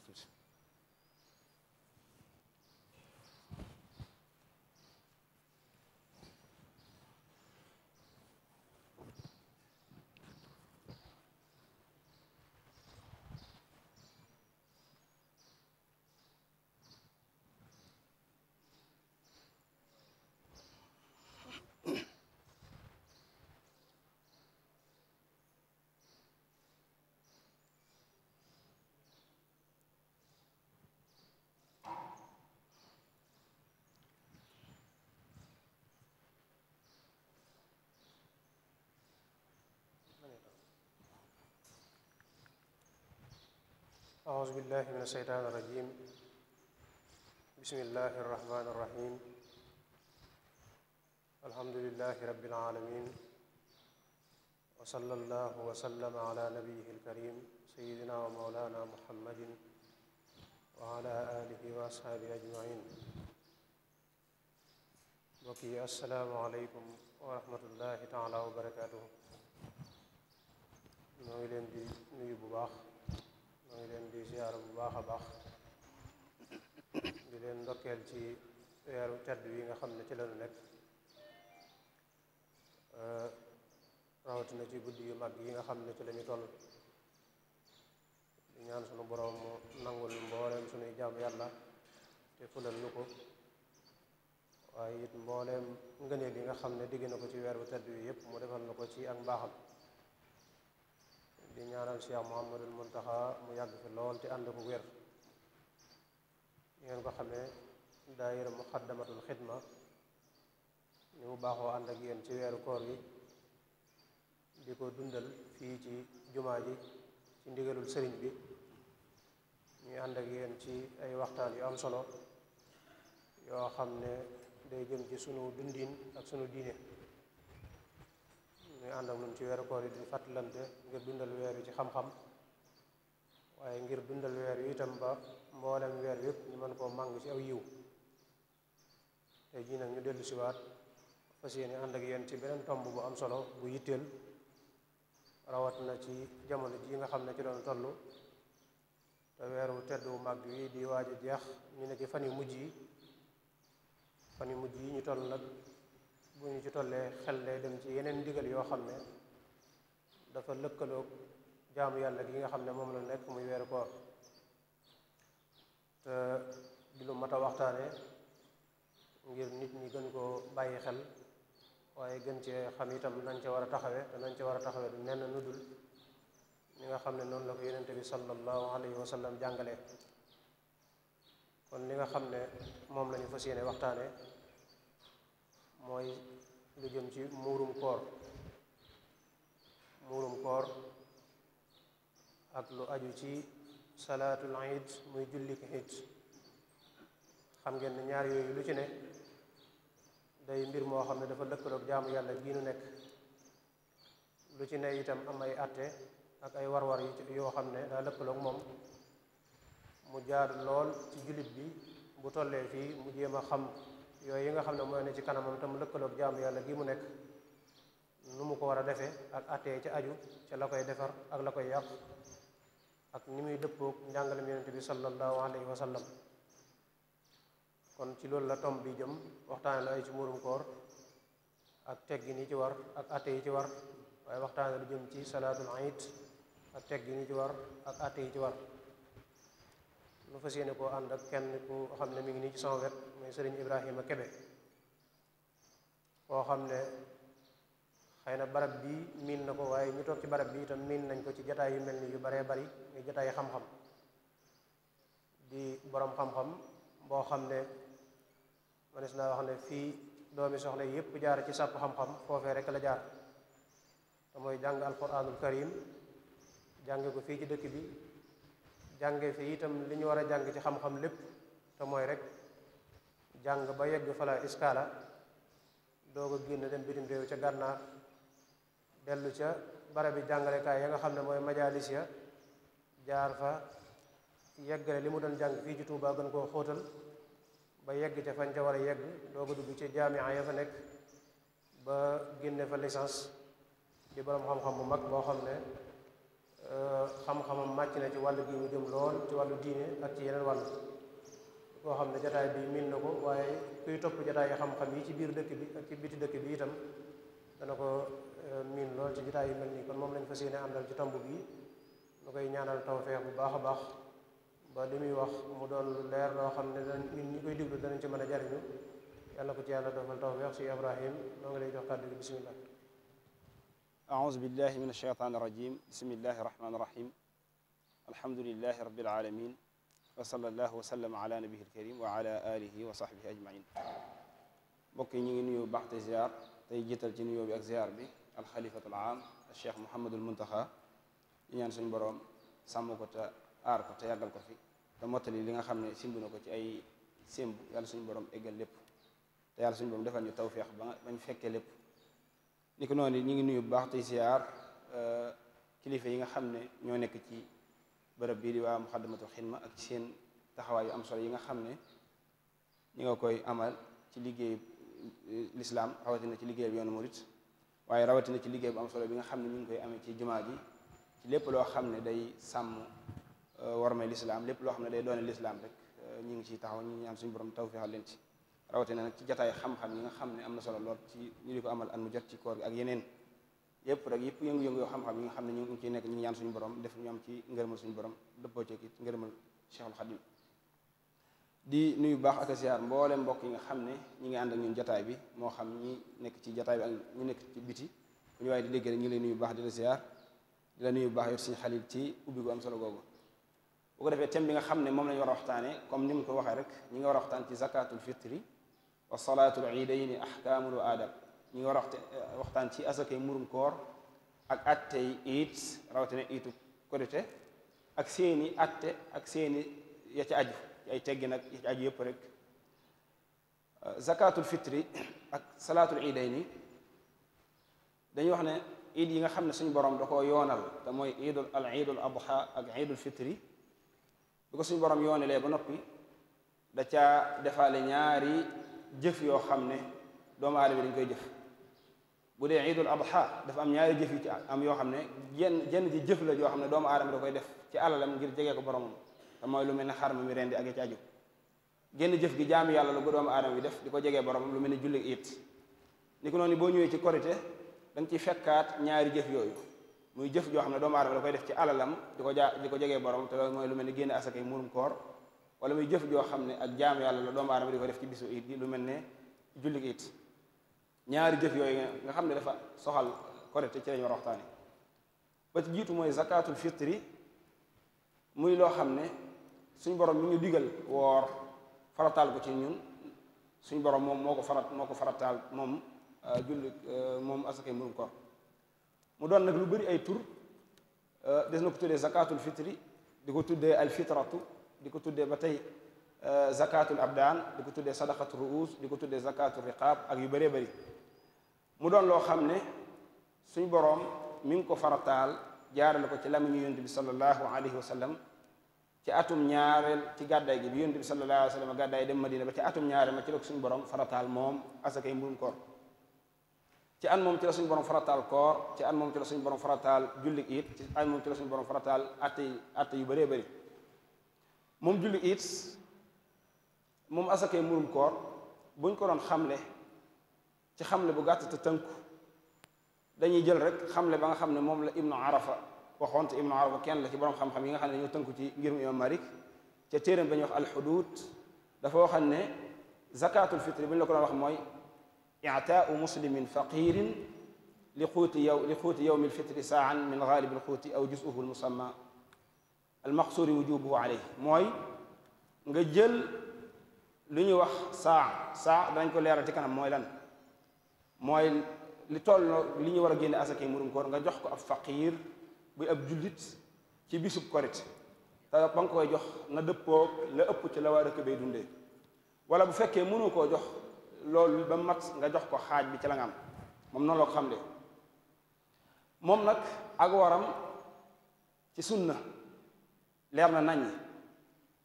konuşturur. أعوذ بالله من الشيطان الرجيم بسم الله الرحمن الرحيم الحمد لله رب العالمين وصلى الله وسلم على نبيه الكريم سيدنا ومولانا محمد وعلى آله وأصحابه أجمعين بقي السلام عليكم ورحمة الله تعالى وبركاته نويلين دي نيبو باخ maa ngi leen di ziyaara bu baax a baax ngi leen ndokkeel ci weeru tedd wi nga xam ne ci lañu nekk euh, rawatina ci guddi yu mag yi nga xam ne ci lañuy toll ñaan sunu borom mu nangul mbooleem sunuy jaam yàlla te fulal lu ko waaye it mbooleem ngëneel yi nga xam ne digg na ko ci weeru tedd wi yépp mu defal na ko ci ak mbaaxam ñaaral ñaanal Cheikh Mouhamadul Muntaxa mu yàgg fi lool te ànd ko wér ngeen ko xamee daayira muxaddamatul xidma ni mu baaxoo ànd ak yéen ci weeru koor gi di ko dundal fii ci jumaa ji ci ndigalul sëriñ bi ñuy ànd ak yéen ci ay waxtaan yu am solo yoo xam ne day jëm ci sunu dundin ak sunu diine ñuy ànd ak ñun ci weeru koor yi di fàttalante ngir dundal weer yi ci xam-xam waaye ngir dundal weer yi itam ba mboolem weer yépp ñu mën koo màng ci aw yiw tey jii nag ñu dellusiwaat siwaat fas yéene ànd ak yéen ci beneen tomb bu am solo bu yitteel rawat na ci jamono ji nga xam ne ci doon toll te weeru tedd wu mag yi di waaj a jeex ñu ne ci fan yu mujj yi fan yu mujj yi ñu toll nag bu ñu ci tollee xel day dem ci yeneen ndigal yoo xam ne dafa lëkkaloog jaamu yàlla gi nga xam ne moom la nekk muy weeru koor di lu mat a waxtaane ngir nit ñi gën koo bàyyi xel waaye gën cee xam itam nañ ca war a taxawe te nañ war a taxawe du nenn nu dul ñi nga xam ne noonu la ko yonent bi sallallahu alayhi wa sallam li nga xam ne moom la ñu fas waxtaane mooy lu jëm ci muurum koor muurum koor ak lu aju ci salaatul iid muy jullik iid xam ngeen ne ñaar yooyu lu ci ne day mbir moo xam ne dafa lëkkaloog jaamu yàlla gii nu nekk lu ci ne itam am ay atte ak ay war-war yoo xam ne daa lëkkaloog moom mu jaadu lool ci jullit bi bu tollee fii mu jéem a xam yooyu yi nga xam ne mooy ne ci kanamam tam lëkkaloog jaamu yàlla gi mu nekk nu mu ko war a defee ak attee ca aju ca la koy defar ak la koy yàq ak ni muy dëppook njàngalem yonent bi sallallahu alayhi wa sallam kon ci loolu la tomb bi jëm waxtaane la ay ci mburum koor ak teggin yi ci war ak atte yi ci war waaye waxtaane lu jëm ci salaatul ayit ak teggin ci war ak atte yi ci war lu fas yéene koo ànd ak kenn ku xam ne mi ngi nii ci sama wet mooy sëriñ Ibrahima Kebe koo xam ne xëy na barab bi miin na ko waaye ñu toog ci barab bi itam miin nañ ko ci jataay yu mel ni yu baree bari muy jataay xam-xam di boroom xam-xam boo xam ne manis naa wax ne fii doomi soxla yépp jaar ci sàpp xam-xam foofee rek la jaar te mooy jàng alquranul karim jànge ko fii ci dëkk bi jànge fi itam li ñu war a jàng ci xam-xam lépp te mooy rek jàng ba yegg fa la iskaala doog a génn dem bitim réew ca gànnaar dellu ca barabi jàngalekaay ya nga xam ne mooy majalis ya jaar fa yeggale li mu doon jàng fii ci Tuubaa gën koo xóotal ba yegg ca fañ ca war a yegg doog a dugg ci jaamia ya fa nekk ba génne fa licence di boroom xam-xam bu mag boo xam ne xam-xamam màcc na ci wàll gi mu jëm lool ci wàllu diine ak ci yeneen wàll koo xam ne jataay bii miin na ko waaye kuy topp jataay yi xam-xam yi ci biir dëkk bi ak ci biti dëkk bi itam dana ko eh, miin lool ci jataay yi mel nii kon moom lañ fa yéene àndal ci tomb bi nu koy ñaanal tawfeex bu baax a baax ba li muy wax mu doon lu leer loo xam ne danañ ñun ñi koy déglu danañ ci mën a jariñu yàlla ko ci yàlla dofal tawfeex si Ibrahim noo ngi lay jox kàddu gi أعوذ بالله من الشيطان الرجيم بسم الله الرحمن الرحيم الحمد لله رب العالمين وصلى الله وسلم على نبيه الكريم وعلى آله وصحبه أجمعين mbokk yi ñu ngi nuyoo baax te ziar tey jiital ci nuyoo bi ak ziar bi alxalifatul aam cheikh Mouhamadul Muntaxa ñu ñaan suñu boroom sàmm ko te aar ko te yàggal ko fi te mottali li nga xam ne simb na ko ci ay sémb yàlla suñu borom eggal lépp te yàlla suñu borom defal ñu tawféex ba bañ fekkee lépp ni ko noonu ñu ngi nuyu bu baax tey siyaar euh, kilifa yi nga xam ne ñoo nekk ci bërëb bii di waa Muxaddamatul Xidma ak seen taxawaay am solo yi nga xam ne ñu nga koy amal ci liggéey euh, lislaam rawatina ci liggéey bi yoonu waaye rawatina ci liggéey bu am solo bi nga xam ne ñu ngi amee ci jumaa ji ci lépp loo xam ne day sàmm euh, warmay lislaam lépp loo xam ne day doone lislaam rek ñu ngi ciy taxaw ñu ñaan suñu borom tawfiixal leen ci rawatina nag ci jataay xam-xam yi nga xam ne am na solo lool ci ñu di ko amal an mu jot ci koor gi ak yeneen yëpp rek yëpp yëngu-yëngu yoo xam-xam yi nga xam ne ñu ngi ciy nekk ñu ngi ñaan suñu borom def ñu am ci ngërëmal suñu borom dëppoo ci it ngërëmal Cheikhul Khadim di nuyu baax ak siyaar mboolem mbokk yi nga xam ne ñi ngi ànd ak ñun jataay bi moo xam ñi nekk ci jataay bi ak ñu nekk ci biti bu ñu waaye di dégg rek ñu lay nuyu baax di la siyaar di la nuyu baax yor suñu xalil ci ubbi gu am solo googu bu ko defee thème bi nga xam ne moom lañu war a waxtaane comme ni mu ko waxee rek ñi nga war a waxtaan ci zakatul fitri wa salaatul iidayni ahkaamul wa adab ñu ngi war eh, waxtaan ci asakay murum koor ak attey iit rawatina iitu korite ak seeni atte ak seeni ya ci aju ay teggi nag ya ci aju yëpp rek eh, zakatul fitri ak salaatul iidayni wax ne iid yi nga xam ne suñu borom da koo yoonal te mooy iidul al iidul adha ak iidul fitri bu ko suñu borom ba noppi da caa defaale ñaari jëf yoo xam ne doomu aadama dañ koy jëf bu dee iidul adha dafa am ñaari jëf yu ci am yoo xam ne jenn jenn ji jëf la yoo xam ne doomu aadama da koy def ci alalam ngir jege ko boromam te mooy lu mel ne xar mi rendi ak ci aju génn jëf gi jaamu yàlla la bu doomu aadama bi def di ko jegee boromam lu mel ne julli it ni ko noonu boo ñëwee ci korite da nga ci fekkaat ñaari jëf yooyu muy jëf joo xam ne doomu aadama da koy def ci alalam di ko jaa di ko jegee borom te loolu mooy lu mel ne génn asaka yi muurum koor wala muy jëf joo xam ne ak jaam yàlla la doomu aadama di ko def ci bisu it lu mel ne jullit it ñaari jëf yooyu nga xam ne dafa soxal korite ci lañu war a waxtaane ba ci jiitu mooy zakatul fitri muy loo xam ne suñ borom mi ñu digal woor farataal ko ci ñun suñ borom moom moo ko farat moo ko farataal moom euh, julli euh, moom asakay murum koor mu doon nag lu bëri ay tur euh, des na ko tuddee zakatul fitri di ko tuddee al fitratu di ko tuddee ba tey euh, zakatul abdaan di ko tuddee sadaqatu ruus di ko tuddee zakatu riqaab ak yu bëree bari mu doon loo xam ne suñ boroom mi ngi ko farataal jaarale ko ci lamiñu yonent bi sallallahu alayhi wa sallam ci atum ñaareel ci gàddaay gi bi yonent bi sallallahu alayhi wa sallam gàddaay dem madina ba ci atum ñaareel ma ci la ko suñu borom farataal moom asakay mburum koor ci an moom ci la suñ borom farataal koor ci at moom ci la suñu borom farataal julli it ci an moom suñu borom farataal atte atte yu bëree bëri moom julli it moom asakay murum koor buñ ko doon xamle ci xamle bu gàtt te tënku dañuy jël rek xamle ba nga xam ne moom la ibnu arafa waxoon te ibnu arafa kenn la ci borom xam-xam yi nga xam ne dañoo tënku ci ngirum imam malik ca téeram ba ñuy wax alxudud dafa waxoon ne zakatul fitri la ko doon wax mooy i'taau muslimin faqirin li xuuti yow li xuuti yowmi lfitri saan min gaalibi lxuuti aw jusuhu lmusamma almaxsuuri wujubuhu alayhi mooy nga jël lu ñuy wax saa saa dañ ko leeral ci kanam mooy lan mooy li toll li ñuy war a génne asakay murum koor nga jox ko ab faqiir buy ab jullit ci bisub korit te ba nga koy jox na dëppoog la ëpp ci la waa dëkk bay dunde wala bu fekkee mënu koo jox loolu ba mat nga jox ko xaaj bi ci la nga am moom noonu la xam de moom nag ak waram ci sunna leer na nañ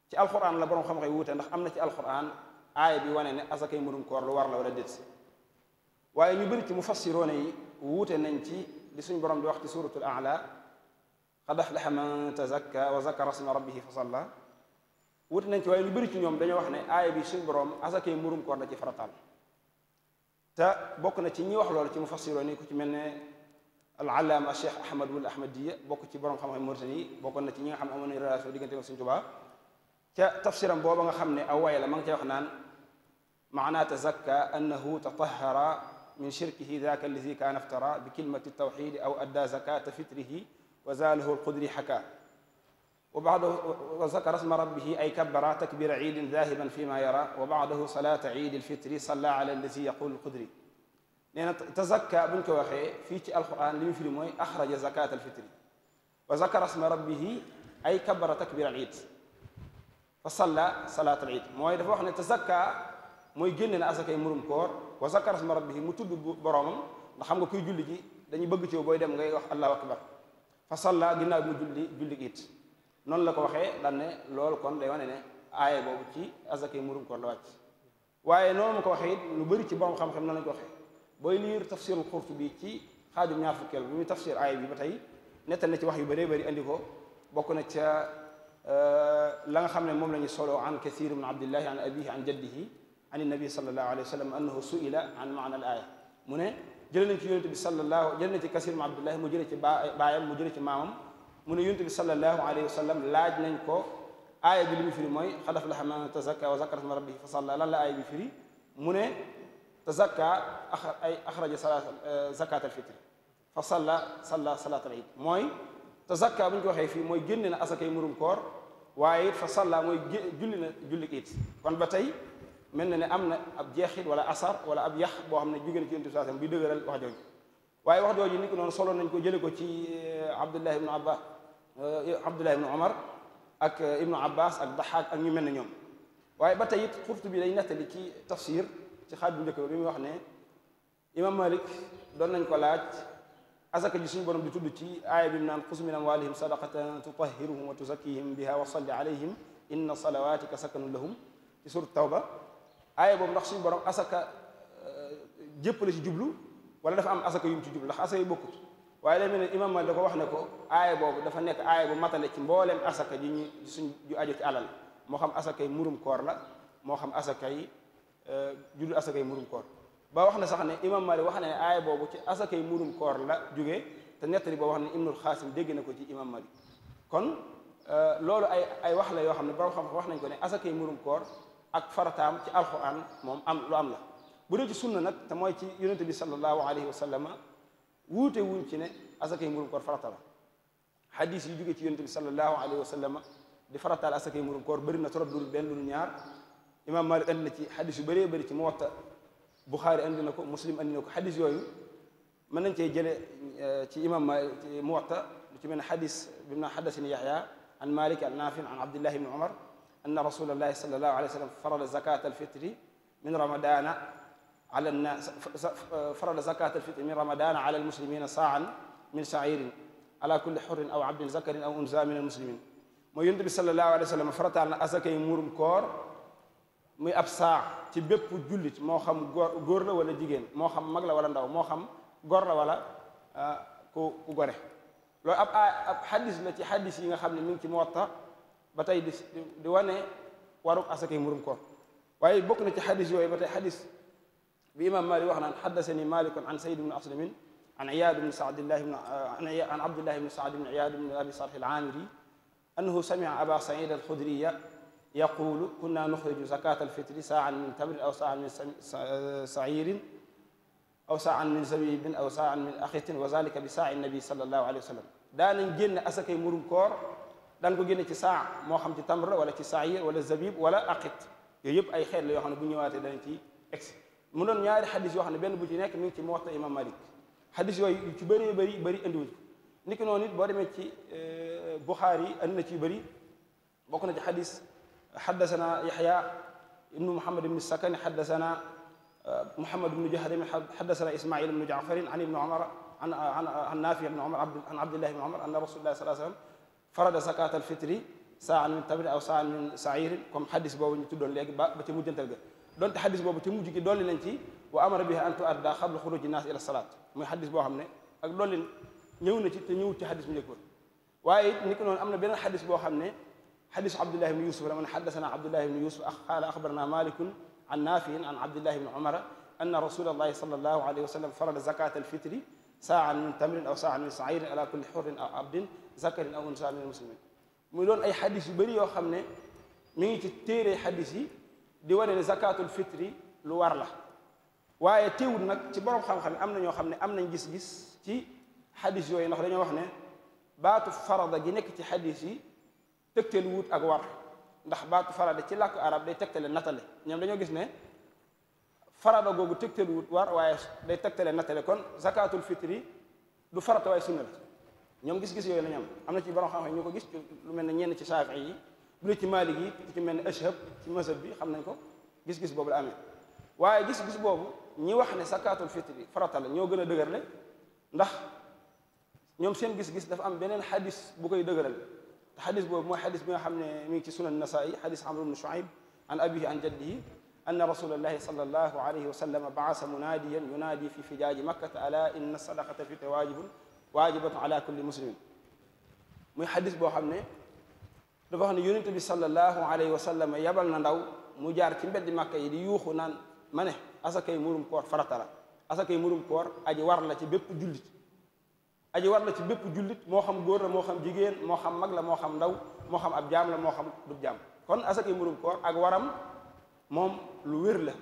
ci alxuraan la borom xam-xam wuute ndax am na ci alxuraan aaya bi wane na asakay murum koor lu war la wala déet waaye ñu bëri ci mufassiroone yi wuute nañ ci li suñ borom di wax ci suratul ala qad aflaha man tazakka wa zakara sma rabbihi fa salla wuute nañ ci waaye ñu bëri ci ñoom daño wax ne aaya bi suñ borom asakay murum koor la ci farataal te bokk na ci ñi wax loolu ci mufassiroone yi ku ci mel ne alaama cheikh ahmad wul ahmadiya bokk ci borom xam-xam Mauritanie yi bokkoon na ci ñi nga xam ne amoon nañu relation diggante ak Sëriñ Tuubaa ca tafsiram booba nga xam ne aw way la ma ngi cay wax naan maana tazakka annahu tatahara min shirkihi daka allazi kaana aftara bi kalimati tawxidi aw adda zakata fitrihi wa zalahu alqudri xaka wa baadahu wa zakara sma rabbihi ay kabbara takbira iidin dahiban fi ma yara wa baadahu salata iidi alfitri salla ala allazi yaqul alqudri nee na tazakka buñ ko waxee fii ci alquran li mu mooy mooy axraja zakat alfitri wa zakara asma rabbihi ay kabara takbir al iid fa salla salaat al iid mooy dafa wax ne tazakka mooy génne na asakay murum koor wa zakara asma rabbihi mu tudd boroomam ndax xam nga kuy julli ji dañuy bëgg ci yow booy dem ngay wax allahu akbar fa salla ginnaaw bi mu julli julli iid noonu la ko waxee daan ne kon day wane ne aaya boobu ci asakay murum koor la wàcc waaye noonu ma ko waxee it lu bëri ci borom xam-xam noonu lañ booy liir tafsirul Qurtubi ci xaajum ñaar fukkeel bi muy tafsir aaya bi ba tey nettal na ci wax yu bëree bëri andi ko bokk na ca euh, la nga xam ne moom la ñu solo an kathir min abdillahi an abihi an jaddihi an nabi sallallahu alayhi wa sallam annahu suila an maana al aaya mu ne jële nañ ci yonente bi sallallahu jële nañ ci kathir min abdillahi mu jële ci baayam mu jële ci mu ne yonente bi sallallahu alayhi wa sallam laaj nañ ko aaya bi li mu firi mooy xadaf laha man tazakka wa zakara sma rabbihi fa salla lan la aaya firi mu ne te ay axraja salaat eh, zakat al fitri fa salla salla salaat al iid mooy te zakka bu ko waxee fii mooy génne na asakay murum koor waaye it fa salla mooy julli na julli it kon ba tey mel na ne am na ab jeexit wala asar wala ab yax boo xam ne jóge na ci yonent bi saasam bi wax jooju waaye wax jooju ni ko noonu solo nañ ko jële ko ci eh, abdullah ibnu abbas eh, abdullah ibnu ak ibnu abbas ak daxaak ak ñu mel ne ñoom waaye ba tey it xurtu bi day nettali ci tafsir ci xaaj bu njëkk bi wax ne imam malik doon nañ ko laaj asaka ji suñu borom di tudd ci aaya bi mu naan xus min amwalihim sadaqatan tutahhiruhum wa tuzakkihim biha wa salli alayhim inna salawatika sakanun lahum ci surat tawba aaya boobu ndax suñu borom asaka euh, jépp la ci jublu wala dafa am asaka yu ci jublu ndax asaka yi bokkut waaye day mel ne imam malik da ko wax ne ko aaya boobu dafa nekk aaya bu matale ci mbooleem asaka ji ñu suñ ju aju alal moo xam asaka yi murum koor la moo xam asaka Eh, judul asakay murum koor ba wax na sax ne imam Malik wax na ne aaya boobu ci asakay murum koor la jógee te nettali boo wax ne ibnul xaasim dégg na ko ci imam Malik kon eh, loolu ay ay wax la yoo xam ne borom xam wax nañ ko ne asakay murum koor ak farataam ci alquran moom am lu am la bu dee ci sunna nag te mooy ci yonente bi sallallahu alayhi wa sallama wuute wuñ ci ne asakay murum koor farata la xadis yu jógee ci yonente bi sallallahu alayhi wa sallama di farataal asakay murum koor bëri na trop dul benn dul ñaar imaam Maalik andi na ci xadis yu bëree bëri ci Muwatta Buxaari andi na ko Muslim andi na ko xadis yooyu mën nañ cee jële euh, ci imaam Maalik ci Muwatta lu ci mel ne xadis bi mu naan xaddasani Yaxya an Maalik an Naafi an Abdullah ibni Umar anna rasulallahi sallallahu alayhi wa sallam farada zakat alfitri min ramadana ala nnaas euh, farada zakat alfitri min ramadana ala almuslimina saaan min shairin ala kulli xurrin aw abdin zakarin aw unsa min almuslimin mooy yonent bi sallallahu alayhi wa sallam farataal na asakay muurum koor muy ab saa ci bépp jullit moo xam góor góor la wala jigéen moo xam mag la wala ndaw moo xam góor la wala ah, ku ku gore loolu ab ab xaddis la ci xaddis yi nga xam ne mi ngi ci Muwatta ba tey di di wane waruk asakay murum koor waaye bokk na ci xaddis yooyu ba tey xaddis bi imam Malik wax naan xaddasani malikun an Sayd ibn Aslamin an Iyaad ibn Saadillahi an Abdillahi ibn Saad ibn Iyaad ibn Abi Sarh al-Aamiri annahu sami'a Aba Saïd al-Xudriya yaqulu kunna nuxriju zakat alfitri saan min tamrin aw saan min sairin aw saan min zabibin aw saan min axitin wa zalika bi saai nabi salallahu alayhi wa sallam daanañ génne asakay murum koor daan ko génne ci saa moo xam ci tamr wala ci sair wala zabib wala aqit yooyu yëpp ay xeet la yoo xam ne bu ñëwaatee danañ ci egsi mu doon ñaari xadis yoo xam ne benn bu ci nekk mi ngi ci Muwatta imam Malik xadis yooyu ci bëri bëri bëri indiwuñ ko niki noonu it boo demee ci Buxaari andi na ci bëri bokk na ci xadis حدثنا يحيى ابن محمد بن السكن حدثنا محمد بن جهر حدثنا اسماعيل بن جعفر عن ابن عمر عن عن عن نافع بن عمر عن عبد الله بن عمر ان رسول الله صلى الله عليه وسلم فرض زكاة الفطر saa min tamit aw saa min sairin comme xadis boobu ñu tuddoon léegi ba ba ci mujjantal ga donte xadis boobu ci mujj gi dolli nañ ci wa amara biha an tuadda xabla xuruji naas ila salaat muy xadis boo xam ne ak dolli ñëw na ci te ñëwut ci xadis mu njëkkoon waaye it ni ko noonu am na beneen xadis boo xam ne xadisu abdullahi ibni yusuf la man xaddasana abdullahi ibni yusuf qaala axbarna malikun an naafiin an abdullahi ibni umara anna rasulallahi sallallahu alayhi wa sallam farada zakata alfitri saaan min tamrin aw saaan min sairin ala kulli xurrin aw abdin zakarin aw unsa min muslimin muy doon ay xadis yu bëri yoo xam ne mi ngi ci téere xadis yi di wane ne zakatul fitri lu war la waaye teewul nag ci borom xam-xam am na ñoo xam ne am nañ gis-gis ci xadis yooyu ndax dañoo wax ne baatu farada gi nekk ci xadis yi tegteel wut ak war ndax baatu farada ci làkk arab day tegtale nattale ñoom dañoo gis ne farada googu tegteel wut war waaye day tegtale nattale kon zakatul fitri du farata waaye sunna la ñoom gis-gis yooyu la ñoom am na ci borom xam-xam ñu ko gis lu mel ne ñenn ci saafi yi bu dee ci maalik yi ci mel ne ashab ci mazhab bi xam nañ ko gis-gis boobu la amee waaye gis-gis boobu ñi wax ne zakatul fitri farata la ñoo gën a dëgër ndax ñoom seen gis-gis dafa am beneen xadis bu koy dëgëral te xadis boobu mooy xadis bi nga xam ne mi ngi ci sunan nasaa'i xadis amr ibn shuayb an abihi an jaddihi anna rasulallahi sallallahu alayhi wa sallam baasa munaadiyan yunaadi fi fijaaji makkata ala inna sadaqata fi tawaajibun waajibatun ala kulli muslimin muy xadis boo xam ne dafa wax ne yonente bi sallallahu alayhi wa sallam yabal na ndaw mu jaar ci mbeddi makka yi di yuuxu naan ma ne asakay murum koor farata la asakay murum koor aji war la ci bépp jullit aji war la ci bépp jullit moo xam góor la moo xam jigéen moo xam mag la moo xam ndaw moo xam ab jaam la moo xam du jaam kon asaka murum koor ak waram moom lu wér la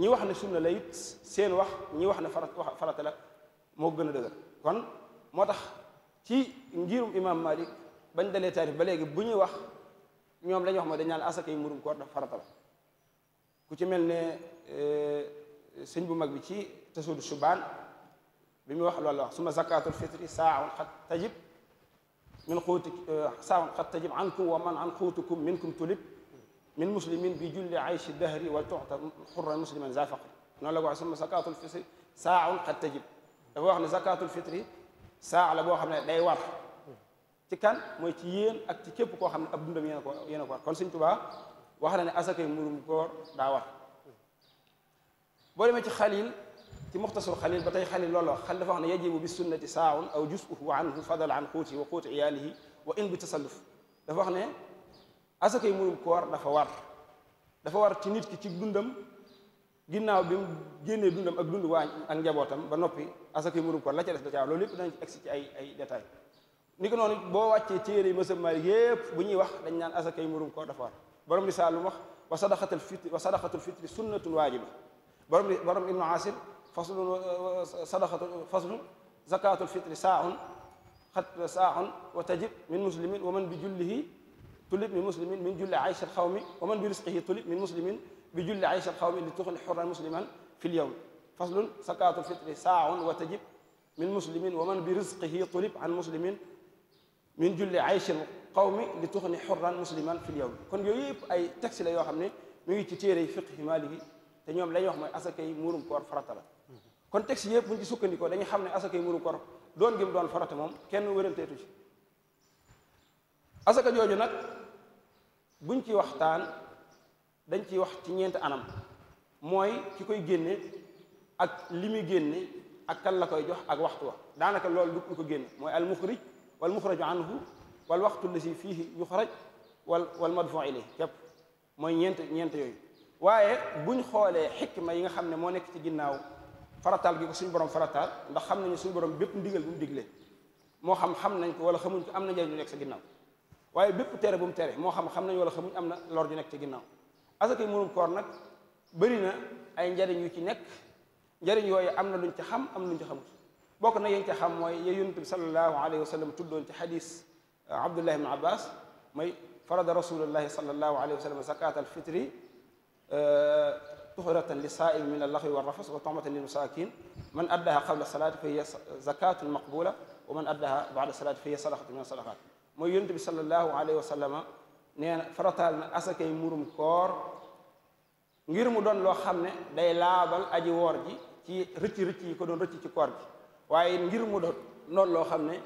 ñi wax ne sunna la it seen wax ñi wax ne farata la moo gën a dëgër kon moo tax ci ngirum imam malik bañ dalee taarif ba léegi bu ñuy wax ñoom lañu wax ma dañ naan asaka yi koor dafa farata la ku ci mel ne eh, sëñ bu mag bi ci tasudu subaan bi muy wax loolu wax suma zakatul fitri saaun xat tajib min xuuti saaun xat tajib ankum wa man an xuutukum minkum tulib min muslimin bi julli ayshi dahri wa tuxta xurran musliman za faqri noonu la ko wax suma zakatul fitri saaun xat tajib dafa wax ne zakatul fitri saa la boo xam ne day war ci kan mooy ci yéen ak ci képp koo xam ne ab dundam yéen a ko yéen ko war wax na ne asakay murum koor daa war boo demee ci xalil ci muxtasar xalil ba tey xalil loolu wax dafa wax ne yajibu bi sunnati saaun aw jusuhu anhu fadal an xuuti wa xuuti iyaalihi wa in bi tasalluf dafa wax ne asakay muyum koor dafa war dafa war ci nit ki ci dundam ginnaaw bi mu génnee dundam ak dund waa ak njabootam ba noppi asakay muyum koor la ca des da caa loolu lépp danañ ci egsi ci ay ay détails ni boo wàccee téere yi mësam maalik yépp bu ñuy wax dañ naan asakay muyum koor dafa war borom risaal lu wax wa sadaqatul fitri wa sadaqatul fitri sunnatun waajiba borom borom ibnu asir faslun sadaqatu faslun zakatul fitri saaun xat saaun wa tajib min muslimin wa man bi jullihi tulib min muslimin min julli ayshat xawmi wa man bi risqihi tulib min muslimin bi julli ayshat xawmi li tuxil xurran musliman fi l yowm faslun zakatul fitri saaun wa tajib min muslimin wa man bi risqihi tulib an muslimin min julli ayshat xawmi li tuxni xurran musliman fi l yowm kon yooyu yëpp ay texte la yoo xam ne mu ngi ci téere fiqhi maliki te ñoom la ñuy wax mooy asaka yi muurum koor farata la kon texte yëpp buñ ci sukkandikoo dañu xam ne asakay muru kor doon gi doon farata moom kenn wéranteetu ci asaka jooju nag buñ ci waxtaan dañ ciy wax ci ñeenti anam mooy ki koy génne ak li muy génne ak kan la koy jox ak waxtu wa daanaka loolu du du ko génne mooy al wal wal muxraju anhu wal waxtu lasi fiihi yuxraj wal wal madfu ilayhi képp mooy ñeent ñeent yooyu waaye buñ xoolee xikma yi nga xam ne moo nekk ci ginnaaw farataal gi ko suñu borom farataal ndax xam nañu suñu borom bépp ndigal bu mu diglee moo xam xam nañ ko wala xamuñ ko am na njëriñ lu nekk sa ginnaaw waaye bépp tere bu tere moo xam xam nañ wala xamuñ am na lor ju nekk ci ginnaaw asaka murum koor nag bëri na ay njariñ yu ci nekk njariñ yooyu am na luñ ci xam am luñ ci xamut bokk na yéen ci xam mooy ya yonent bi sallallahu alayhi wa sallam tuddoon ci xadis uh, abdullah ibn abbas mooy farada rasulullahi sallallahu alayhi wa sallam zakat al fitri uh, tuhratan li saaimi min allaxwi wa rafas wa tomatan lil masaakin man addaha qabla salaati fa hiya zakatun maqbula wa man addaha bada salaati fa hiya sadaqatu min sadaqaat mooy yonent bi sallallahu alayhi wa sallama nee na farataal na asakay murum koor ngir mu doon loo xam ne day laabal aji woor ji ci rëcc yi ko doon rëcc ci koor gi waaye ngir mu doon noonu loo xam ne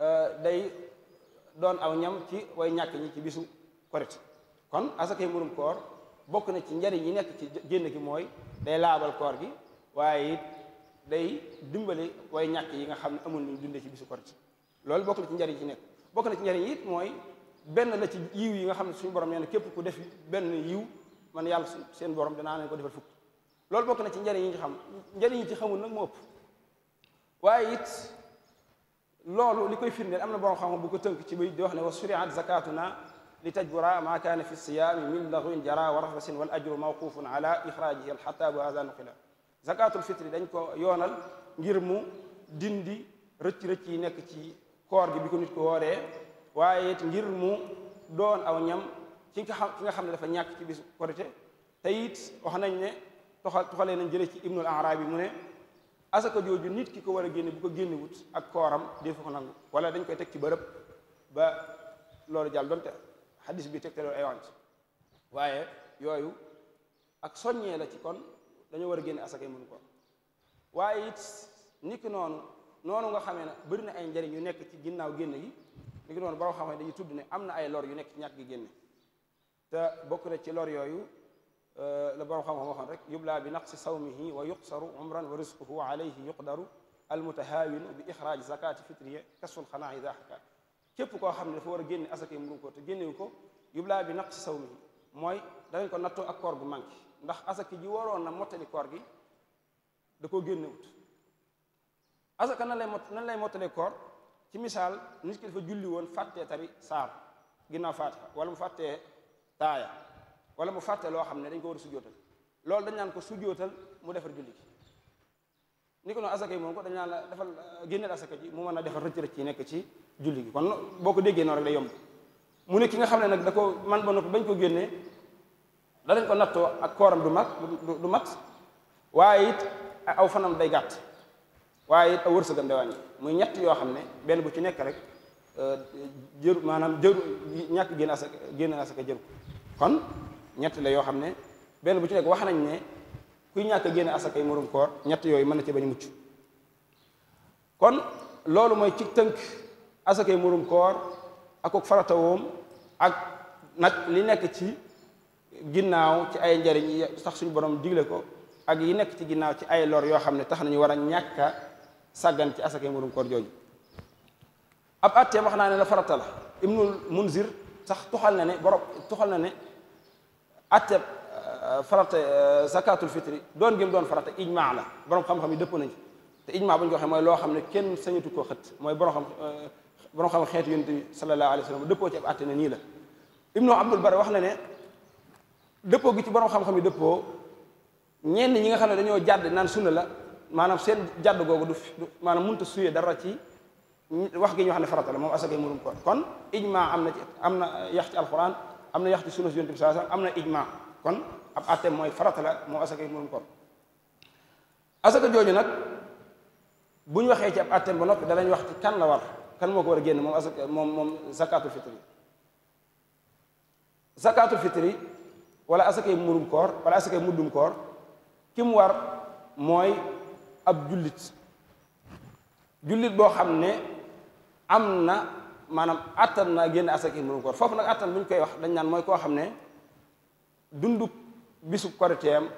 euh, day doon aw ñam ci way ñàkk ñi ci bisu korit kon asakay murum koor bokk na ci njariñ yi nekk ci génn gi mooy day laabal koor gi waaye it day dimbali way ñàkk yi nga xam ne amul luñ dundee ci bisu koor ci loolu bokk na ci njariñ ci nekk bokk na ci njariñ it mooy benn la ci yi nga xam ne suñu borom nee na képp ku def benn yiw man yàlla seen borom danaa leen ko defal fukk loolu bokk na ci njariñ yi ñu xam njariñ yi ci xamul nag moo ëpp waaye it loolu li koy firndeel am na borom xam bu ko tënk ci bay di wax ne wa suriat zakatuna li tajbura maa kaana fi siyaami min laxwin jara wa rafasin wal ajru mawqufun ala ixraajihi alxataa bu haza nuqila zakatul dañ ko yoonal ngir mu dindi rëcc-rëcc yi nekk ci koor gi bi ko nit ko wooree waaye it ngir mu doon aw ñam ki nga nga xam ne dafa ñàkk ci bis korite te it wax nañ ne toxal toxalee nañ jëlee ci ibnul arabi mu ne asaka jooju nit ki ko war a génne bu ko génne ak kooram dee fa ko nangu wala dañ koy teg ci bërëb ba loolu jàll donte xadis bi tegtaloo ay wànc waaye yooyu ak soññee la ci kon dañoo war a génne asakay munu ko waaye it niki noonu noonu nga xamee ne bëri na ay njariñ yu nekk ci ginnaaw génn gi niki noonu boo xam ne dañuy tudd ne am na ay lor yu nekk ñàkk gi génne bokk na ci lor yooyu euh, la borom xam-xam rek rek yublaa bi naqsi sawmihi wa yuqsaru umran wa risquhu alayhi yuqdaru almutahaawinu bi ixraaj zakati fitriya kasul xanaa ida xaka képp koo xam ne dafa war a génne asaka yi mu ko te génnewu ko yublaa bi naq si saw mi mooy danañ ko nattoo ak koor gu manqué ndax asaka ji waroon na mottali koor gi da koo génnewut asaka nan lay mot nan lay mottalee koor ci misaal nit ki dafa julli woon fàttee tari saar ginnaaw wala mu fàttee taaya wala mu fàtte loo xam ne dañ ko war a sujjootal loolu dañ naan ko sujjootal mu defar julli gi ni ko ko dañ naan la defal génneel asaka ji mu mën a defar rëcc rëcc yi nekk ci jullit gi kon boo ko déggee noonu rek day yomb mu ne ki nga xam ne nag da ko man ba noppi bañ ko génne danañ ko nattoo ak kooram du mat du mat waaye it aw fanam day gàtt waaye it aw wërsëgam day wàññi muy ñett yoo xam ne benn bu ci nekk rek euh, jëru maanaam jëru ñàkk génn asaka génn asaka jëru kon ñett la yoo xam ne benn bu ci nekk wax nañ ne kuy ñàkk génn asaka yi murum koor ñett yooyu mën na ci bañu mucc kon loolu mooy ci tënk asakay murum koor farata woom ak nag li nekk ci ginnaaw ci ay njariñ sax suñu borom digle ko ak yi nekk ci ginnaaw ci ay lor yoo xam ne tax nañu war a ñàkka sàggan ci asakay murum koor jooju ab àtteem wax naa ne la farata la ibnul munzir sax tuxal na ne borom tuxal na ne àtte euh, farata euh, zakatul fitri doon gim doon farata ijmaa la borom xam-xam yi dëpp nañ te ijmaa bu ñu ko waxee mooy loo xam ne kenn sañatu koo xët mooy borom xam euh, borom xam xeetu yonent bi sallallahu alayhi wa sallam dëppoo ci ab àtte ne nii la ibnu abdul bari wax na ne dëppoo gi ci borom xam-xam yi dëppoo ñenn ñi nga xam ne dañoo jàdd naan sunna la maanaam seen jàdd googu du maanaam mënut a suyee dara ci wax gi ñu wax ne farata la moom asakay murum koor kon ijma am na ci am na yax ci am na yax ci sunna si am na ijma kon ab àtte mooy farata la moom asakay murum koor asaka jooju nag bu ñu waxee ci ab àtteem ba noppi danañ wax ci kan la war kan moo ko war a génn moom asaka moom moom zakaatul fitri zakaatul fitri wala asakay murum koor wala asakay muddum koor ki mu war mooy ab jullit jullit boo xam ne am na maanaam attan na génn asakay murum koor foofu nag attan bu ñu koy wax dañ naan mooy koo xam ne dundu bisu koriteem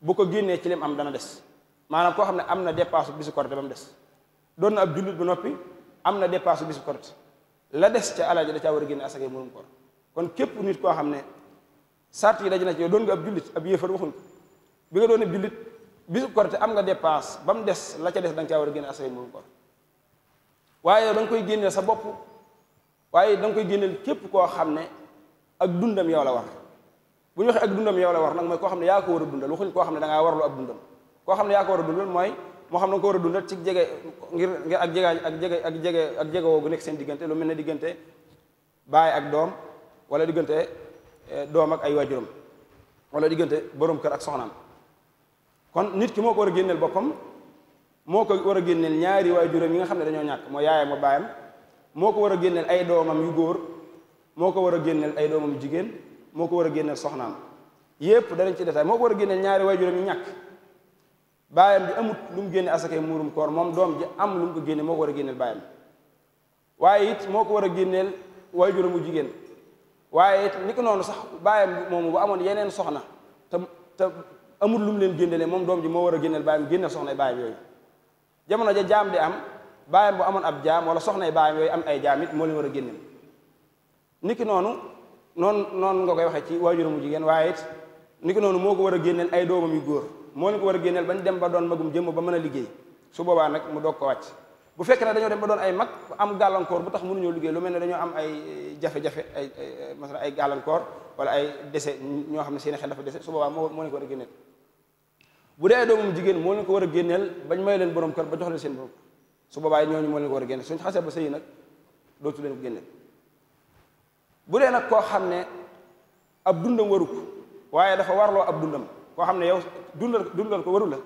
bu ko génnee ci lim am dana des maanaam koo xam ne am na dépasse bisu korite ba mu des doon na ab jullit bu noppi am na dépasse bisu korite la des ca alal ji da caa war a génne asakay murum koor kon képp nit koo xam ne sart yi daj na ci doon nga ab jullit ab yéefar waxuñ ko bi nga doon ab jullit bisu am nga dépasse ba mu des la ca des da nga caa war a génne asakay murum koor waaye da koy génneel sa bopp waaye da koy génneel képp koo xam ne ak dundam yow la war bu ñu waxee ak dundam yow la war nag mooy koo xam ne yaa ko war a dundal waxuñ koo xam ne da ngaa warlu ak dundam koo xam ne yaa ko war a dundal mooy moo xam na nga ko war a jege ngir ak jege ak jege ak jege ak jege woogu nekk seen lu mel ne diggante baay ak doom wala diggante eh, doom ak ay waajuram wala diggante borom kër ak soxnaam kon nit ki moo ko a génneel boppam moo ko war a génneel ñaari waajuram yi nga xam ne dañoo ñàkk mooy yaayam ak baayam moo ko war a génneel ay doomam yu góor moo ko war a génneel ay doomam jigéen moo ko war a génneel soxnaam yépp danañ ci détail moo ko war a génneel ñaari waajuram yu ñàkk baayam ji amut lu mu génne asakay muurum koor moom doom ji am lu ko génne moo ko war a génneel baayam waaye it moo ko war a génneel waajuram bu jigéen waaye it ni ko noonu sax baayam moomu bu amoon yeneen soxna te te amut lu leen génnelee moom doom ji moo war a génneel baayam génneel soxnay baayam yooyu jamono ja jaam di am baayam bu amoon ab jaam wala soxnay baayam yooyu am ay jaam moo leen war a génneel ni noonu noonu noonu nga koy waxee ci waajuramu jigéen waaye it ni noonu moo ko war a génneel ay doomam yu góor moo leen ko war a génneel bañ dem ba doon magum jëmm ba mën a liggéey su boobaa nag mu doog ko wàcc bu fekkee ne dañoo dem ba doon ay mag am gàllankoor bu tax mënuñoo liggéey lu mel ne dañoo am ay eh, jafe-jafe ay eh, masala ay gàllankoor wala ay dese ñoo xam ne seen xel dafa dese su boobaa moo moo leen ko war a génneel bu dee ay jigéen moo leen ko war a génneel bañ may leen borom kër ba jox leen seen borom su boobaa ñooñu moo leen ko war a génneel suñ xasee ba sëy nag dootu leen ko génneel nag koo xam ne ab dundam waru ko waaye dafa warloo ab dundam koo xam ne yow dundal dundal ko waru la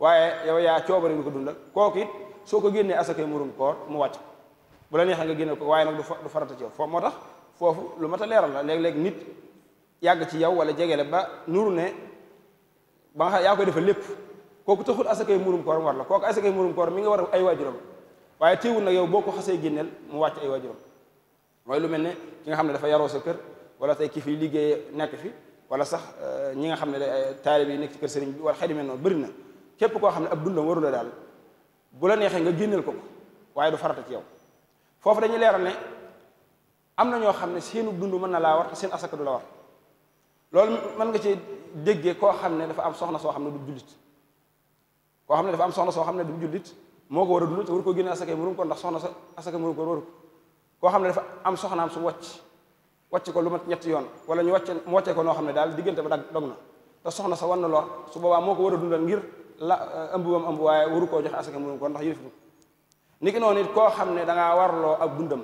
waaye yow yaa coobare nga ko dundal kooku it soo ko génnee asakay murum koor mu wàcc bu la neexee nga génne ko waaye nag du farata ci yow foofu moo tax foofu lu mat a leeral la léeg nit yàgg ci yow wala jege la ba nuru ne ba nga xam koy defal lépp kooku taxul asakay murum koor mu war la kooku asakay murum koor mi nga war ay waajuram waaye téewul nag yow boo ko xasee génneel mu wàcc ay waajuram mooy lu mel ne ki nga xam ne dafa yaroo sa kër wala tey kii fii liggéey nekk fi wala sax euh, ñi nga xam ne day taalib yi nekk ci kër sëriñ bi wala xëy na mel noonu bëri na képp koo xam ne ab dundam waru la daal bu la neexee nga génneel ko ko waaye du farata ci yow foofu dañuy leeral ne am na ñoo xam ne seenu dund mën na laa war te seen asaka du la war loolu mën nga ci déggee koo xam ne dafa am soxna soo xam ne du jullit koo xam ne dafa am soxna soo xam ne du jullit moo ko war a dund te waru ko génne asaka yi mënu ko ndax soxna sa asaka mënu ko waru ko koo xam ne dafa am soxnaam su wàcc wàcce ko lu mat ñetti yoon wala ñu wàcce mu wàccee ko noo xam ne daal diggante ba dag dog na te soxna sa wan na lor su boobaa moo ko war a dundal ngir la euh, ëmb bam ëmb waaye waru koo joxe asaka mu ko ndax yëf ni ki noonu it koo xam ne dangaa warloo ab dundam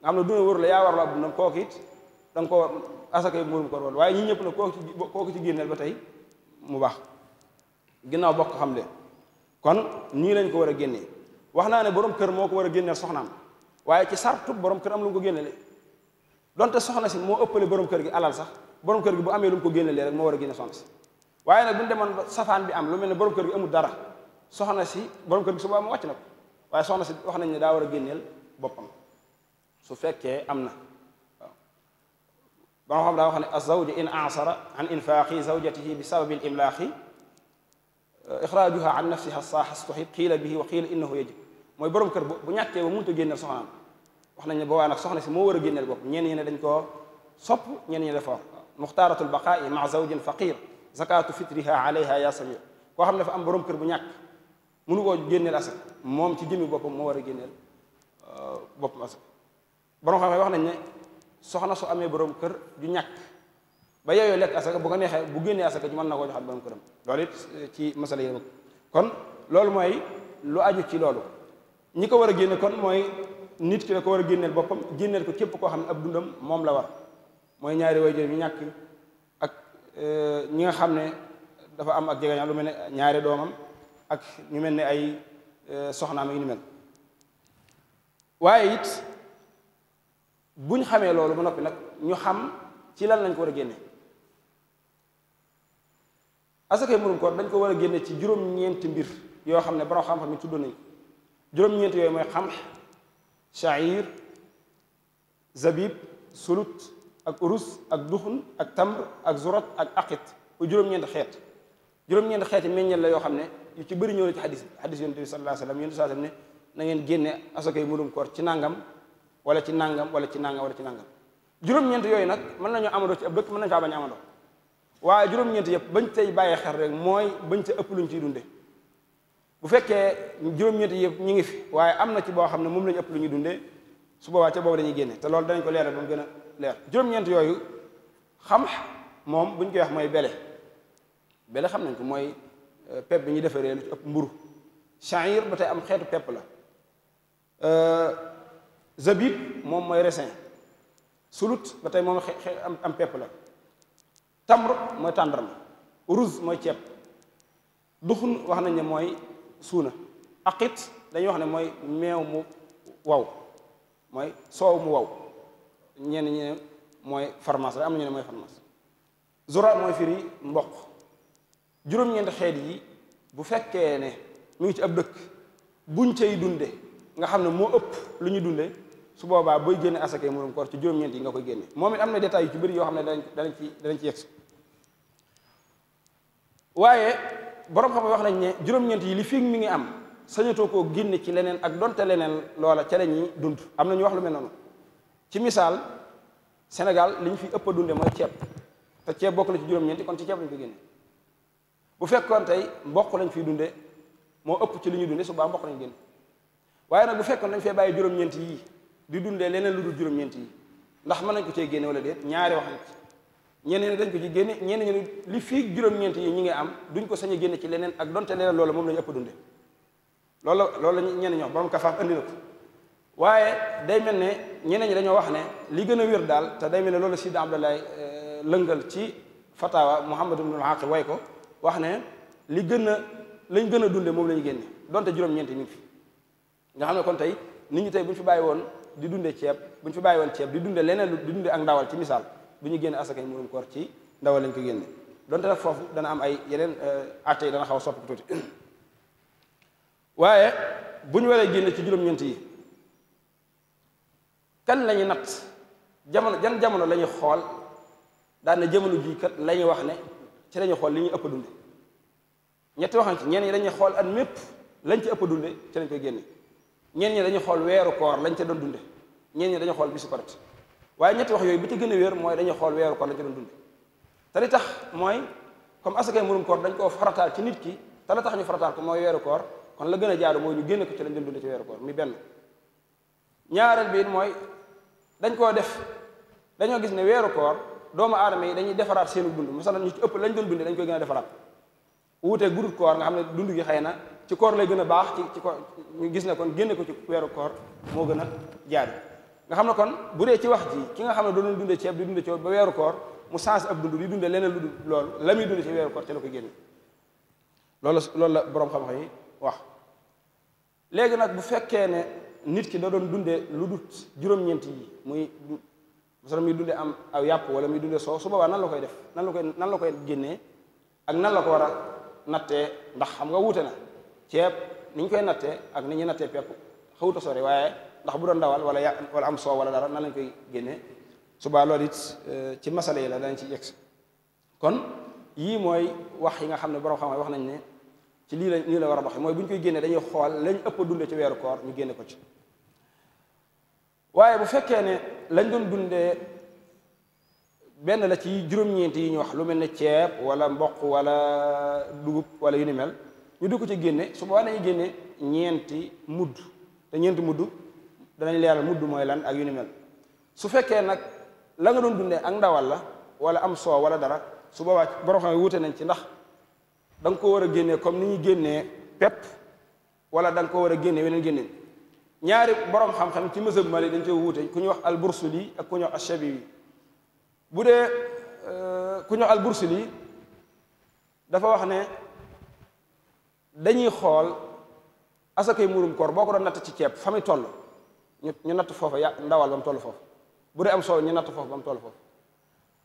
nga xam ne dund la yaa warloo ab dundam kooku it da nga ko asaka yi murum ko woon waaye ñi ñëpp na kooku ci kooku ci génneel ba tey mu baax ginnaaw bokk xam le kon nii lañ ko war a génnee wax naa ne borom kër moo ko war a génneel soxnaam waaye ci sartu borom kër am lu ko génnele donte soxna si moo ëppale borom kër gi alal sax borom kër gi bu amee lu mu ko génne lee rek moo war a soxna si waaye na bu ñu demoon safaan bi am lu mel ne borom kër gi amul dara soxna si borom kër gi su boobaa mu na ko waaye soxna si wax nañ ne daa war a génneel boppam su fekkee am na waaw ba daa wax ne azawju in asara an infaaqi zawjatihi bi sababi imlaaqi euh, ixraajuha an nafsiha saaxastuhib xiila bihi wa xiila innahu yajib mooy borom kër bu ñàkkee ba mënut a génneel wax nañ ne boobaa nag soxna si moo war a génneel bopp ñenn ñi ne dañ koo sopp ñenn ñi dafa wax muxtaaratul baqaa'i maa zawjin faqir zakatu fitriha alayha ya samir koo xam ne dafa am borom kër bu ñàkk mënu koo génneel asak moom ci jëmi boppam moo war a génneel euh, boppam asak borom xam-xam wax nañ ne soxna su amee borom kër ju ñàkk ba yooyu lekk asaka bu ko neexee bu génnee asaka ci na koo joxaat borom këram loolu it euh, ci masala yi kon loolu mooy lu aju ci loolu ñi ko war a génne kon mooy nit ki da ko war a génneel boppam génneel ko képp koo xam ne ab dundam moom la war mooy ñaari waajur ñu ñàkk ak euh, ñi nga xam ne dafa am ak jegeñaal lu mel ne ñaari doomam ak ñu mel ne ay euh, soxnaam yu ni mel waaye it ñu xamee loolu ba noppi nag ñu xam ci lan lañ ko war a génne asakay murum koor dañ ko war a génne ci juróom-ñeenti mbir yoo xam ne borom xam-xam yi tudd nañ juróom-ñeenti yooyu mooy xam sha'ir zabib sulut ak urus ak duxun ak tamr ak zurat ak aqit bu juróom-ñeenti xeet juróom-ñeenti xeeti meññeel la yoo xam ne yu ci bëri ñëw na ci xadis xadis yonent bi sallallahu alayhi wasallam ne na ngeen génne asakay murum koor ci nangam wala ci nangam wala ci nangam wala ci nangam juróom-ñeent yooyu nag mën nañu amandoo ci ab dëkk mën nañu faa bañ amandoo waaye juróom-ñeent yëpp bañ tey bàyyi xel rek mooy bañ ca ëpp luñ ciy dunde bu fekkee juróom-ñetti yëpp ñu ngi fi waaye am na ci boo xam ne moom lañu ëpp lu ñu dundee su boobaa ca boobu dañuy génne te loolu danañ ko leeral ba mu gën a leer juróom-ñeent yooyu xam moom bu ñu koy wax mooy bele bele xam nañ ko mooy euh, pepp bi ñu defaree lu ci ëpp mburu sha'ir ba tey am xeetu pepp la euh, zabib moom mooy raisin sulut ba tey moom am am pepp la tamr mooy tàndarma uruz mooy ceeb duxun wax nañ ne mooy suuna aqit dañuy wax ne mooy meew mu waw mooy soow mu wow ñenn ñi mooy farmaas la am ñu ne mooy farmaas zura mooy firi mboq juróom-ñeenti xeet yi bu fekkee ne mu ngi ci ab dëkk buñ cay dunde nga xam ne moo ëpp lu ñu dunde su boobaa booy génne asakay murum koor ci juróom-ñeent yi nga koy génne moom it am na détails yu ci bëri yoo xam ne danañ ci danañ ci yegg waaye borom xam wax nañ ne juróom-ñeent yi li fi mi ngi am sañatoo koo génne ci leneen ak donte leneen loola ca ñi ñuy dund am na ñu wax lu mel noonu ci misaal Sénégal li ñu fi ëpp dunde mooy ceeb te bokk la ci juróom-ñeenti kon ci ceeb lañ ko génne bu fekkoon tey mboq lañ fiy dunde moo ëpp ci li ñuy dunde su baa mboq lañ génne waaye nag bu fekkoon nañ fee bàyyi juróom-ñeent yi di dundee leneen lu dul juróom-ñeent yi ndax mën nañ ko cee génne wala déet ñaari wax ci ñeneen ñi dañ ko ci génne ñeneen ñi li fii juróom-ñeent yi ñi ngi am duñ ko sañ a génne ci leneen ak donte leneen loola moom la ñu ëpp dunde loolu loolu la ñoo borom kafaaf andi na ko waaye day mel ne ñeneen ñi dañoo wax ne li gën a wér daal te day mel ne loolu Sidi Abdoulaye euh, lëngal ci fatawa Muhammad ibnul Haqi way ko wax ne li gën a lañ gën a dunde moom la ñu génne donte juróom-ñeent yi ñu ngi fi nga xam ne kon tey nit ñi tey bu ñu fi bàyyi woon di dunde ceeb bu ñu fi bàyyi woon ceeb di dunde leneen di dunde ci misaal bu ñu génn asaka yi murum koor ci ndaw lañ ko génne donte nag foofu dana am ay yeneen euh, atte yi dana xaw a sopp tuuti waaye bu ñu waree génne ci juróom-ñeent yi kan lañuy ñuy natt jamono jan jamono la xool daana na jamono jii kat la wax ne ci la xool li ñuy ëpp dunde ñetti waxan ci ñenn ñi dañuy xool at mépp lañ ci ëpp dunde ci lañ koy génne ñenn ñi dañuy xool weeru koor lañ ca doon dunde ñenn ñi xool bisu waaye ñetti wax yooyu bi ci gën a wéer mooy dañuy xool weeru koor la ci doon dund te li tax mooy comme asakay murum koor dañ koo farataal ci nit ki te la tax ñu farataal ko mooy weeru koor kon la gën a jaadu mooy ñu génne ko ci lañ doon dund ci koor mi benn ñaareel mooy dañ koo def dañoo gis ne weeru koor doomu aadama yi dañuy defaraat seenu dund masalan ñu ci ëpp lañ doon dundee dañ koy gën a defaraat wuutee gudut koor nga xam ne dund gi xëy na ci koor lay gën a baax ci ci ko ñu gis ne kon génne ko ci weeru koor moo gën a jaadu nga xam ne kon bu dee ci wax ji ki nga xam ne doon dunde ceeb di dunde ceeb ba weeru koor mu change ab dund di dunde leneen lu dul loolu la muy dunde ci weeru koor ca la ko génne lool la boroom xam-xam yi wax léegi nag bu fekkee ne nit ki da doon dunde lu dut juróom-ñeent muy parce que muy dunde am aw yàpp wala muy dunde soow su boobaa nan la koy def nan la koy nan la koy génnee ak nan la ko war a nattee ndax xam wuute na ceeb ni koy nattee ak ni ñuy nattee pepp xawuta sore waaye ndax bu doon dawal wala ya wala am soow wala dara na lañ koy génne subaa loolu it eh, ci masala yi la dañ ci yegg kon yii mooy wax yi nga xam ne borom xam wax nañ ne ci lii la nii la war a doxee mooy bu ñu koy génnee dañuy xool lañ ëpp a dundee ci weeru koor ñu génne ko ci waaye bu fekkee ne lañ doon dundee benn la ci juróom-ñeent yi ñu wax lu mel ni ceeb walla mboq walla dugub wala yu ni mel ñu du ko ci génne su boobaa dañuy génne ñeenti mudd te mudd danañ leeral mudd mooy lan ak yu ni mel su fekkee nag la nga doon dundee ak ndawal la wala am soo wala dara su boobaa borom xam wute nañ ci ndax danga nga ko war a génnee comme ni ñuy génnee pepp wala danga nga ko war a génnee weneen génneen ñaari boroom xam-xam ci mësëb mali dañ ci wuute ku ñuy wax al bursuli ak ku ñuy wax ashabiwi bu dee euh, ku ñuy al al bursuli dafa wax ne dañuy xool asakay murum koor boo ko doon natt ci ceeb fa muy ñu natt foofu ya ndawal ba mu toll foofu bu dee am soow ñu natt foofu ba mu toll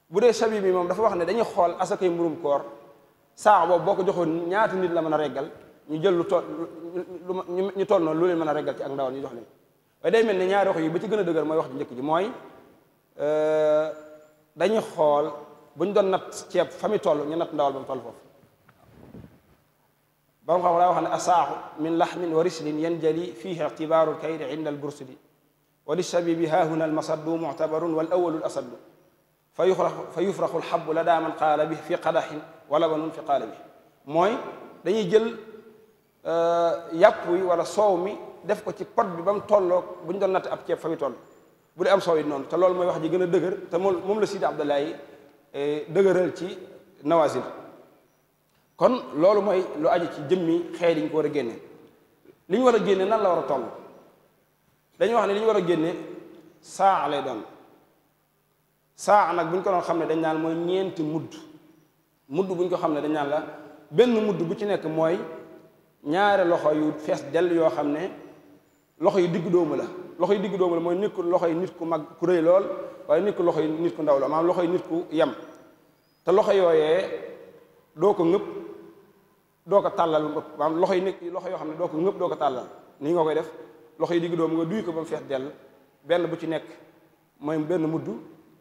bu dee sabi bi moom dafa wax ne dañuy xool asakay mburum koor saa boobu boo ko joxoon ñaata nit la mën a reggal ñu jël lu toll ñu toll noonu lu leen mën a reggal ci ak ndawal ñu jox leen waaye day mel ne ñaari wax yi ba ci gën a dëgër mooy wax ji njëkk ji mooy euh, dañuy xool bu ñu doon natt ceeb fa mi toll ñu natt ndawal ba mu toll foofu ba mu xam daa wax ne asaaxu min laxmin wa rislin yanjali fiihi ictibaaru lkayri inda albursidi وللشبيب ها هنا المصب معتبر والأول الأصب فيفرخ فيفرخ الحب لدى من قال به wala قدح ولبن في قال bi mooy dañuy jël yàpp wi wala soow mi def ko ci pot bi ba mu tolloog bu ñu doon natt ab ceeb fa mu toll bu de am soow yi noonu te loolu mooy wax ji gën a dëgër te moom moom la Sidi Abdoulaye eh, dëgëral ci nawasir kon loolu mooy lu aju ci jëmmi xeer yi ñu ko war a génne li ñu war a génne nan la war a toll dañu wax ne li war a génne saa doon saa nag bu ko doon xam ne dañ naan mooy ñeenti mudd mudd bu ñu ko xam ne dañ naan la benn mudd bu ci nekk mooy ñaari loxo yu fees dell yoo xam ne loxo yu diggu doomu la loxo yu digg doomu la mooy nit ku loxo yi nit ku mag ku rëy lool waaye nit ku loxo yi nit ku ndaw la maanaam loxo yi nit ku yem te loxo yooyee doo ko ngëpp doo ko tàllal maanaam loxo yi nit loxo yoo xam ne doo ko ngëpp doo ko tàllal nii nga koy def loxo yi digg doom nga duy ko ba mu fees dell benn bu ci nekk mooy benn mudd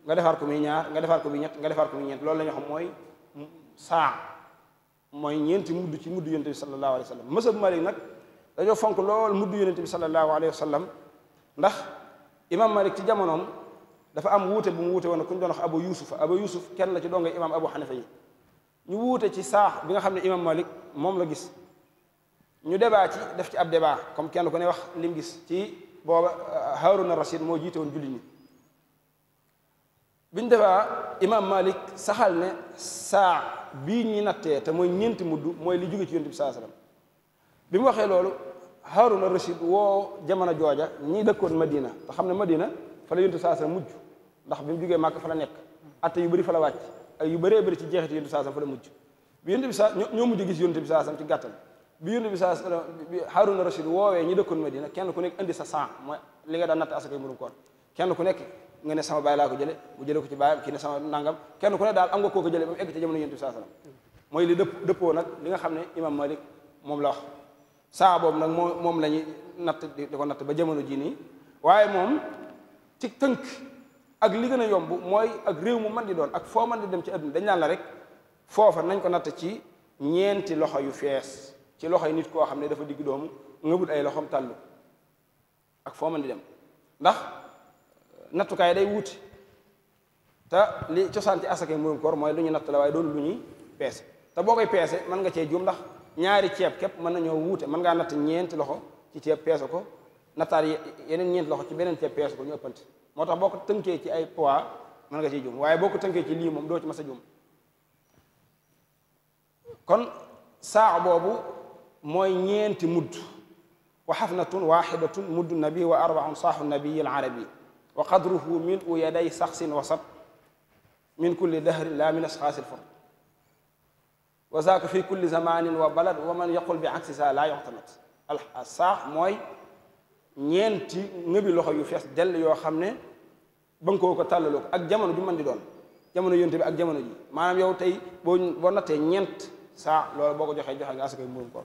nga defaat ko muy ñaar nga defaat ko muy ñett nga defaat ko muy ñeent loolu xam mooy saa mooy ñeenti mudd ci mudd yonente bi sallallahu alayhi wa sallam mësab Malik nag dañoo fonk lool mudd yonente bi sallallahu alayhi wa sallam ndax imam Malik ci jamonoom dafa am wuute bu mu wuute woon ku ñu doon wax Abu Yusuf Abu Yusuf kenn la ci dongay imam Abu Hanifa yi ñu wuute ci saax bi nga xam ne imam Malik moom la gis ñu débat ci def ci ab débat comme kenn ku ne wax lim gis ci booba euh, Haaruna Rashid moo jiite woon jullit ñi biñ defaa imam Malik saxal ne saa bii ñuy nattee te mooy ñeenti mudd mooy li jóge ci yonent bi saa sallam bi mu waxee loolu Haaruna Rashid woo jamono jooja ñii dëkkoon Madina te xam ne Madina fa la yonent bi saa mujj ndax bi mu jugee Màkk fa la nekk atte yu bëri fa la wàcc ay yu bëree bëri ci jeexit yonent bi saa sallam fa la mujj bi yonent bi saa ñoo mujj gis yonent bi saa sallam ci gàttal bi yonent bi saa sallam Haaruna Rashid woowee ñi dëkkoon dina kenn ku nekk indi sa sang mooy li nga daan natt asaka murum koon ku nekk nga ne sama baay laa ko jële mu jële ko ci baayam kii ne sama nangam kenn ku ne daal am nga ko jële ba mu egg ca jamono yonent mooy li dëpp dëppoo nag li nga xam ne imam Malik moom la saa boobu nag moom moom la natt di ko natt ba jamono jii nii waaye moom ci tënk ak li gën a yomb mooy ak réew mu man di doon ak foo mën di dem ci adduna dañ naan rek foofa nañ ko natt ci ñeenti loxo yu fees ci loxo loxoy nit koo xam ne dafa digg doomu ngëbut ay loxom tàllu ak foo mën di dem ndax euh, nattukaay day wuute ta li cosaan ci asaka mburum koor mooy lu ñu natt la waaye doonu lu ñuy peese te boo koy peese mën nga cee juum ndax ñaari ceeb képp mën nañoo wuute mën ngaa natt ñeenti loxo ci ceeb peese ko nattaar yeneen ñeenti loxo ci beneen ceeb peese ko ñu ëppante moo tax boo ko tënkee ci ay poids mën nga cee juum waaye boo ko tënkee ci lii moom doo ci mas a juum kon saa boobu mooy ñeenti mudd wa xafnatun waxidatun muddu nabi wa arbaun saaxu nabiyi alarabi wa qadruhu min u yaday saxsin wasat min kulli dahrin la min asxaasi lfard wa zaaka fi kulli zamanin wa balad wa man yaqul bi aksi sa laa yuxtamat al saax mooy ñeenti ngëbi loxo yu fees dell yoo xam ne bënkoo ko tàllaloo ko ak jamono ju mën di doon jamono yonte ak jamono ji maanaam yow tey boo boo nattee ñeent saa loolu boo ko joxee joxe nga asaka mburum koor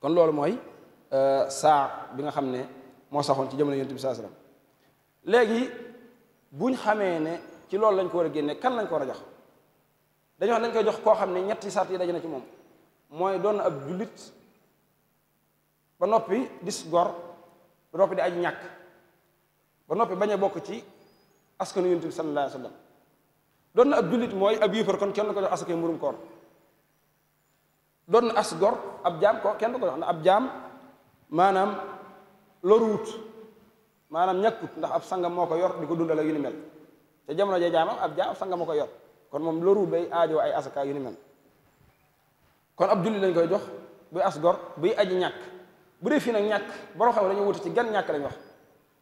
kon loolu mooy euh, saa bi nga xam ne moo saxoon ci jamono yonent bi saa salaam léegi buñ xamee ne ci loolu lañ ko war a génne kan lañ ko war a jox dañoo wax dañ koy jox koo xam ne ñetti sart yi daje na ci moom mooy doon na ab jullit ba noppi dis gor ba noppi di aji ñàkk ba noppi bañ a bokk ci askanu yonent bi sallallahu alayhi wa sallam doon na ab jullit mooy ab yéefar kon kenn ko jox asakay mburum koor doon na as gor ab jaam ko kenn du ko jox ndax ab jaam maanaam loruwut maanaam ñàkkut ndax ab sanga moo ko yor di ko dundal a yu ni mel te jamono jee jaamam ab jaam ab sangam moo ko yor kon moom loruwut bay aajoo ay asaka yu ni mel ab julli lañ koy jox buy as gor buy aji ñàkk fii nag ñàkk boro xam dañu wuti ci gan ñàkk lañ wax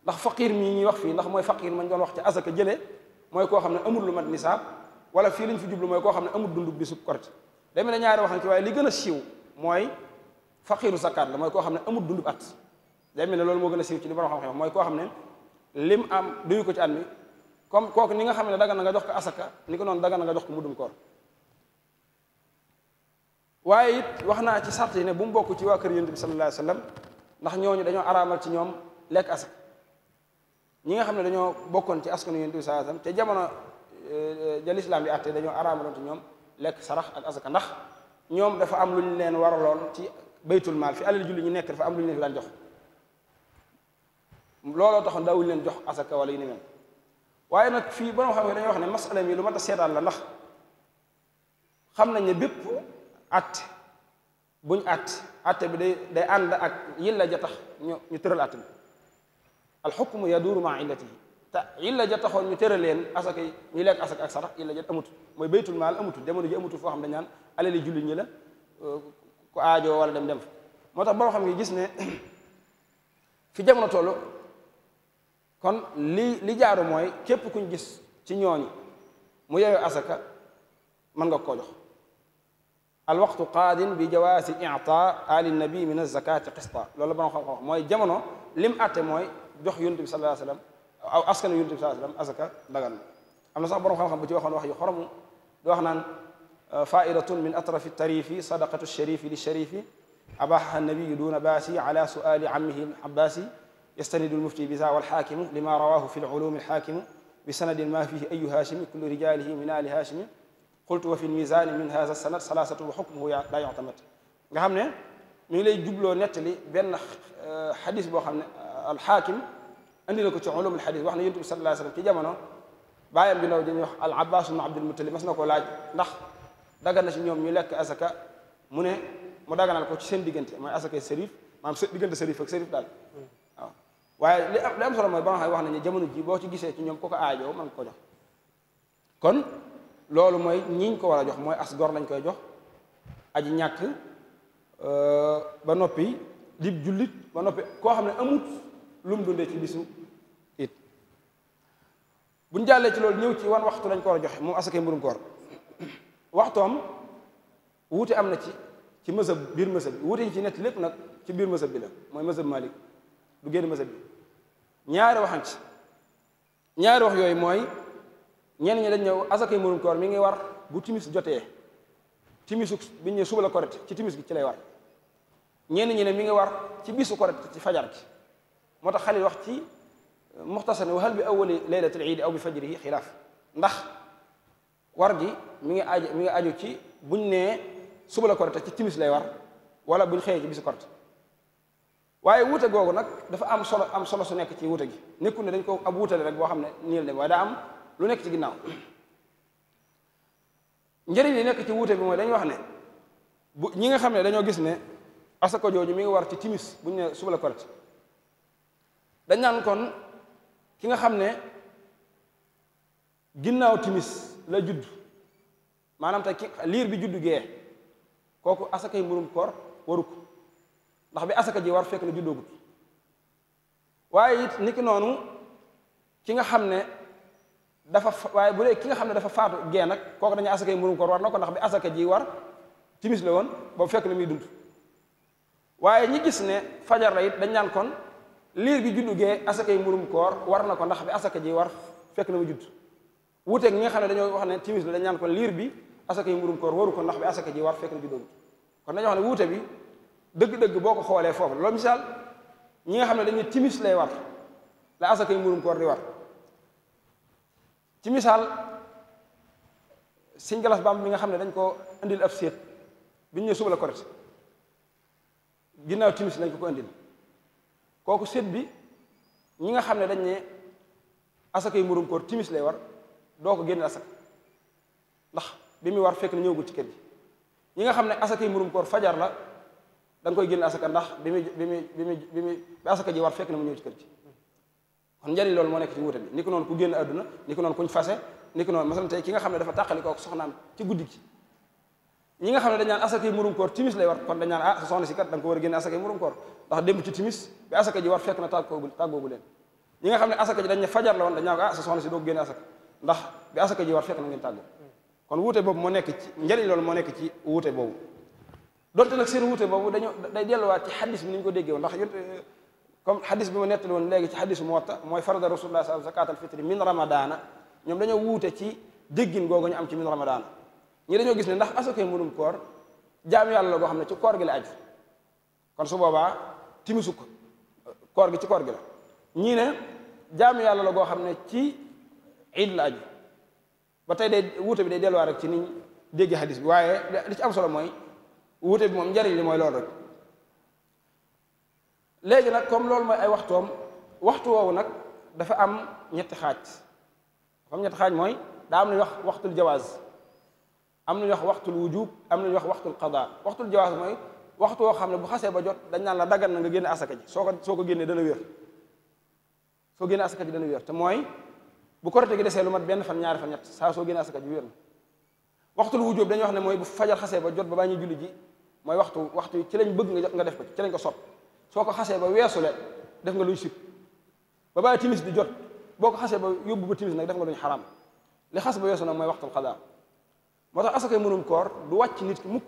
ndax faqiir mii ñuy wax fii ndax mooy faqiir mañ doon wax ci asaka jëlee mooy koo xam ne amul lu mat nisaab wala fii lañ fi jublu mooy koo xam ne amul dundub bi sub korite day mel ne ñaari wax na ci waaye li gën a siiw mooy faqiru zakat la mooy koo xam ne amul dundub at day mel ne loolu moo gën a siiw ci li borom xam-xam mooy koo xam ne lim am duyu ko ci at mi comme kooku ni nga xam ne dagan na nga jox ko asaka ni ko noonu dagan na nga jox ko muddum koor waaye it wax naa ci sart yi ne bu mu bokk ci waa kër yonent bi sallallahu alayhi wa ndax ñooñu dañoo araamal ci ñoom lekk asaka ñi nga xam ne dañoo bokkoon ci askanu yonent bi sallallahu alayhi wa te jamono euh, ja lislaam bi àtte dañoo araamaloon ci ñoom lekk sarax ak asaka ndax ñoom dafa am lu ñu leen waraloon ci beytul maal fi alal julli ñu nekk dafa am lu ñu leen fi daan jox looloo taxoon daawuñu leen jox asaka wala yu ni mel waaye nag fii borom xam ne dañoo wax ne masala mi lu mat a seetaan la xam nañ ne bépp àtte buñ àtte àtte bi day day ànd ak yilla ja tax ñu ñu tëral àtte bi al xukmu yaduuru maa te illa ja taxoon ñu tere leen asaka yi ñu lekk asaka ak sarax illa ja amut mooy baytul maal amutul jamono ji amutul foo xam dañ naan alali jullit ñi la ko aajo wala dem dem moo tax boo xam ngi gis ne fi jamono toll kon li li jaaru mooy képp kuñ gis ci ñooñu mu yeyoo asaka mën nga koo jox al waqtu qaadin bi jawaasi ita ali nabi min azakati qista loolu ba nga xam-xam mooy jamono lim atte mooy jox yonent bi sallallahu alayhi aw askanu yonent bi sallallahu alayhi wasallam asaka dagan na am na sax borom xam-xam bu ci waxoon wax yu xoromu di wax naan euh, faidatun min atrafi tarifi sadaqatu sharifi li sharifi abaxaha nabiyu duna baasi ala suali ammihi abbasi yastanidu lmufti bisa walxaakimu lima rawahu fi lulumi lxaakimu بسند ما فيه أي هاشم كل رجاله من آل هاشم قلت وفي الميزان من هذا السند ثلاثة وحكمه لا يعتمد nga xam ne mi ngi lay jubloo nettali benn euh, xadis boo xam ne alxaakim andi na ko ci ulumul xadis wax na yonent bi sallallahu alayhi wa sallam ci jamono bàyyam bi ndaw dañuy wax al abbas ibn abdul muttalib mas ko laaj ndax dagan na ci ñoom ñu lekk asaka mu ne mu daganal ko ci seen diggante mooy asaka sërif maanaam se diggante sërif ak daal waaw waaye li am solo mooy ba nga xam wax nañu jamono ji boo ci gisee ci ñoom ku ko aajoo man ko jox kon loolu mooy ñiñ ko war a jox mooy as gor lañ koy jox aji ñàkk euh, ba noppi lib jullit ba noppi koo xam ne amut lu mu dundee ci bu ñu jàllee ci loolu ñëw ci wan waxtu lañ koo war a joxe moom asakay mburum koor waxtoom wuute am na ci ci mësëb biir mësëb bi wuute yi ci nett lépp nag ci biir mësëb bi la mooy mësëb Malik du génn mësëb bi ñaari waxan ci ñaari wax yooyu mooy ñenn ñi dañ ñëw asakay mburum koor mi ngi war bu timis jotee timisu bi ñu suba la korite ci timis bi ci lay war ñenn ñi ne mi ngi war ci bisu korite ci fajar gi moo tax Xalil wax ci muxtasan wa hal bi awali laylatil iidi aw bi fajrihi xilaaf ndax war gi mu ngi aju mi ngi aju ci buñ nee suba la korite ci timis lay war wala buñ xëyee ci waaye wuute googu nag dafa am solo am solo su nekk ci wuute gi nekkul ne dañ ko ab wuutale rek boo xam ne nii la dem waaye am lu nekk ci ginnaaw njëriñ li nekk ci wuute bi mooy dañuy wax ne bu ñi nga xam ne dañoo gis ne asaka jooju mi ngi war ci timis buñ ne suba kon ki nga xam ne ginnaaw timis la judd maanaam te ki liir bi judd gee kooku asakay mburum koor waru ko ndax bi asaka ji war fekk na juddoogut waaye it niki noonu ki nga xam ne dafa bu dee ki nga xam ne dafa faatu gee nag kooku dañu asakay mburum koor war na ko ndax bi asaka ji war timis la woon boobu fekk na muy dund waaye ñi gis ne fajar la it dañ naan kon liir bi juddu gee asaka yi murum koor war na ko ndax bi asaka ji war fekk na mu judd wuuteeg ñi nga xam ne dañoo wax ne timis dañ ñaan ko liir bi asaka yi murum koor ko ndax bi asaka ji war fekk na juddoo kon dañoo ne wuute bi dëgg-dëgg boo ko xoolee foofu loolu misaal ñi nga xam ne dañu timis lay war la asaka yi murum koor di war ci misaal siñ galas baam bi nga xam ne dañ ko indil ab séet bi ñu ne suba la koret ginnaaw timis lañ ko ko indil kooku sët bi ñi nga xam ne dañ ne asakay murum koor timis lay war doo ko génne asaka ndax bi muy war fekk na ñëwagul ci kër gi ñi nga xam ne asakay murum koor fajar la da nga koy génne asaka ndax bi muy bi muy bi muy asaka ji war fekk na mu ñëw ci kër gi kon njariñ loolu moo nekk ci wuute bi ni ko noonu ku génn àdduna ni ko noonu kuñ fase ni noonu masalan ki nga xam ne dafa tàqali kooku soxnaan ci guddi gi ñi nga xam ne dañ naan asakay murum koor timis lay war kon dañ naan ah a génne asakay murum koor ndax démb timis bi asaka ji war fekk na tàggoobu leen ñi xam ne asaka ji dañ fajar la woon dañ naan ko ah sa soxna si doo génne asaka ndax bi asaka ji war fekk na ngeen tàggoo kon wuute boobu moo nekk ci njëriñ loolu moo nekk ci wuute boobu donte nag seen wuute boobu dañu day delluwaat ci xadis bi ni ko déggee woon ndax yont comme xadis bi ma mooy farada rasulullah sallallahu alayhi wa sallam zakat al fitri ñu am ci min ramadana ñi dañoo gis ne ndax asakay mburum koor jaam yàlla la goo xam ne ci koor gi la kon su boobaa timisu koor gi ci koor gi la ñii ne jaam yàlla la goo xam ne ci iid la aju ba tey day wuute bi day delluwaat rek ci niñ dégg hadis bi waaye li ci am solo mooy wuute bi moom njariñ li mooy loolu rek léegi nag comme loolu mooy ay waxtoom waxtu woowu nag dafa am ñetti xaaj dafa am ñetti xaaj mooy daa am lu wax waxtul jawaaz am nañu wax waxtul wujub am na nañu wax waxtul qada waxtul jawaas mooy waxtu woo xam ne bu xasee ba jot dañ naan la daggal na nga génne asaka ji soo ko soo ko génnee dana wér soo génne asaka ji dana wér te mooy bu korite gi desee lu mat benn fan ñaari fan ñett saa soo génne asaka ji wér na waxtul wujub dañuy wax ne mooy bu fajar xasee ba jot ba baa ñuy julli ji mooy waxtu waxtu ci lañ bëgg nga jot nga def ko ci lañ ko sot soo ko xasee ba weesule def nga luñ sib ba baa timis di jot boo ko xasee ba yóbbu ba timis nag def nga luñ xaram li xas ba weesu nag mooy waxtul qada moo tax asakay mënum koor du wàcc nit ki mukk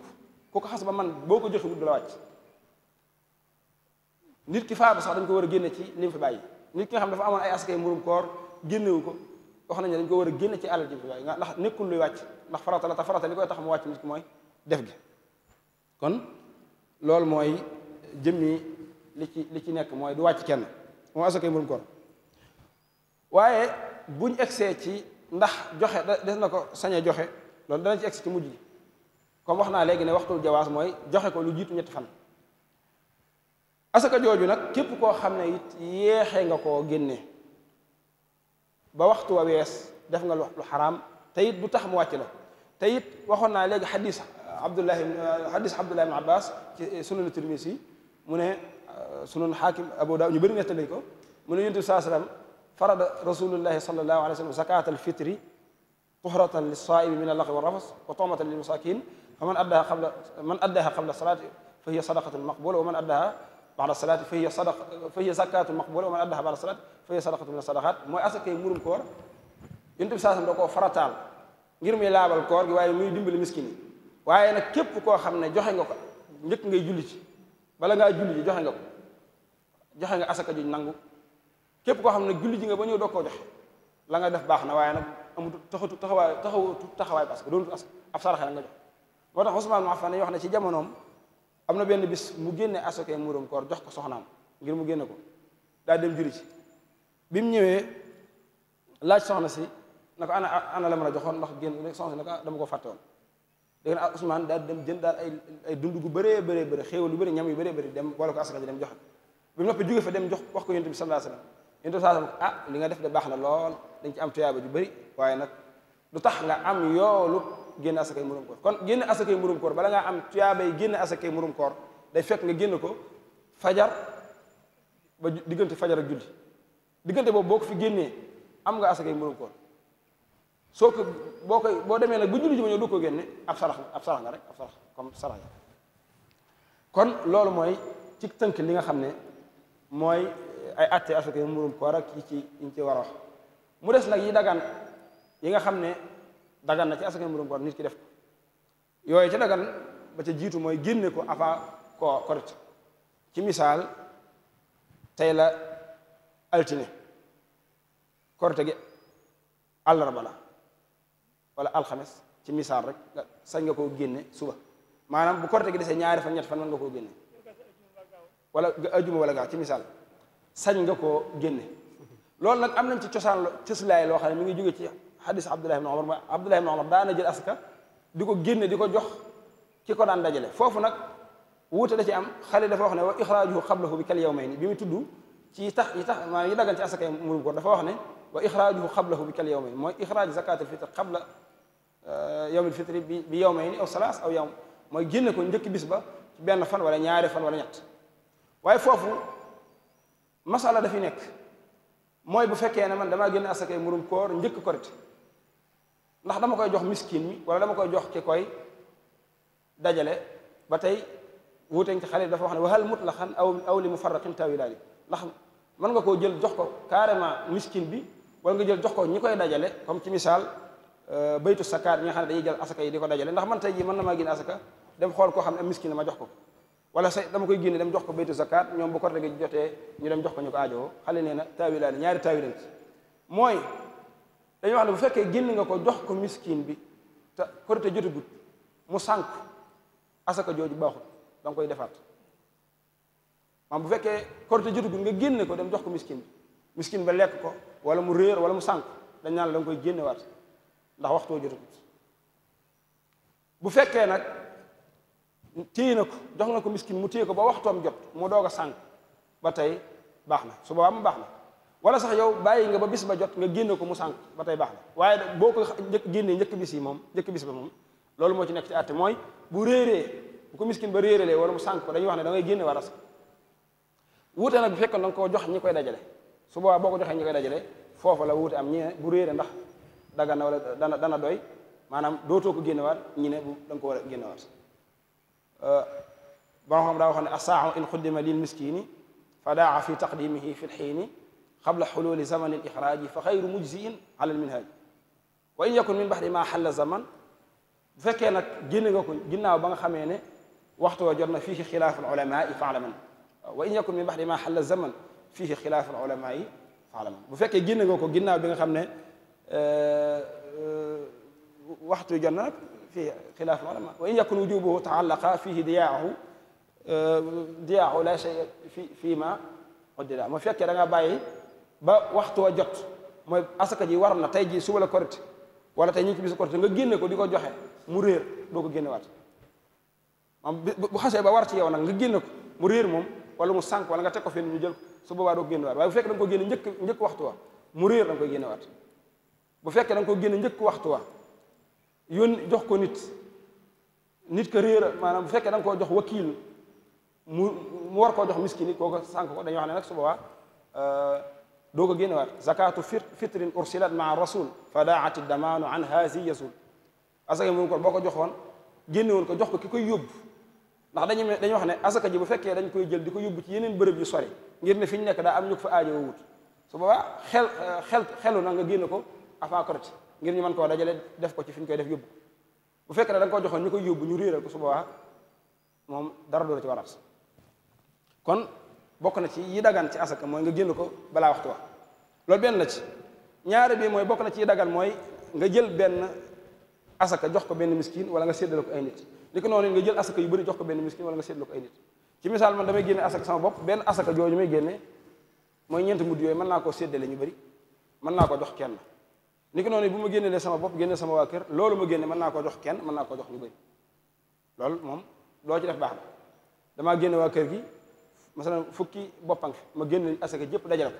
kooku xas ba man boo ko joxewut du la wàcc nit ki faatu sax dañ ko war a génne ci li fi bàyyi nit ki nga xam dafa amoon ay asakay mënum koor génnewu ko wax nañu dañ ko war a génne ci alal ji mu fi bàyyi nga ndax nekkul luy wàcc ndax farata la te farata li koy tax mu wàcc nit ki mooy def gi kon loolu mooy jëmmi li ci li ci nekk mooy du wàcc kenn moom asakay mënum koor waaye buñ egsee ci ndax joxe des na ko sañ joxe loolu dana ci egsi ci mujj gi comme wax naa léegi ne waxtul jawaas mooy joxe ko lu jiitu ñetti fan asaka jooju nag képp koo xam ne it yéexe nga koo génne ba waxtu wa wees def nga lu xaram te it du tax mu wàcc la te it waxoon naa léegi xadis abdullahi xadis abdullahi ibn abbas ci sunanu tirmisi mu ne euh, sunan xaakim abu daawud ñu bëri nettali ko mu ne yonent bi saa sallam farada rasulullahi sallallahu alayhi wa sallam zakat al fitri tuhratan lis-saa'imi min al-laghwi war-rafas wa tu'matan lil-masaakiin fa man addaaha qabla man addaaha qabla salaati fa hiya sadaqatun maqbuula wa man addaaha ba'da salaati fa hiya sadaqa fa hiya zakaatun maqbuula wa man addaaha ba'da salaati fa hiya sadaqatun min as-sadaqaat mooy asakay murum koor Yonent bi saasam da koo farataal ngir muy laabal koor gi waaye muy dimbali miskin yi waaye nag képp koo xam ne joxe nga ko njëkk ngay julli ci bala ngaa julli ji joxe nga ko joxe nga asaka juñ nangu képp koo xam ne julli ji nga ba ñëw doo koo joxe la nga def baax na waaye nag amut taxatu taxawaay taxawatu taxawaay parce que doonu as ab saraxe la nga jox moo tax Usmaan ma fan wax ne ci jamonoom am na benn bis mu génne asoke muuram jox ko soxnaam ngir mu génne ko daa dem juri bi mu ñëwee laaj soxna si na ko ana ana la mën a joxoon ndax génn soxna si na ko ah ko fàtte woon dégg na daal dem jënd daal a ay dund gu bëree bëree bëri xéewal yu bëri ñam yu bëri dem boole ko asaka ji dem joxe bi mu noppi jóge fa dem jox wax ko yonent bi sallallahu alayhi yonent bi sallallahu ah li nga def de baax na lool dañ ci am tuyaaba ju bari waaye nag du tax nga am yoolu génn asakay murum koor kon génn asakay murum koor bala ngaa am tuyaaba yi génn asakay murum koor day fekk nga génn ko fajar ba diggante fajar ak julli diggante boobu boo ko fi génnee am nga asakay murum koor soo ko boo koy boo demee nag bu julli ji ma ñëw du ko génne ab sarax ab sarax nga rek ab sarax kon loolu mooy ci tënk li nga xam ne mooy ay atte asaka yi murum koor ak yi ci yi ci war a wax mu des nag yi dagan yi nga xam ne dagan na ci asaka murum koor nit ki def ko yooyu ca dagan ba ca jiitu mooy génne ko avant ko korit ci misaal tey la altine korite gi àllarba la wala alxames ci misaal rek sañ koo génne suba maanaam bu korite gi desee ñaari fan ñett fan mën nga koo génne wala ajuma wala gaaw ci misaal sañ nga ko génne lool nag am nañ ci cosaan cëslaay loo xam ne mi ngi jóge ci xadis Abdullah ibn Umar ma Abdullah ibn Umar daana jël aska di ko génne di ko jox ki ko daan dajale foofu nag wuute da ci am xale dafa wax ne wa ixraajuhu qablahu bi kal yawmayni bi mu tudd ci tax yi tax maanaam yi daggan ci asakay murum ko dafa wax ne wa ixraajuhu qablahu bi kal yawmayni mooy ixraaj zakatul fitr qabla euh, yawmil fitri bi yawmayni aw salaas aw yawm mooy génne ko njëkk bis ba benn fan wala ñaari fan wala ñett masala dafi nekk mooy bu fekkee ne man damaa génn asakay murum koor njëkk korite ndax dama koy jox miskin mi wala dama koy jox ki koy dajale ba tey wuuteñ ci xale dafa wax ne wahal mutlaqan aw aw li mufarraqin tawilaani ndax mën nga koo jël jox ko carrément miskin bi wala nga jël jox ko ñi koy dajale comme ci misaal euh, baytu sakaar ñi nga xam ne dañuy jël asaka yi di ko dajale ndax man tey jii mën na maa génn asaka dem xool ko xam ne am miskin ma jox ko wala se dama koy génne dem jox ko baytu zakat ñoom bu ko rek jotee ñu dem jox ko ñu ko aajowoo xale nee na taawilaane ñaari taawilan mooy dañuy wax ne bu fekkee génn nga ko jox ko miskin bi te korite jotagut mu sànk asaka jooju baaxut da nga koy defaat maam bu fekkee korite jotagut nga génne ko dem jox ko miskin bi miskin ba lekk ko wala mu réer wala mu sànk dañ naan la da nga koy génnewaat ndax waxtoo jotagut bu fekkee nag téye na ko jox nga ko mu téye ko ba waxtoom jot mu doog a sànq ba tey baax na su boobaa baax na wala sax yow bàyyi nga ba bis ba jot nga génne ko mu sànq ba tey baax na waaye boo ko njëkk génnee njëkk bis yi moom njëkk bis ba moom loolu moo ci nekk ci àtte mooy bu réeree bu ba réerelee wala mu sànq ko dañuy wax ne da ngay génne waras wuute nag bu fekkoon da koo jox ñi koy dajale su boo ko joxee ñi koy dajale foofu la wuute am ñi ne bu réere ndax daga na wala dana dana doy maanaam dootoo ko génnewaat ñi ne bu ko war a génnewaat Euh, borom xam daa wax ne asaahu in xuddima lil miskini fadaa fi taqdimihi fi lxiini qabla xululi zaman al ixraaji fa xayru mujziin ala alminhaaj wa in yakun min baxdi ma xalla zaman bu fekkee nag génn nga ko ginnaaw ba nga xamee ne waxtu wa jot na fiihi xilaafu alulamaai faalaman wa in yakun min baxdi ma xalla zaman fiihi xilaafu alulamaai faalaman bu fekkee génn nga ko ginnaaw bi nga xam ne euh, euh, waxtu jot na nag فيه خلاف العلماء وإن يكن وجوبه تعلق فيه diyaaxu diyaaxu la shay fi fii ma da mu fekkee da nga bàyyi ba waxtu wa jot mooy asaka ji war na tey ji suba la korite wala tey ñu ngi ci bisu nga génne ko di ko joxe mu réer doo ko génnewaat moom xasee ba war ci yow nag nga génne ko mu réer moom wala mu sànk wala nga teg ko fenn ñu jël su boobaa doo ko génnewaat waaye bu fekkee da nga ko génne jëkk njëkk waxtu wa mu réer da nga koy bu fekkee da ko génne njëkk waxtu wa yoon jox ko nit nit ko réer maanaam bu fekkee da ko koo jox wakiil mu mu war koo jox miskini kooku sànq ko dañuy wax ne nag su boobaa euh, doo ko génnewaat zakatu fir fitrin ursilat maa rasul fa daati damaanu an haasi yasul asaka moom ko boo ko joxoon génne woon ko jox ko ki koy yóbbu ndax dañu dañuy wax ne asaka ji bu fekkee dañ koy jël di ko yóbbu ci yeneen bërëb yu sori ngir ne fi ñu nekk daa am ñu ko fa aajowoo wut su boobaa xel euh, xel xelu na nga génne ko avant ngir ñu mën koo dajale def ko ci fi ñu koy def yóbbu bu fekkee ne da nga koo joxoon ñu koy yóbbu ñu réeral ko su boobaa moom dara du la ci waras kon bokk na ci yi dagan ci asaka mooy nga génn ko balaa waxtu wa loolu benn la ci ñaari bi mooy bokk na ci yi dagan mooy nga jël benn asaka jox ko benn miskin wala nga séddale ko ay nit li ko noonu nga jël asaka yu bëri jox ko benn miskin wala nga séddale ko ay nit ci misaal man damay génne asaka sama bopp benn mooy ñeenti mudd mën naa koo séddale ñu bëri mën naa ko jox kenn ni ko noonu bu ma génnelee sama bopp génne sama waa kër loolu ma génne mën naa koo jox kenn mën naa ko jox ñu bëri loolu moom loo ci def baax na damaa génne waa kër gi masalan fukki boppang ma génne asaka jëpp dajale ko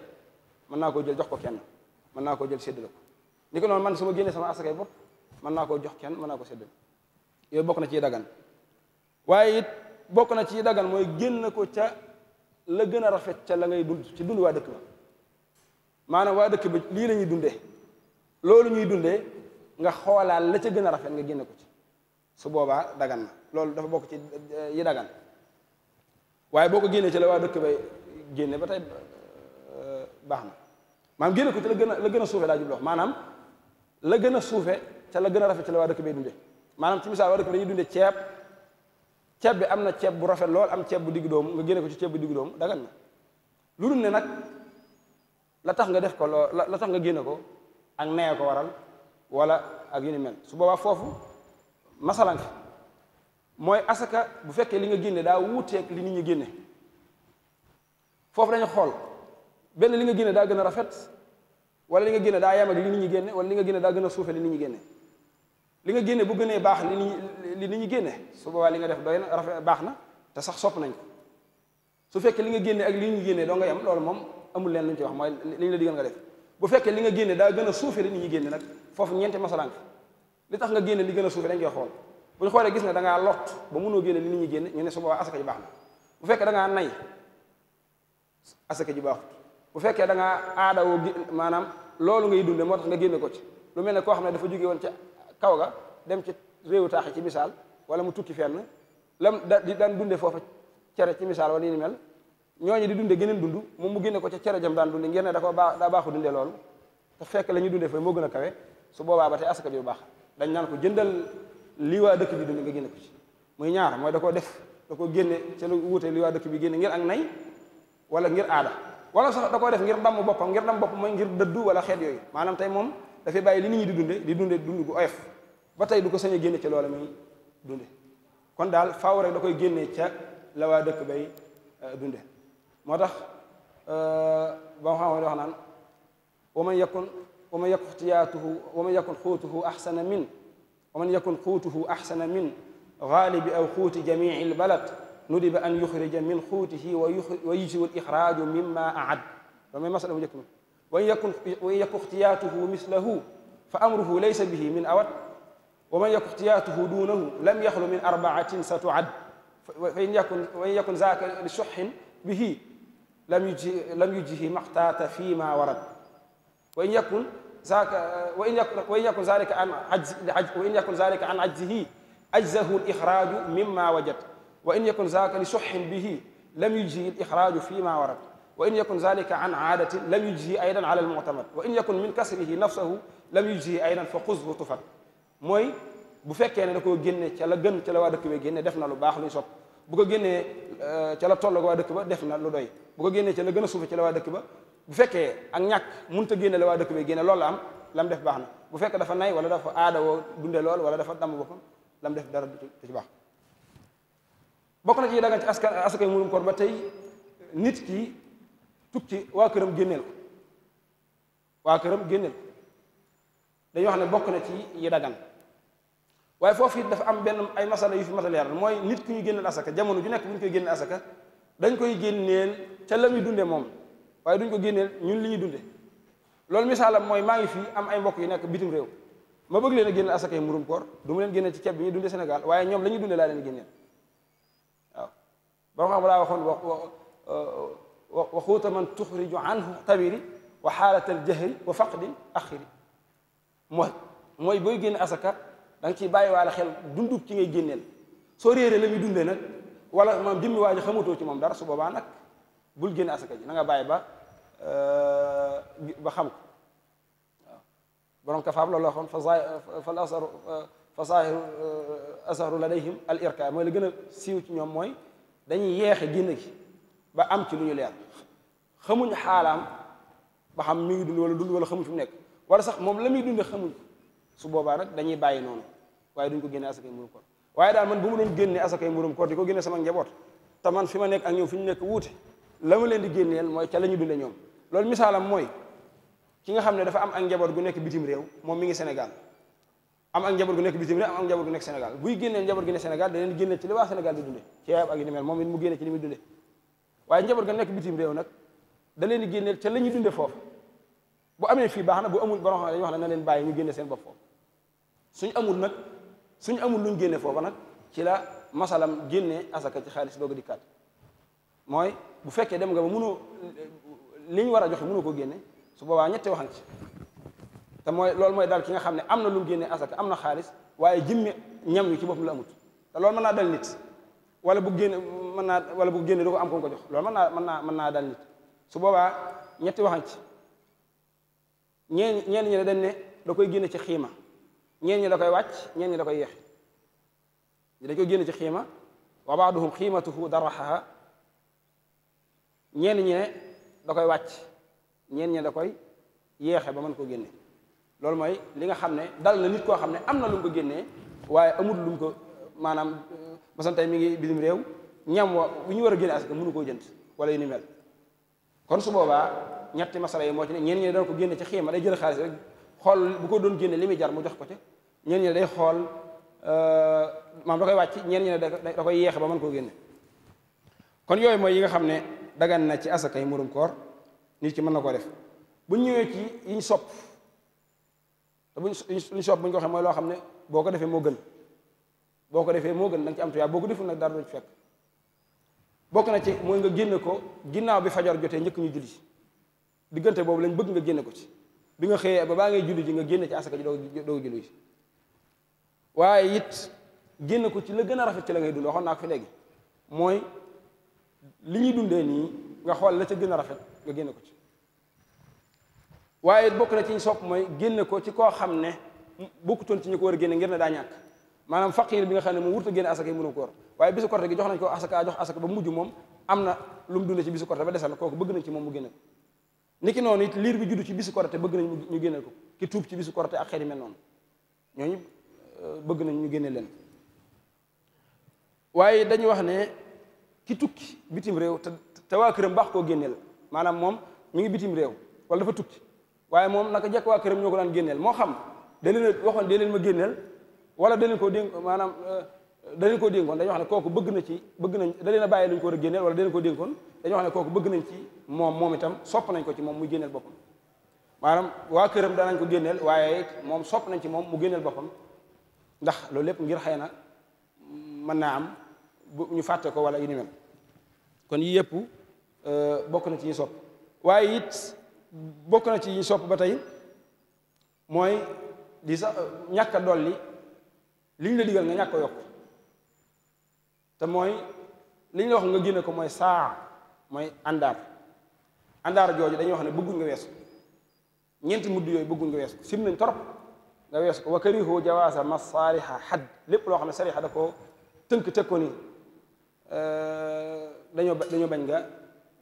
mën naa koo jël jox ko kenn mën naa koo jël séddale ko ni ko noonu man su ma génnee sama asakay bopp mën naa koo jox kenn mën naa ko séddale yooyu bokk na ci daggan waaye it bokk na ci daggan mooy génn ko ca la gën a rafet ca la ngay dund ci dund dëkk maanaam waa dëkk ba lii la ñuy dundee loolu ñuy dundee nga xoolaal la ca gën a rafet nga génne ko ci su boobaa dagan na loolu dafa bokk ci eh, yi dagan waaye boo ko génnee ci la waa dëkk bay génne ba tey eh, baax na maanaam génne ko ci la gën a la gën a suufe daa jub maanaam la gën a suufe ca la gën a rafet ci la waa dëkk bay dundee maanaam ci misaal waa dëkk bi dañuy dundee ceeb ceeb bi am na ceeb bu rafet lool am ceeb bu digg doomu nga génne ko ci ceeb bu digg doomu dagan na lu dul ne nag la tax nga def ko loo la tax nga génne ko ak nee ko waral wala ak yu ni mel su boobaa foofu masalan fi mooy asaka bu fekkee li nga génne daa wuuteeg li nit ñi génne foofu dañu xool benn li nga génne daa gën a rafet wala li nga génne daa yem ak li nit ñi génne li nga génne daa gën a suufe li nit ñi génne li nga génne bu gënee baax li nit ñi li nit ñi génne su boobaa li nga def doy na rafet baax na te sax sopp nañ ko su fekkee li nga génne ak li nit ñi génne doo nga yem loolu moom amul leen lu ñu ci wax mooy li la digal nga def bu fekkee li nga génne daa gën a suufe li nit ñi génne nag foofu ñeenti masalank li tax nga génne li gën a suufe dañ koy xool bu ñu xoolee gis ne dangaa ngaa lot ba mënoo génne li nit ñi génne ñu ne su boobaa asaka ji baax na bu fekkee da ngaa nay asaka ji baaxut bu fekkee da ngaa gi maanaam loolu ngay dunde moo tax nga génne ko ci lu mel ne koo xam ne dafa jóge woon ca kaw ga dem ci réewu taax ci misaal wala mu tukki fenn lam da di daan dunde cere ci misaal wala ni mel ñooñu di dunde geneen dund moom mu génne ca cere jam daan dunde ngeen ne da ko baax daa baaxu dunde loolu te fekk la dunde fay moo gën a kawe su boobaa ba te asaka bi baax dañ naan ko jëndal lii dëkk bi dunde nga génne ko ci muy ñaar mooy da def da koo génne ca lu wuute lii dëkk bi génne ngir ak nay wala ngir aada wala sax da koo def ngir damm boppam ngir damm bopp mooy ngir dëddu wala xeet yooyu maanaam tey moom dafay bàyyi li nit ñi di dunde di dunde dund gu oyof ba tey du ko sañ a génne ca loola muy dunde kon daal faaw rek da koy génne ca la waa dëkk bay euh, dunde moo tax ba ma xam ne wax naan wa man yakun wa man yakun xtiyaatuhu wa man yakun xuutuhu axsana min wa man yakun xuutuhu axsana min gaalibi aw xuuti jamici lbalad nudiba an yuxrija min xuutihi wa yujziu lixraaju mimma aad loolu mooy masala bu njëkk mi wa in yakun wa in yakun xtiyaatuhu mislahu fa amruhu laysa bihi min awat wa man yakun xtiyaatuhu duunahu lam yaxlu min arbaatin sa tuad fa in yakun wa in yakun zaaka li suxin bihi lam yuji lam yujihi maxtaata fiima warad wa in yakun zaaka wa in yakun wa in yakun zalika an ajzi wa in yakun zalika an ajzihi ajzahu al ixraaju mimma wajad wa in yakun zaaka li suxin bihi lam yujzihi al ixraaju fiima warad wa in yakun zalika an aadatin lam yujzihi aydan ala al muctamad wa in yakun min kasrihi nafsahu lam yujzihi aydan fa xuzhu tufat mooy bu fekkee ne da koo génne ca la gën ca la waa dëkk bi génne def na lu baax luñ sopp bu ko génnee euh, ca la tolloo waa dëkk ba def na lu doy bu ko génnee ca la gën a suufe ca la waa dëkk ba bu fekkee ak ñàkk mënut a génne waa dëkk ba génne loolu la am lam def baax na bu fekkee dafa nay wala dafa aada woo dunde lool wala dafa damm boppam lam def dara du ci baax bokk na ci dagan ci askan askan murum koor ba tey nit ki tukki waa këram génneel waa këram génneel ko dañuy wax ne bokk na ci yi dagan waaye foofu it dafa am benn ay masala yu fi masala mooy nit ki ñu génneel asaka jamono ju nekk bu ñu koy génneel asaka dañ koy génneel ca la muy dunde moom waaye duñ ko génneel ñun li ñuy dunde loolu misaalam mooy maa ngi fii am ay mbokk yu nekk bitim réew ma bëgg leen a génneel asaka yi murum koor du ma leen génneel ci ceeb bi ñuy dunde Sénégal waaye ñoom la ñuy dunde laa leen génneel waaw ba xam laa waxoon wa waxuuta man tuxriju anhu tabiri wa xaalatal jahri wa faqdi axiri mooy mooy booy asaka da nga ciy bàyyiwaale xel dundub ci ngay génneel soo réeree la muy dundee nag wala maam jëmmi waa xamatoo ci moom dara su boobaa nag bul génne asaka ji na bàyyi ba euh, ba xam ko waaw borom kafaab loolu la waxoon fa fal asaru fa euh, mooy la gën a siiw ci ñoom mooy dañuy yeexe génn gi ba am ci lu ñu leer xamuñ ba xam mi ngi dund wala dund wala xamuñ fu nekk wala sax moom la muy dund xamuñ su boobaa nag dañuy bàyyi noonu waaye duñ ko génne asakay mburum koor waaye daal man bu mu doon génne asakay mburum koor di ko génne sama njaboot te man fi ma nekk ak ñoom fi ñu nekk wuute la ma leen di génneel mooy ca la ñu dunde ñoom loolu misaalam mooy ki nga xam ne dafa am ak njaboot gu nekk bitim réew moom mi ngi Sénégal am ak njaboot gu nekk bitim réew am ak njaboot buy génnee njaboot ne Sénégal da leen génne ci li waa moom it mu génne ci li dunde waaye njaboot ga nekk bitim réew nag da leen di génneel ca la ñu dunde foofu bu amee fii baax na bu amul borom xam dañuy wax ne na leen bàyyi ñu génne seen suñu amul nag suñu amul luñ génne foofa nag ci la masalam génne asaka ci xaalis doog a mooy bu fekkee dem nga ba mënoo li ñu war a joxe mënoo ko génne su boobaa ñetti waxan ci te mooy loolu mooy dal ki nga xam ne am na lu mu génne asaka am na xaalis waaye jimmi ñam wi ci boppam la amut te lool mën naa dal nit wala bu génne mën naa wala bu génne du ko am ko ko jox loolu man naa mën naa mën naa dal nit su boobaa ñetti waxan ci ñeen ñeen ñi dañ ne da koy génne ci xiima ñeen ñi da koy wàcc ñeen ñi da koy yeex da koy génne ci xiima wa baaduhum xiimatuhu daraxaha ñeen ñi ne da koy wàcc ñeen ñi da koy yeexe ba mën koo génne loolu mooy li nga xam ne dal na nit koo xam ne am na lu ko génne waaye amul lu ko maanaam masan tey mi ngi bitim réew ñam wa bu ñu war a génne asaka mënu koo jënd wala yu ni mel kon su boobaa ñetti masala yi moo ci ne ñeen ñi dana ko génne ci xiima day jël xaalis rek xool bu ko doon génne li muy jar mu jox ko ci ñeen ñi day xool euh, maam da koy wàcc ñeen ñi da koy yeexe ba man koo génne kon yooyu mooy yi nga xam ne dagan na ci asakay murum koor nit ki mën na koo def bu ñëwee ci yiñ sopp te buñ luñ sopp bu ñu ko waxee mooy loo xam ne boo ko defee moo gën boo ko defee moo gën da nga ci am tuyaa boo ko deful nag dara du bokk na ci mooy nga génne ko ginnaaw bi fajar jotee njëkk ñu julli diggante boobu lañ bëgg nga génne ko ci bi nga xëyee ba baa ngay julli ji nga génne ci asaka ji doo julli ji waaye it génne ko ci la gën a rafet ci la ngay dund waxoon naa ko mooy li ñuy dundee nii nga xool la ca gën a rafet génne ko ci waaye it bokk na ci ñu sopp mooy génne ko ci koo xam ne bokkutoon ci ñu ko war a génne ngir ne daa ñàkk maanaam faqiir bi nga xam ne moom wurta génne asaka yi mënu koor waaye bisu korte gi jox nañ ko asaka jox asaka ba mujj moom am na lu mu dundee ci bisu korte ba desal kooku bëgg nañ ci moom mu génne ko niki noonu it liir bi judd ci bisu korte bëgg nañ ñu génne ko ki tuub ci bisu korte ak xeeti mel noonu ñooñu euh, bëgg nañ ñu génne leen waaye dañuy wax ne ki tukki bitim réew te te waa këram baax koo génneel maanaam moom mi ngi bitim réew wala dafa tukki waaye moom naka jekk waa këram ñoo ko daan génneel moo xam da leen waxoon dee leen ma génneel wala daleen koo dénk maanaam euh, daleen koo dénkoon dañu wax ne kooku bëgg na ci bëgg nañ da leen a bàyyi lu ko war a génneel wala daleen koo dénkoon dañu wax ne kooku bëgg nañ ci moom moom itam sopp nañ ko ci moom muy génneel maanaam waa këram danañ ko génneel waaye moom sopp nañ ci moom mu génneel boppam ndax loolu lépp ngir xëy na mën naa am bu ñu fàtte ko wala yu ni mel kon yii yëpp euh, bokk na ci ñu sopp waaye it bokk na ci ñu ba tey mooy di sax ñàkk a dolli liñ la digal nga ñàkk ko yokk mooy liñ la wax nga génne ko mooy saa mooy àndaar àndaar jooju dañuy wax ne bëgguñ nga weesu ñeenti mudd yooy bëgguñ nga weesu sim nañ torop nga weesu ko wa karihu jawaasa masaariha xadd lépp loo xam ne sariha da ko tënk teg ko ni eh, dañoo bañ nga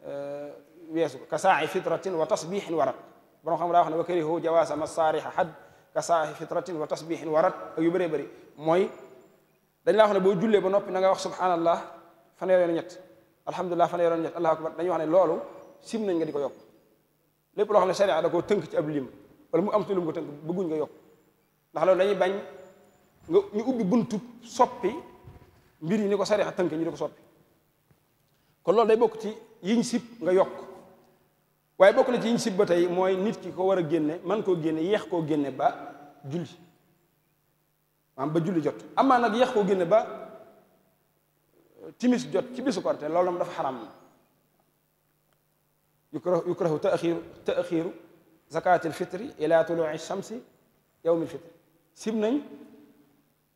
eh, weesu ko ka saaxi fitratin wa tasbixin warat borom xam daa wax ne wa karihu jawaasa masaariha xadd ka saaxi fitratin wa tasbixin warat yu bëree bëri mooy dañ laa wax ne boo jullee ba noppi na nga wax subhanallah fanweer yoon ñett alhamdulilah fanweer yoon ñett allahu akbar dañuy wax ne loolu sim nañ nga di ko yokk lépp loo xam ne sharia da koo tënk ci ab lim wala mu am ci lu mu ko tënk bëgguñ nga yokk ndax loolu dañuy bañ nga ñu ubbi buntu soppi mbir yi ni ko sharia tënk ñu di ko soppi kon loolu day bokk ci yiñ sib nga yokk waaye bokk na ci yiñ sib ba tey mooy nit ki ko war a génne man koo génne yéex koo génne ba julli maanaam ba julli jot amaa nag yeex koo génne ba timis jot ci bisu korte loolu dam dafa xaram yukrahu yukrahu taaxiru taaxiru zakatil fitri ila tuluu shamsi yawmil fitri nañ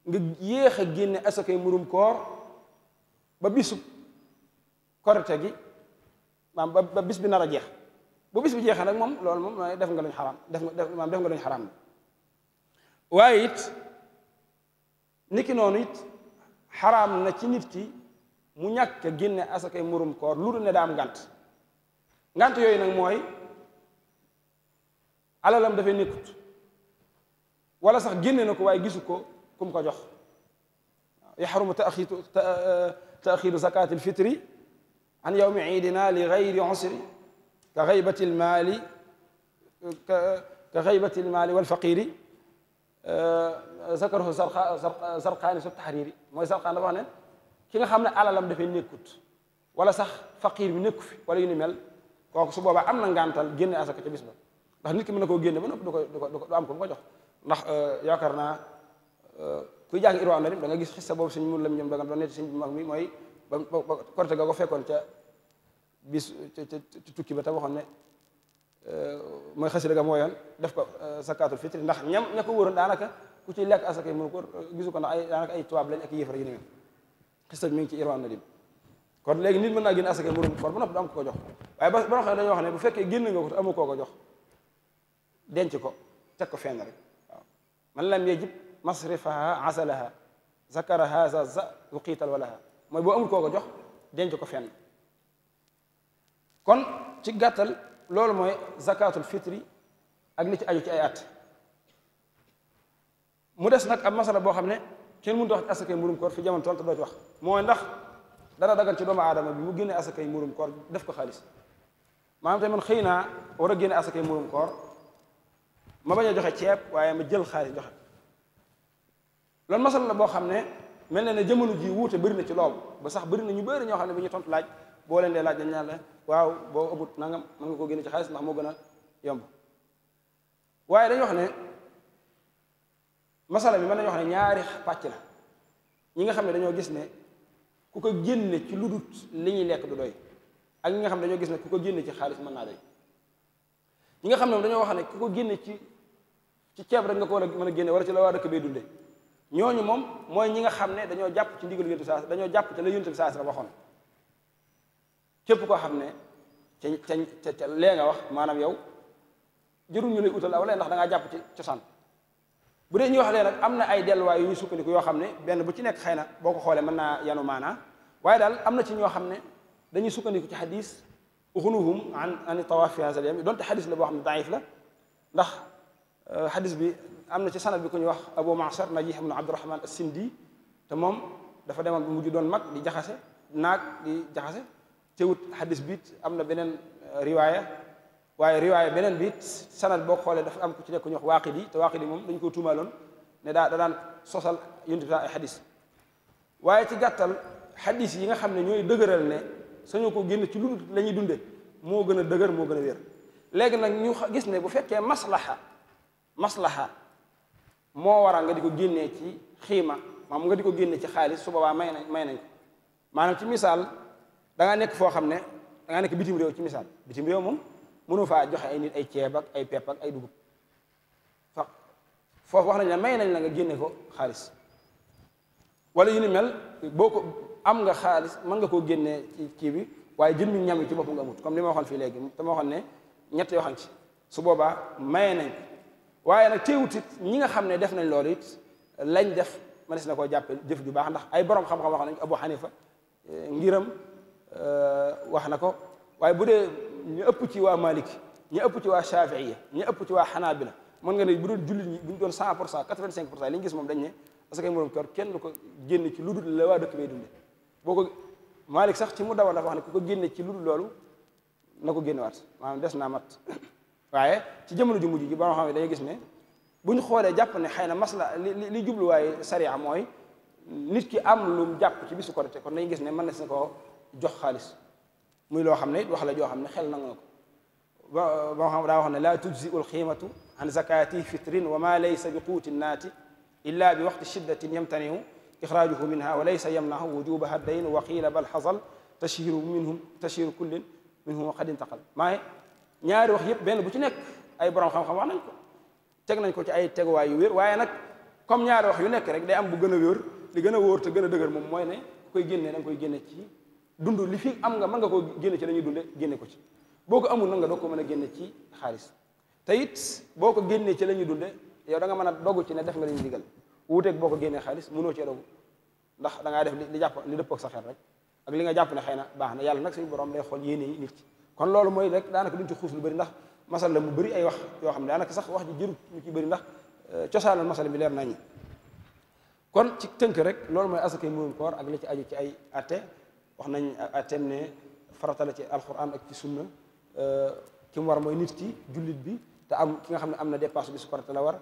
nga yéex a génne asakay murum koor ba bisu korte gi maam ba bis bi nar a jeex bu bis bi jeexee nag moom loolu moom def nga luñ xaraam def nga def maam def nga luñ xaraam waaye it niki noonu it xaraam na ci nit ki mu ñàkk a asa asakay murum koor lu ne daam ngant ngant yooyu nag mooy alalam dafay nekkut wala sax génne na ko waay gisu ko kum ko jox yaxrumu taxiiru eh, taxiiru zakaatil fitri an yowmi ciidina li gayri usri ka xaybati lmaali ka xaybati zakarohu sara sarqaani sob taxariiri mooy sarqaan dafa wax ne ki nga xam ne alalam dafay nekkut wala sax faqiir bi nekku fi wala yu ni mel kooku su boobaa am na ngantal génne asaka ca bis ba ndax nit ki mën na koo génne ba noppi du ko du ko du am ko mu ko jox ndax e, yaakaar naa e, kuy jàng irwaa ndarim da nga gis sa xissa boobu suñ mun lam ñoom da nga doon netti suñ bu mag mi mooy ba korte ga ko fekkoon ca bis ca tukki ba te waxoon ne Euh, mooy xasida ga mooyoon def ko euh, zakaatul fitri ndax ñam ña ko wóoroon daanaka ku ci lekk asaka yi mënu ko euh, gisu ko ndax ay daanaka ay tubaab lañ ak yëfar yu ni mel xista ngi ci irwaan na dim kon léegi nit mën naa génn asaka murum bor ba noppi du am ko ko ba borom xam dañoo wax ne bu fekkee génn nga ko te amu koo ko jox ko teg ko fenn rek waaw man lam yejib masrifaha asalaha zakaraha za za uqiital walaha mooy boo amul koo ko jox denc ko fenn kon ci gàttal loolu mooy zakatul fitri ak li ci aju ci ay at mu des nag ab masala boo xam ne kenn mun a wax ci asakay mburum koor fi jamono toll te doo ci wax mooy ndax dana dagan ci doomu aadama bi mu génne asakay mburum koor def ko xaalis maanaam tey man xëy naa war a génne asakay mburum koor ma bañ a joxe ceeb waaye ma jël xaalis joxe loolu masala la boo xam ne mel na ne jamono ji wuute bëri na ci loolu ba sax bëri na ñu bari ñoo xam ne bi ñu tontu laaj boo leen dee laaj dañ naan la waaw boo amut nangam mën nga koo génne ci xaalis ndax moo gën a yomb waaye dañu wax ne masala bi mën nañu wax ne ñaari pàcc la ñi nga xam ne dañoo gis ne ku ko génne ci lu dut li ñuy lekk du doy ak ñi nga xam ne dañoo gis ne ku ko génne ci xaalis naa doy ñi nga xam ne dañoo wax ne ku ko génne ci ci ceeb rek nga ko war a mën a génne wala ci la waa dëkk bay dunde ñooñu moom mooy ñi nga xam ne dañoo jàpp ci ndigal yonent bi saa dañoo jàpp te la yonent bi waxoon képp koo xam ne ca ca ca lee nga wax maanaam yow jërul ñu lay utal aw lee ndax da ngaa jàpp ci cosaan bu dee ñuy wax lee nag am na ay delluwaay yu ñu sukkandiku yoo xam ne benn bu ci nekk xëy na boo ko xoolee mën naa yanu maanaa waaye daal am na ci ñoo xam ne dañuy sukkandiku ci xadis uxunuhum an an tawaaf fi hazal yam donte xadis la boo xam ne daif la ndax euh, xadis bi am na ci sanad bi ku ñuy wax abu maasar najih ibnu abdurahman as sindi te moom dafa demoon bu mujj doon mag di jaxase naag di jaxase teewut xadis biit am na beneen euh, riwaaya waaye riwaaya beneen biit sanad boo xoolee dafa am ku ci nekk ñu wax waaqidi te waaqidi moom dañ ko tuumaaloon ne daa da daan sosal yonent bi ay xadis waaye ci gàttal xadis yi nga xam ne ñooy dëgëral ne sañu ko génn ci lu la ñuy dunde moo gën a dëgër moo gën a wér léegi nag ñu gis ne bu fekkee maslaha maslaha moo waral nga di ko génnee ci xiima maam nga di ko génne ci xaalis su boobaa may nañ may nañ ci misaal da nekk foo xam ne da ngaa nekk bitim réew ci misaal bitim réew moom mënu faa joxe ay nit ay ceeb ay pepp ay dugub fa foofu wax nañ la may nañ la nga génne ko xaalis wala yu ni mel boo ko am nga xaalis mën nga koo génne ci kii bi waaye jëmmi ñam yi ci bopp nga amut comme li ma waxoon fii léegi te ma waxoon ne ñett yoo xam ci su boobaa maye nañ waaye nag teewut it ñi nga xam ne def nañ loolu it lañ def mënees na koo jàppe jëf ju baax ndax ay boroom xam-xam wax nañ ko Abu eh, ngiram Euh, wax na ko waaye bu dee ñu ëpp ci waa Malik ñu ëpp ci waa Shafiiya ñu ëpp ci waa Xanaabila mën nga ne bu doon jullit ñi bu ñu doon cent pour cent quatre-vingt-cinq pour cent li ñu gis moom dañ ne parce kenn du ko génne ci lu dul waa dëkk bay boo ko Malik sax ci mu dawal dafa wax ne ku ko ci lu loolu na ko génnewaat maanaam des naa mat waaye ci jamono ju mujj ji ba xam ne dañuy gis ne bu ñu xoolee jàpp ne xëy na masla li li jubluwaayu sariya mooy nit ki am lu mu jàpp ci bisu korite kon dañu gis ne mën na si koo jox xaalis muy loo xam ne wax la joo xam ne xel nangu na ko xam daa wax ne laa tujzi ul xiimatu an zakati fitrin wa ma laysa bi quuti naati illa bi waxti shiddatin yamtaniu ixraajuhu minha wa laysa yamnahu wujubaha dayn wa qiila bal xasal tashiru minhum tashiru kullin minhum qad intaqal ñaari wax yëpp benn bu ci nekk ay borom xam-xam wax nañ teg nañ ko ci ay teguwaay yu wér waaye nag comme ñaari wax yu nekk rek day am bu gën a wér li gën a wóor te gën a dëgër moom mooy ne koy génne da nga koy génne ci dund li fi am nga mën nga koo génne ci dañuy dunde génne ko ci boo ko amul nag nga doo ko mën a génne ci xaalis te it boo ko génnee ci la ñuy dunde yow da nga mën a dogu ci ne def nga li ñu digal wuuteeg boo ko génnee xaalis mënoo cee dogu ndax da ngaa def li jàpp li dëppoog sa xel rek ak li nga jàpp ne xëy na baax na yàlla nag suñu borom lay xool yéene yi nit ci kon loolu mooy rek daanaka duñ ci xuus lu bëri ndax masal la mu bari ay wax yoo xam ne daanaka sax wax ji jërut ñu ci bari ndax euh, cosaanal masal bi leer nañi kon ci tënk rek loolu mooy asakay murum koor ak li ci aju ci ay atte wax nañ atem ne farata la ci alxuraan ak ci sunna euh, ki mu war mooy nit ki jullit bi te am ki nga xam ne am na dépasse bi su farata la war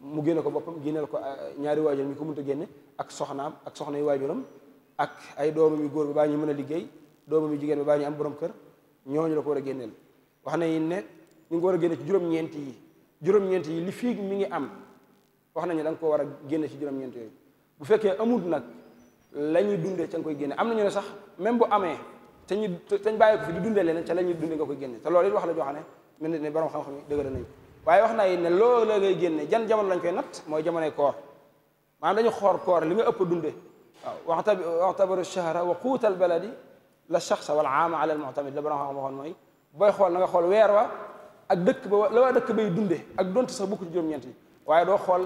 mu génne ko boppam génneel ko euh, ñaari waajur mi ko mënta génne ak soxnaam ak soxna yu waajuram ak ay doomam yu góor bi baa ñu mën a liggéey doomam yu jigéen bi baa ñu am borom kër ñooñu la ko war a génneel wax na yi ne ñu ngi war a génne ci juróom-ñeent yi juróom-ñeent yi li fii mi ngi am wax nañ ne nga ko war a génne ci juróom-ñeent yooyu bu fekkee amut nag la ñuy dundee ca nga koy génne am na ñu ne sax même bu amee te ñu te ñu bàyyi ko fi di leneen ca la ñuy dundee nga koy génne te lool it la joo xam na ne borom xam-xam yi dëgëral nañu waaye wax naa yi ne loolu la ngay génne jan jamono lañ koy natt mooy jamonoy koor maanaam dañu xoor koor li nga ëpp dundee waaw waxta waxtabaru shahra wa quutal baladi la shaxsa wal aama ala al mutamid la borom xam-xam waxoon mooy booy xool na nga xool weer wa ak dëkk ba la waa dëkk bay dundee ak donte sax bukk ci juróom-ñeent yi waaye doo xool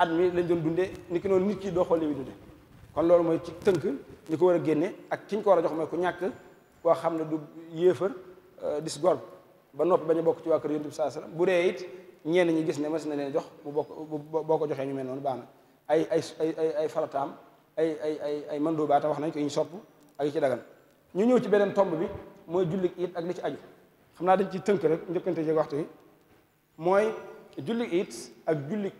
at mi lañ doon dundee ni ki noonu nit ki doo xool li muy kon loolu mooy ci tënk ñi ko war a génne ak ki ñu ko war a jox mooy ku ñàkk koo xam ne du yéefar euh, dis gor ba noppi bañ bokk ci waa kër yonent bi saa bu dee it ñenn ñi gis ne si na leen jox bu bokk boo ko joxee ñu mel noonu baax na ay ay ay ay farataam ay ay ay ay mandoobaata wax nañ ko ñu sopp ak yi ci dagan ñu ñëw ci beneen tomb bi mooy julli it ak li ci aju xam naa dañ ci tënk rek njëkkante jeeg waxtu yi mooy julli it ak julli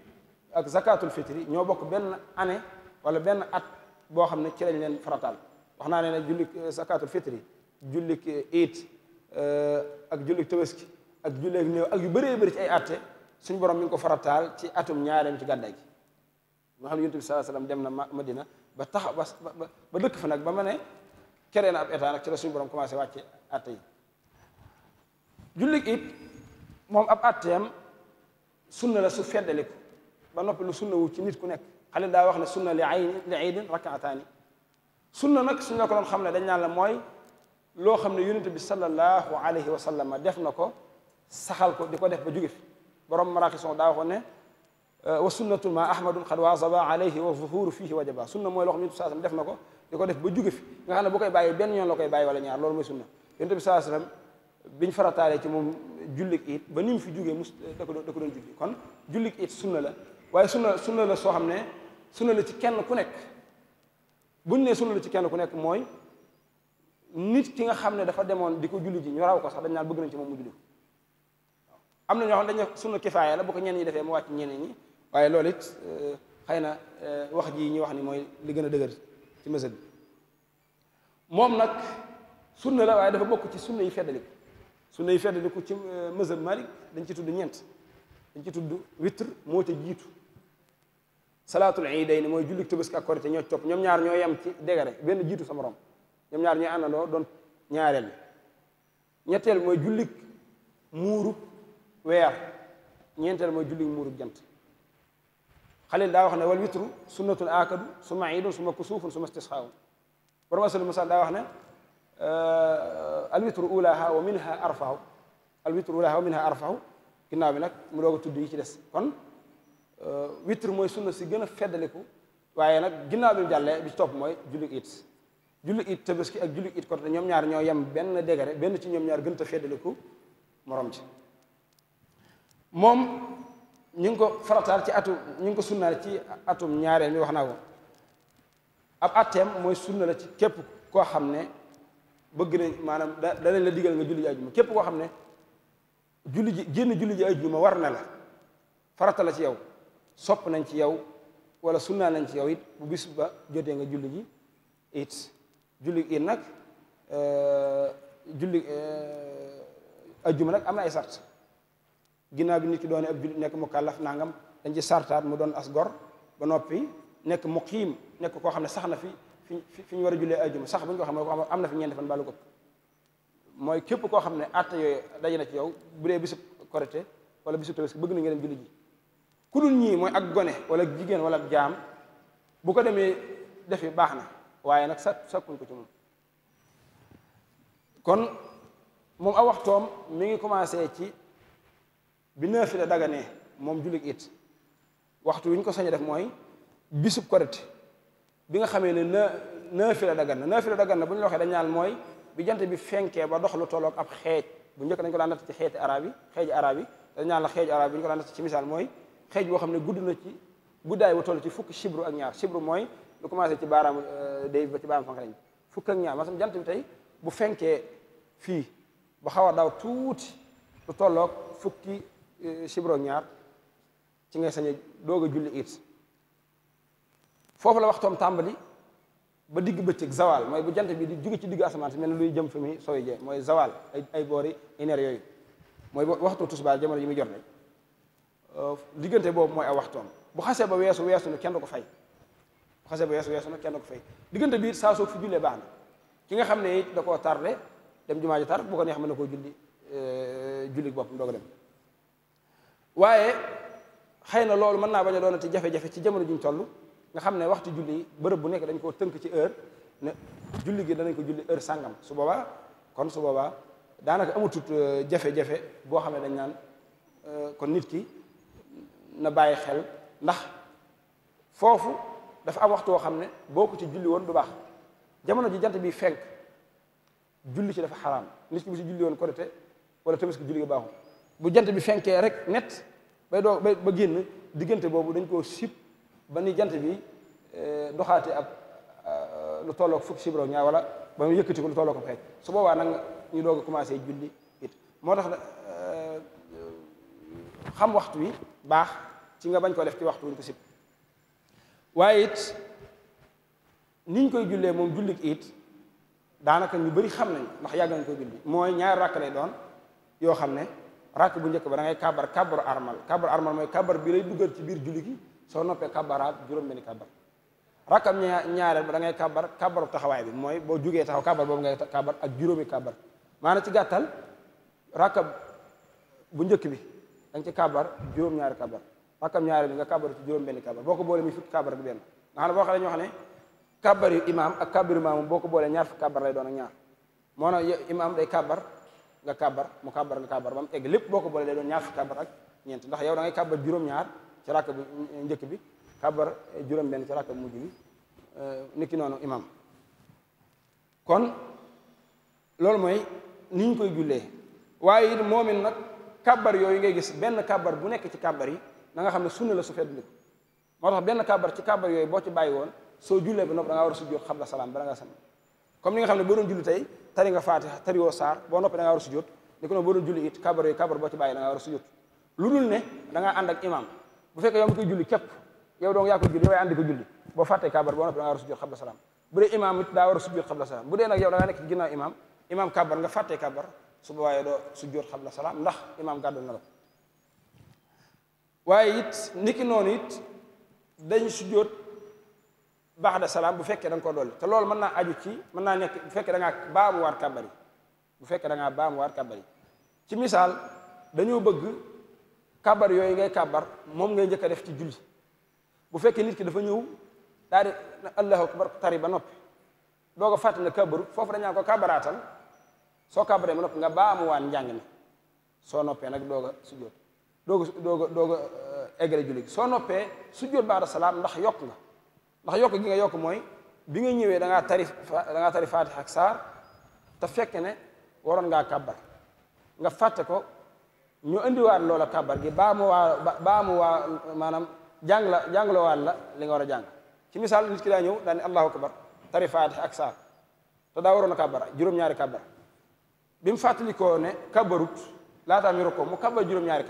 ak zakatul fitri ñoo bokk benn ane wala benn at boo xam ne ci lañ leen farataal wax naa ne ne jullik sakaatul euh, fitri jullik euh, iit euh, ak jullik tabaski ak julleek néew ak yu bëree bëri ci ay atte suñu borom mi ngi ko farataal ci atum ñaareem ci gàddaay gi nga xam ne yonent bi sallallahu alayhi wasallam dem ba tax ba ba dëkk fa nag ba ma ne keree na ab ci la suñu borom commencé wàcce atte yi jullik it moom ab atteem sunna la su feddaliku ba noppi lu sunna wu ci nit ku nekk xalil daa wax ne sunna li ay li aydin rakaataani sunna nag suñ la ko doon xam ne dañ naan la mooy loo xam ne yonent bi sallallahu alayhi wa sallam def na ko saxal ko di ko def ba jóge fi borom maraqison daa waxoon ne wa sunnatu ma ahmadun xad waazaba alayhi wa zuhuru fihi wajaba sunna mooy loo xam ne yonent bi def na ko di ko def ba jóge fi nga xam ne bu koy bàyyi benn yoon la koy bàyyi wala ñaar loolu mooy sunna yonent bi sallallahu alayhi wa sallam ci moom jullik it ba ni mu fi jógee mus da ko doon da kon jullik it sunna la waaye sunna sunna la soo xam ne sunna la ci kenn ku nekk buñ nee sunna la ci kenn ku nekk mooy nit ki nga xam ne dafa demoon di ko julli ji ñu raw ko sax dañ naan bëgg nañ ci moom mu julli am na ñoo xam ne dañ sunna kifaaya la bu ko ñenn ñi defee mu wàcc ñeneen ñi waaye loolu it eh, xëy na eh, wax ji ñuy wax ni mooy li gën a dëgër ci mësëb bi moom nag sunna la bokk ci sunna yi feddaliku sunna yi feddaliku ci eh, mësëb Malik dañ ci tudd ñeent dañ ci tudd witr moo ci jiitu salaatul iidayni mooy julli Tabaski ak Korite ñoo topp ñoom ñaar ñoo yem ci dégare benn jiitu sa morom ñoom ñaar ñooy àndandoo doon ñaareel bi ñetteel mooy jullik muuru weer ñeenteel mooy jullik muuru jant xalil daa wax ne wal witru sunnatun aakadu summa iidun summa kusuufun summa istisxaawun borom asal masal daa wax ne al witru ulaaha wa minha arfahu al witru ulaaha wa minha arfahu ginnaaw bi nag mu doog a tudd yi ci des kon Euh, witr mooy sunna si gën a feddaliku waaye nag ginnaaw bi mu bi ci topp mooy julli it julli it tabaski ak julli it kon ñoom ñaar ñoo yem benn degré benn ci ñoom ñaar gën a feddaliku moroom ci moom ñu ngi ko farataal ci atum ñu ngi ko sunnaal ci atum ñaaree mi wax naa ko ab atteem mooy sunna la ci képp koo xam ne bëgg na maanaam da danañ la digal nga julli ji ajjuma képp koo xam ne julli ji génn julli ji ajjuma war na la farata la ci yow sopp nañ ci yow wala sunnaa nañ ci yow it bu bis ba jotee nga julli ji it julli it nag euh, julli euh, ajjuma nag am na ay sart ginnaaw bi nit ki doone ab julli nekk mu kàllaf nangam dañ ci sartaat mu doon as gor ba noppi nekk muqiim nekk koo xam ne sax na fi fi fi ñu war a jullee ajjuma sax bu ñu ko xam ne am na fi ñeenti fan baalu ko mooy képp koo xam ne àtte yooyu daje na ci yow bu dee bisu korite wala bisu tabaski bëgg na nga dem julli ji ku dul ñii mooy ak gone wala jigéen wala jaam bu ko demee defi baax na waaye nag sa sakkuñ ko ci moom kon moom a waxtoom mi ngi commencé ci bi a daganee moom jullit it waxtu wi ñu ko sañ def mooy bisub korite bi nga xamee ne na a dagan na naafila dagan na bu ñu la waxee dañ mooy bi jant bi fenkee ba dox lu tolloog ab xeej bu njëkk dañ ko daan natt ci xeeti arab yi xeeji arab yi dañ naan la xeeji arab bu ñu ko daan natt ci misaal mooy xeej boo xam ne gudd na ci guddaay bu toll ci fukki chibru ak ñaar chibru mooy lu commencé ci baaraamu euh, day ba ci baaraam fanqarañ fukk ak ñaar maanaam jant bi tey bu fenkee fii bu xaw a daw tuuti lu tolloog fukki chibru euh, ak ñaar ci nga sañe doog a julli it foofu la waxtoom tàmbali ba digg bëccëg zawal mooy bu jant bi di jóge ci digg asamaan si mel ne luy jëm fi muy sooy jee mooy zawal ay ay boori ineer yooyu mooy waxtu tusbaar jamono yi muy jot ne diggante euh, boobu mooy aw waxtoom bu xasee ba weesu weesu na kenn du ko fay bu xasee ba weesu weesu na kenn du ko fay diggante biir saa soo fi jullee baax na ki nga xam ne it da koo tardé dem jumaa ji tar bu ko neex mën na koo julli euh, julli boppam doog dem waaye xëy na loolu mën naa bañ a doonati jafe ci jamono juñ toll nga xam ne waxtu julli bërëb bu nekk dañ koo tënk ci heure ne julli gi danañ ko julli heure sàngam su boobaa kon su boobaa daanaka amutut euh, jafe-jafe boo xam ne dañ naan kon nit ki na bàyyi xel ndax foofu dafa am waxtu woo xam ne boo ko ci julli woon du baax jamono ji jant bi fenk julli ci dafa xaraam nit ki bu ci julli woon korite wala tabaski julli ga baaxul bu jant bi fenkee rek net bay doo ba génn diggante boobu dañ koo sib ba ni jant bi eh, doxaate ak eh, lu tolloo fukki sibro ñaar wala ba mu yëkkati ko lu tolloo ko xeej su boobaa nag ñu doog a commencé julli it moo tax eh, xam waxtu wi baax ci nga bañ ko def ci waxtu wuñ ko sib waaye it niñ koy jullee moom jullik it daanaka ñu bari xam nañ ndax yàgg nañ koy julli mooy ñaar ràkk lay doon yoo xam ne ràkk bu njëkk ba da ngay kàbbar kàbbaru armal kàbbaru bi lay duggal ci biir julli gi soo noppee kàbbaraat juróom-benni kàbbar rakkam ñaareel ba da ngay kàbbar kàbbaru taxawaay mooy boo jugee taxaw kàbbar boobu ngay kàbbar ak juróomi kàbbar maanaam ci gàttal rakab njëkk bi da ci kàbbar juróom-ñaari kàbbar rakkam ñaareel bi nga kàbbar ci juróom-benn kàbbar boo ko boolee muy fukki kàbbar ak benn nga xam ne boo xam ne kàbbar yu imaam ak kàbbar yu maamum boo ko boolee ñaar fukki kàbbar doon ñaar moo na imaam day kàbbar nga kàbbar mu kàbbar nga kàbbar ba mu egg lépp boo ko boolee lay doon ñaar fukki kàbbar ak ñeent ndax yow da ngay kàbbar juróom-ñaar ci rakk bu njëkk bi kabar juróom-benn ci rakk bu mujj bi euh, niki noonu imaam kon loolu mooy ni ñu koy jullee waaye it moomin nag kàbbar yooyu ngay gis benn kabar bu nekk ci kàbbar yi na xam ne sunna la su feddi ko moo tax benn kàbbar ci kàbbar yooyu boo ci bàyyi woon soo jullee ba nopp da ngaa war a sujjóot xabla salaam ne boo doon julli tey tari nga faatiha tari woo saar boo noppee da a sujjóot ni ko noonu boo doon julli it boo ci bàyyi a a salaam bu dee imam a sujjóot xabla salaam bu dee nag yow da ngaa nekk ci ginnaaw imam imam kàbbar nga fàttee kàbbar su boobaa doo sujjóot xabla salaam ndax imam gàddul na la waaye it niki noonu it dañ sujjóot baax da salaam bu fekkee da nga ko dolli te loolu mën naa aju ci mën naa nekk bu fekkee da ngaa baamu waar kàbbari bu fekkee da ngaa baamu waar kàbbari ci misaal dañoo bëgg kàbbar yooyu ngay kabar moom ngay njëkk a def ci julli bu fekkee nit ki dafa ñëw daal di allahu akbar tari ba noppi doo ko fàttali ne foofu dañaa ko kàbbaraatal soo kàbbaree ba noppi nga baamuwaan njàng mi soo noppee nag doog a sujjóot doog a doog a doog a euh, soo noppee sujjóot baada salaam ndax yokk nga ndax yokk gi nga yokk mooy bi nga ñëwee da ngaa tari da ak saar te fekk ne waroon nga kàbbar nga fàtte ko ñu indiwaat loola kàbbar gi baa mu waa mu waa maanaam jàng la jàng la waat la li nga war a jàng ci misaal nit ki daa ñëw daa ne allahu akbar tari faatiha ak saar te daa waroon a kàbbar juróom-ñaari kàbbar bi mu fàttalikoo ne kàbbarut laataa mi mu kàbbar juróom-ñaari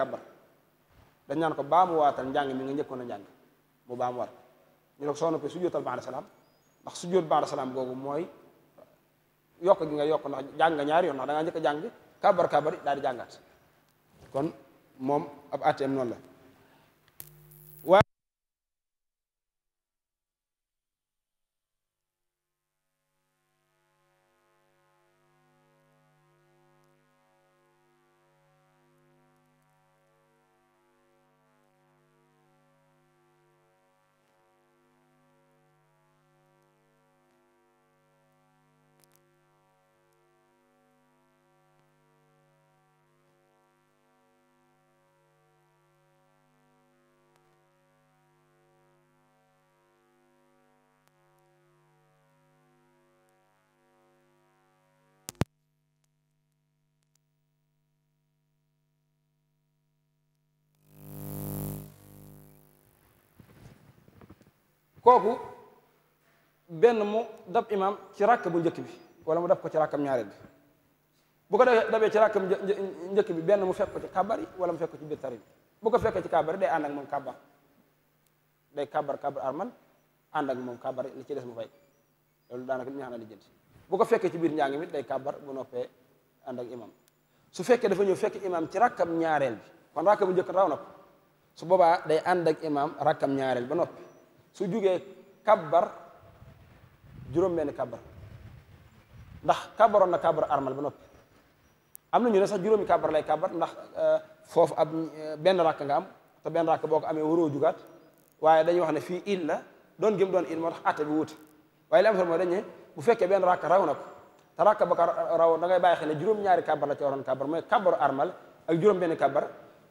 dañ naan ko baamuwaatal njàng mi nga njëkkoon a njàng mu baamuwaat ñu ne ko soo noppee sujjóotal ba'da salaam ndax sujjóot ba'da salaam googu mooy yokk gi nga yokk ndax jàng nga ñaari yoon ndax da ngaa njëkk jàng kabar kabar daal di jàngaat kon moom ab àtteem noonu la kooku benn mu dab imaam ci ràkk bu njëkk bi wala mu dab ko ci rakkam ñaareel bi bu ko dabee ci ràkkam njëkk bi benn mu fekk ko ci kàbbar yi wala mu fekk ko ci biir bi bu ko fekkee ci kàbbar yi day ànd ak moom kàbbar day kàbbar kàbbar arman ànd moom kàbbar li ci des mu fay loolu daanaka li ñu xam ne bu ko fekkee ci biir njàng mi day kàbbar bu noppee ànd ak imam su fekkee dafa ñëw fekk imam ci rakkam ñaareel bi kon rakkam bu njëkk raw na su boobaa day ànd ak imam rakkam ñaareel ba nopp su jugee kabbar juróom-benn kabbar ndax kabbaroon na kabbar armal ba nopp am na ñu ne sax juróomi kabbar lay kabbar ndax euh, foofu ab euh, benn rakk nga am te benn rakk boo ko amee waroo jugaat waaye dañuy wax ne fii il la doon gëm doon il moo tax atte bi wuute waaye li am solo mooy dañ ne bu fekkee benn rakk raw na ko te rakk ba ka raw da ngay bàyyi xel ne juróom-ñaari kabbar la ci waroon kabbar mooy kabbaru armal ak juróom-benn kabbar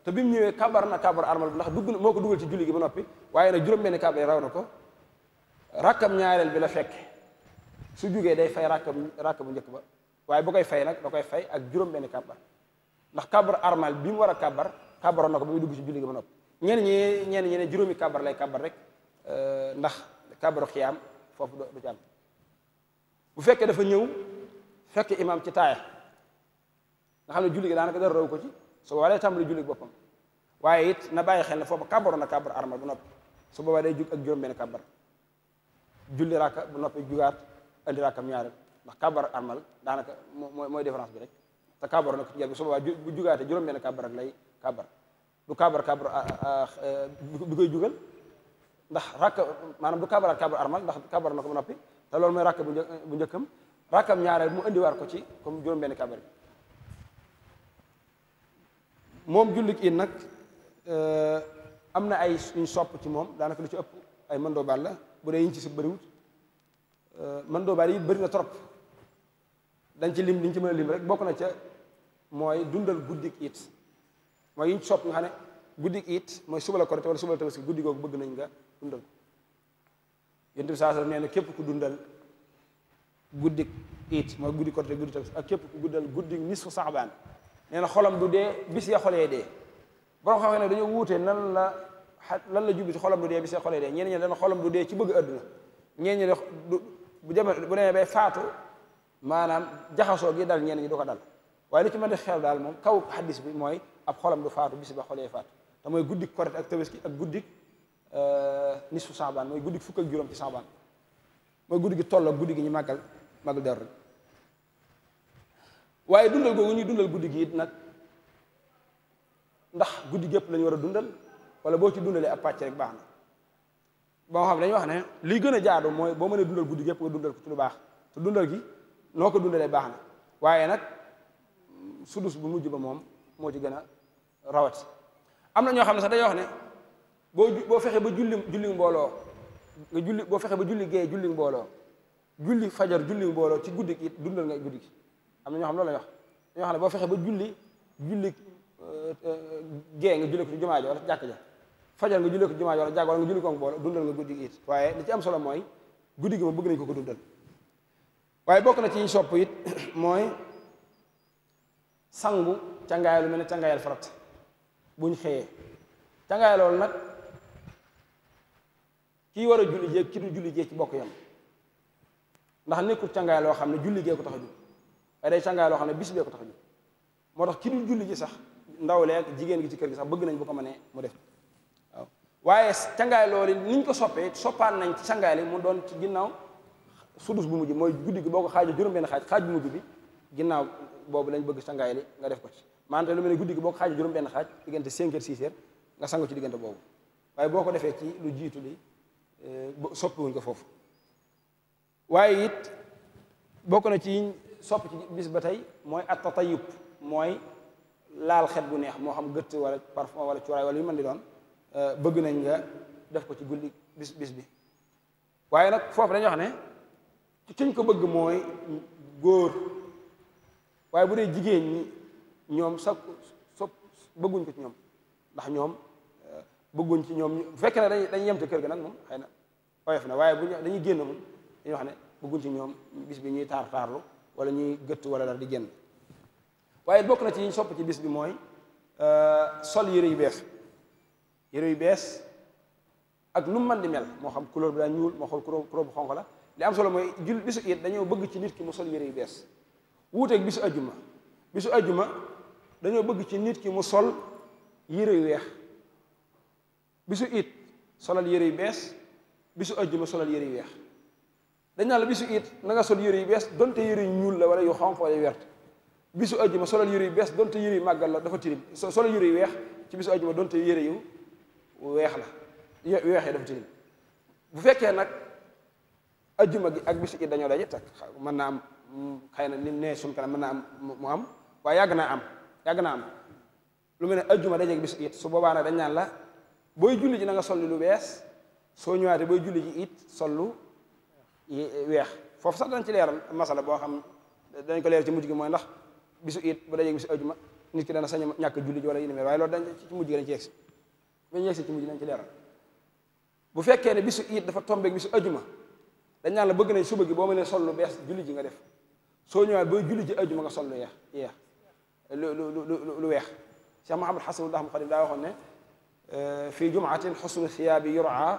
te bi mu ñëwee kabar na kabar armal bi ndax dugg na moo ko dugal ci julli gi ba noppi waaye nag juróom-benn kabar yi ko rakkam ñaareel bi la fekk su jugee day fay rakkam rakk bu njëkk ba waaye bu koy fay nag da koy fay ak juróom-benn kabar ndax kabar armal bi mu war a kabar kabaroon na ko ba muy dugg ci julli gi ba noppi ñenn ñi ñenn ñi juróomi kabar lay kabar rek euh, ndax kabaru xiyaam foofu du ci bu fekkee dafa ñëw fekk imam ci taaya nga xam ne julli gi ko dara raw ko ci su boobaa day tàmbali julli boppam waaye it na bàyyi xel ne foofu kàbbaroon na kàbbar armal ba noppi su boobaa day ak juróom-benn kàbbar julli rakka bu noppi jugaat andi rakkam ñaareel ndax kàbbar armal daanaka mooy mooy différence bi rek te kàbbaroon na ko ci jël bu jugaatee juróom-benn kàbbar lay kàbbar du kàbbar kàbbar bi ah, ah, ah, eh, koy jugal ndax rakka maanaam du kàbbaraat kàbbar armal ndax kàbbar na ko bu noppi te loolu mooy rakka bu njëkkam rakkam ñaareel mu andiwaat ko ci comme juróom-benn kàbbar moom jullit it nag euh, am na ay ñu sopp ci moom daanaka lu ci ëpp ay mandoobaat la bu dee yiñ ci si bëriwut euh, mandoobaat yi bari na trop dañ ci lim liñ ci mën lim rek bokk na ca mooy dundal guddik it mooy yiñ ci sopp nga xam ne guddi it mooy suba la korite wala suba la tabaski guddi googu bëgg nañ nga dundal ko yonent bi saa sallam nee na képp ku dundal guddi it mooy guddi korite guddi tabaski ak képp ku guddal guddik nisfu saxbaan nee na xolam du dee bis ya xolee dee borom xam ne dañoo wuute nan la lan la jublu ci xolam du dee bis ya xolee dee ñenn ñi dañu xolam du dee ci bëgg àdduna ñenn ñi du bu jamono bu demee bay faatu maanaam jaxasoo gi dal ñenn ñi du ko dal waaye li ci ma a xew daal moom kaw xaddis bi mooy ab xolam du faatu bis ba xolee faatu te mooy guddik koret ak tabaski ak guddik euh, nisfu saabaan mooy guddik fukk ak juróom ci saabaan mooy guddi gi toll ak guddi gi ñu màggal màggal daru waaye dundal googu ñuy dundal guddi gi nag ndax guddi gépp lañu war a dundal wala boo ci dundalee ab pàcc rek baax na ba nga xam dañuy wax ne lii gën a jaadu mooy boo mënee dundal guddi gépp nga dundal lu baax te dundal gi noo ko dundalee baax na waaye nag sudus bu mujj ba moom moo ci gën a rawati am na ñoo xam ne sax dañuy wax ne boo boo fexe ba julli julli mbooloo julli boo fexe ba julli julli mbooloo julli fajar julli mbooloo ci guddi gi it dundal nga guddi gi am na ñoo xam loolu la wax ñoo xam ne boo fexe ba julli julli euh, euh, gée nga julli ko ci jumaa ja wala jàkk ja fajar nga julli ko ci jumaa ja wala jàkk wala nga julli ko boole nga guddi gi li ci am solo mooy guddi bëgg nañ ko ko dundal waaye bokk na ci sopp it mooy sangu càngaayal lu mel ne càngaayal farat buñ xëyee càngaayal nag kii war a julli jéeg ki julli jéeg ci bokk yam ndax nekkul càngaayal loo xam ne julli gee ko tax a jóg waaye day càngaay loo xam ne bis bee ko tax a moo tax ki dul julli gi sax ndaw leeg jigéen gi ci kër gi sax bëgg nañ bu ko mënee mu def waaw waaye càngaay loolu niñ ko soppee soppaan nañ ci càngaay mu doon ci ginnaaw sudus bu mujj mooy guddi gi boo ko xaaju juróom-benn xaaj xaaj bu mujj bi ginnaaw boobu lañ bëgg càngaay li nga def ko ci maanaam lu mel ne guddi gi boo ko xaaju juróom-benn xaaj diggante 5 heures 6 heures nga sangu ci diggante boobu waaye boo ko defee ci lu jiitu li eh, soppiwuñ ko foofu sopp ci bis ba tey mooy at tatayub mooy laal xet bu neex moo xam gëtt wala parfum wala cuuraay wala yu mën di doon euh, bëgg nañ nga def ko ci guddi bis bis bi waaye nag foofu dañuy wax ne ci kiñ ko bëgg mooy góor waaye bu dee jigéen ñi ñoom sa sopp ko ci ñoom ndax ñoom euh, bëgguñ ci ñoom bu fekkee ne dañuy yem ci kër gi nag moom xëy na oyof na waaye bu dañuy génn moom dañuy wax ne bëgguñ ci ñoom bis bi ñuy taar taarlu wala ñuy gëttu wala dara di jënd waaye bokk na ci ñu sopp ci bis bi mooy euh, sol yére yu bees yére yu bees ak lu mu di mel moo xam couleur bi daa ñuul moo xam couleur bu xonq la li am solo mooy jul bisu it dañoo bëgg ci nit ki mu sol yére yu bees wuuteeg bisu ajjuma bisu ajjuma dañoo bëgg ci nit ki mu sol yére yu weex bisu it solal yére yu bees bisu ajjuma solal yére yu weex dañ naa la bisu it na nga sol yére yu bees donte yére yu ñuul la wala yu xonq wala yu wert bisu ajjuma solal yére yu bees donte yëre yu màggal la dafa tilim solal yëre yu weex ci bisu ajjuma donte yëre yu weex la weex yi dafa tilim bu fekkee nag ajjuma ak bisu it dañoo daje tak mën naa am mm, xëy na ni nee suñ kanam mën naa am mu am waaye yàgg naa am yàgg naa am lu mel ne ajjuma dajeeg bisu it su boobaa nag dañ naan la booy julli ji na sol lu bees soo ñëwaatee booy julli ji it sollu weex foofu sax dañ ci leeral masala boo xam dañ ko leer ci mujj gi mooy ndax bisu it bu dajee bisu ajuma nit ki dana sañ ñàkk julli ji wala yu ni mel waaye loolu dañ ci mujj gi dañ ci yegsi ba ñu yegsi ci mujj dañ ci leeral bu fekkee ne bisu it dafa tombeeg bisu ajuma dañ naan la bëgg nañ suba gi boo mënee sol lu bees julli ji nga def soo ñëwaat booy julli ji ajuma nga sol lu yeex yeex lu lu lu lu weex Cheikh Mahamad Xasanullah mu xadim daa waxoon ne fii jumaatin xusnu thiyaabi yuraa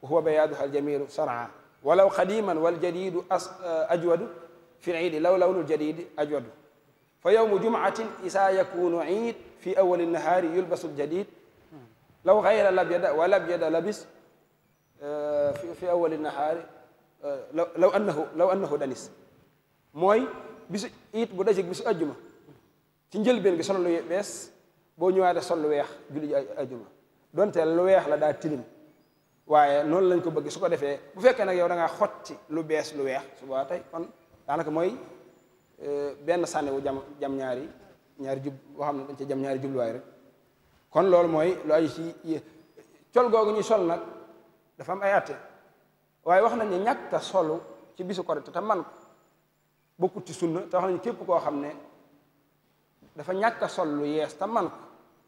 wa huwa bayaduha aljamilu saraa walaw xadiman wal jadidu as eh, ajwadu fi liidi law lawnu ljadidi ajwadu fa yowmu jumaatin isaa yakunu iid fi awali nahaari yulbasu ljadid law xayra labyada wa labyada labis eh, fi awali nahaari eh, law annahu law annahu danis mooy bisu iit bu dajeg bisu ajjuma ci njëlbeen gi sol lu bees boo ñëwaatee sol lu weex julli ajjuma donte lu weex la daa tilim waaye noonu lañ ko bëgg su ko defee bu fekkee nag yow dangaa ngaa xotti lu bees lu weex suba tey kon daanaka mooy e, benn sànni jam jam ñaari ñaari jub boo xam ne dañ ci jam ñaari jubluwaay rek kon loolu mooy lu aju ci col googu ñuy sol nag dafa am ay atte waaye wax nañ ne ñàkk a solu ci bisu korite te man ko bokkut ci sunna te wax nañ képp koo xam ne dafa ñàkk sol lu yees te man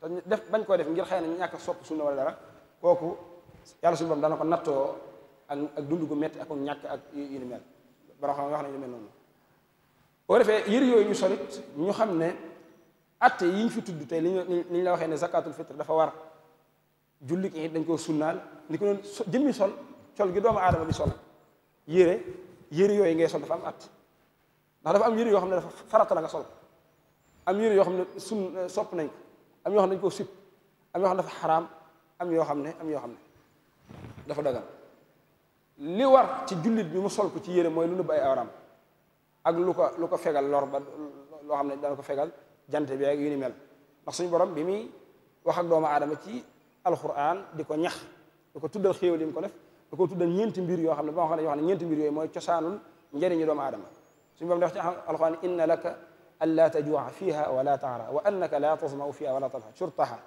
ko def bañ koo def ngir xëy na ñàkk a sopp sunna wala dara kooku yàlla suñu borom dana ko nattoo ak ak dund gu métti ak ñàkk ak yu ni mel borom xam wax defee yër yooyu ñu ñu xam ne atte yi fi tudd tey li ñu la waxee ne zakatul fitr dafa war jullit yi dañ koo sunnaal ni ko noonu jëmmi sol doomu aadama bi sol yére yére yooyu ngay sol dafa am at ndax dafa am yére yoo xam ne dafa la nga sol am yére yoo xam ne sun sopp nañ am yoo xam ne dañ koo sib am yoo xam ne dafa xaraam am yoo xam ne am yoo xam ne dafa dagan li war ci jullit bi mu sol ci yére mooy lu nëbb ay awram ak lu ko lu ko fegal lor ba xam ne dana ko fegal jant bi ak yu ni mel ndax borom bi muy wax ak doomu aadama ci alquran di ko ñax di ko tuddal xéewal yi mu ko def da ko tuddal ñeenti mbir yoo xam ne ba nga xam ne yoo xam ne ñeenti mbir yooyu mooy cosaanul njëriñu doomu aadama suñu borom di wax ci alquran inna laka an laa tajuuxa fiha wala taara wa annaka laa tasmau fiha wala talxa surtaha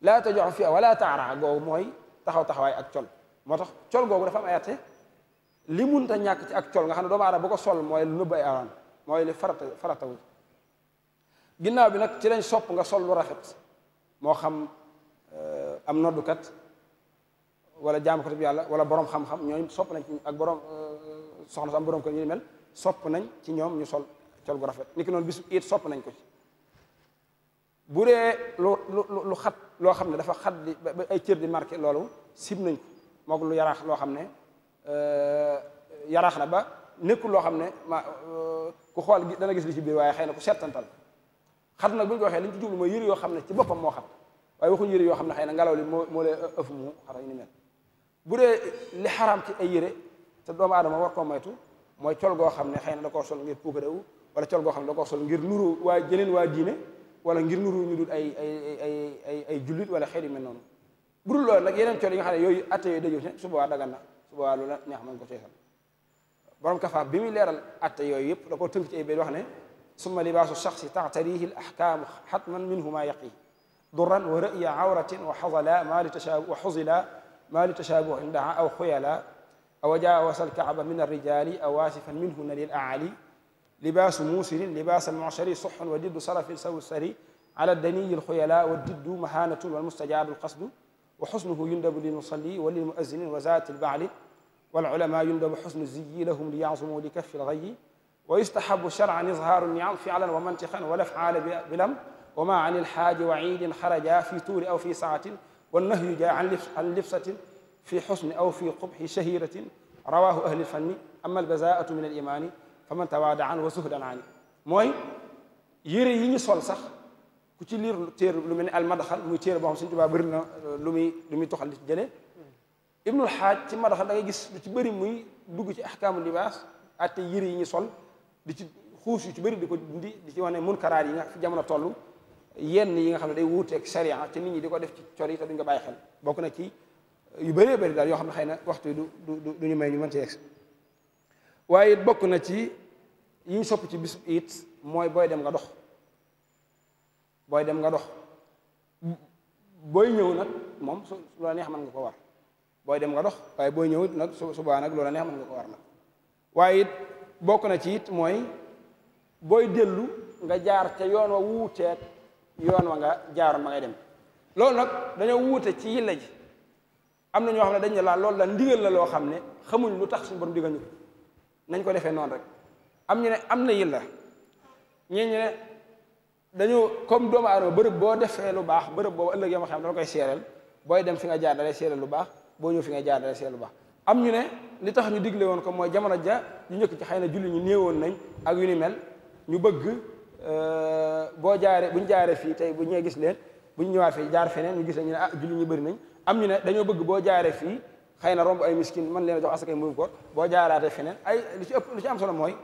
laa tajuuxa mooy taxaw taxawaay ak col moo tax col googu dafa am ay atte li munta ñàkk ci ak col nga xam ne doomu aadama bu ko sol mooy lu nëbb ay araan mooy li farata faratawul ginnaaw bi nag ci lañ sopp nga sol lu rafet moo xam euh, am noddukat wala bi yàlla wala borom xam-xam ñooñu sopp nañ ci ak borom euh, soxna su borom ko ñu mel sopp nañ ci ñoom ñu sol col gu rafet niki noonu bisu it sopp nañ ko ci bu dee lu lu xat loo xam ne dafa xat di ba ay cër di marqué loolu sib nañ ko moog lu yaraax loo xam ne euh, yaraax na ba nekkul loo xam ne ma euh, ku xool dana gis li ci biir waaye xëy na ku settantal xat nag bu ñu ko waxee li mooy yëre yoo xam ne ci boppam moo xat waaye waxuñu yëre yoo xam ne xëy na ngelaw li moo moo lee ëf mu ni mel bu dee li xaraam ci ay yëre te doomu aadama war koo moytu mooy col goo xam ne xëy na da koo sol ngir puukarewu wala col goo xam ne da koo sol ngir nuru waa jëneen waa diine wala ngir nuru ñu dul ay ay ay ay ay jullit wala xeet yu mel noonu bu dul loolu nag yeneen coono yi nga xam ne yooyu atte yooyu dajoo ci su boobaa dagan na su boobaa loolu neex mën ko seetal borom kafaar bi muy leeral atte yooyu yëpp da koo tënk ci ay bay wax ne summa libaasu shaxsi taxtarihi al ahkaamu xatman minhu maa yaqi durran wa ra'ya awratin wa xazala maa li tashaabu wa xuzila maa li tashaabu indaha aw xuyala aw jaawasa alkaaba min arrijaali aw waasifan minhunna lil aali libaasu muusirin libaasan mucshari suxun wa diddu sarafin sawu sari ala daniyi alxuyala wa diddu mahanatun walmustajaabu alqasdu wa xusnuhu yundabu lilmusalli wa lilmuazinin wa zaati albaali walulama yundabu xusnu ziyi lahum liyaasumu li kaffi alxayi wa yustahabu sharcan izhaaru niam filan wa mantiqan wal afcaala bilam wa ma an ilxaaji wa ciidin xaraja fi tuuri aw fi saatin wannahyu ja an libsatin fi xusni aw fi qubxi shahiratin rawaahu ahli lfanni ama albazaatu min alimaani faman tawaada an wa suhdan ani mooy yére yi ñu sol sax ku ci liir téer lu mel ni almadaxal muy téer boo xam suñu tubaab bëri na euh, lu muy lu muy toxal di ci jële ibnul xaaj ci madaxal da ngay gis ci bëri muy dugg ci axkaamu libaas atte yére yi ñu sol di ci xuus yu ci bëri di ko dindi di ci wane munkaraat yi nga fi jamono toll yenn yi nga xam ne day wuuteeg sharia te nit ñi di ko def ci cor yi te duñ ko bàyyi xel bokk na ci yu bëree bëri daal yoo xam ne xëy na waxtu du du du ñu may ñu mën waaye it bokk na ci yi ñu sopp ci bis it mooy booy dem nga dox booy dem nga dox booy ñëw nag moom su lu neex mën nga ko war booy dem nga dox waaye booy ñëw nag su subaa nag lu la neex mën nga ko war nag waaye it bokk na ci it mooy booy dellu nga jaar te yoon wa wuuteeg yoon wa nga jaaroon ba ngay dem loolu nag dañoo wuute ci yilla ji am na ñoo xam ne dañ ne laa loolu la ndigal la loo xam ne xamuñ lu tax suñu borom digal nañ ko defee noonu rek am ñu ne am na yilla ñii ñu ne dañu comme doomu aadama bërëb boo defee lu baax bërëb boobu ëllëg yoo xam ne dafa koy seereel booy dem fi nga jaar dalay lu baax boo ñëw fi nga jaar dalay lu baax am ñu ne li tax ñu digle woon ko mooy jamono ja ñu njëkk ci xay na julli ñu néewoon nañ ak yu ni mel ñu bëgg euh, boo jaaree bu ñu jaaree fii tey bu ñee gis leen bu ñu ñëwaat fii jaar feneen ñu gis ne ñu ah julli ñu bari nañ am ñu ne dañoo bëgg boo jaaree fii xëy na romb ay miskin man leen a jox asakay mbuub koor boo jaaraatee feneen ay lu ci ëpp lu ci am solo mooy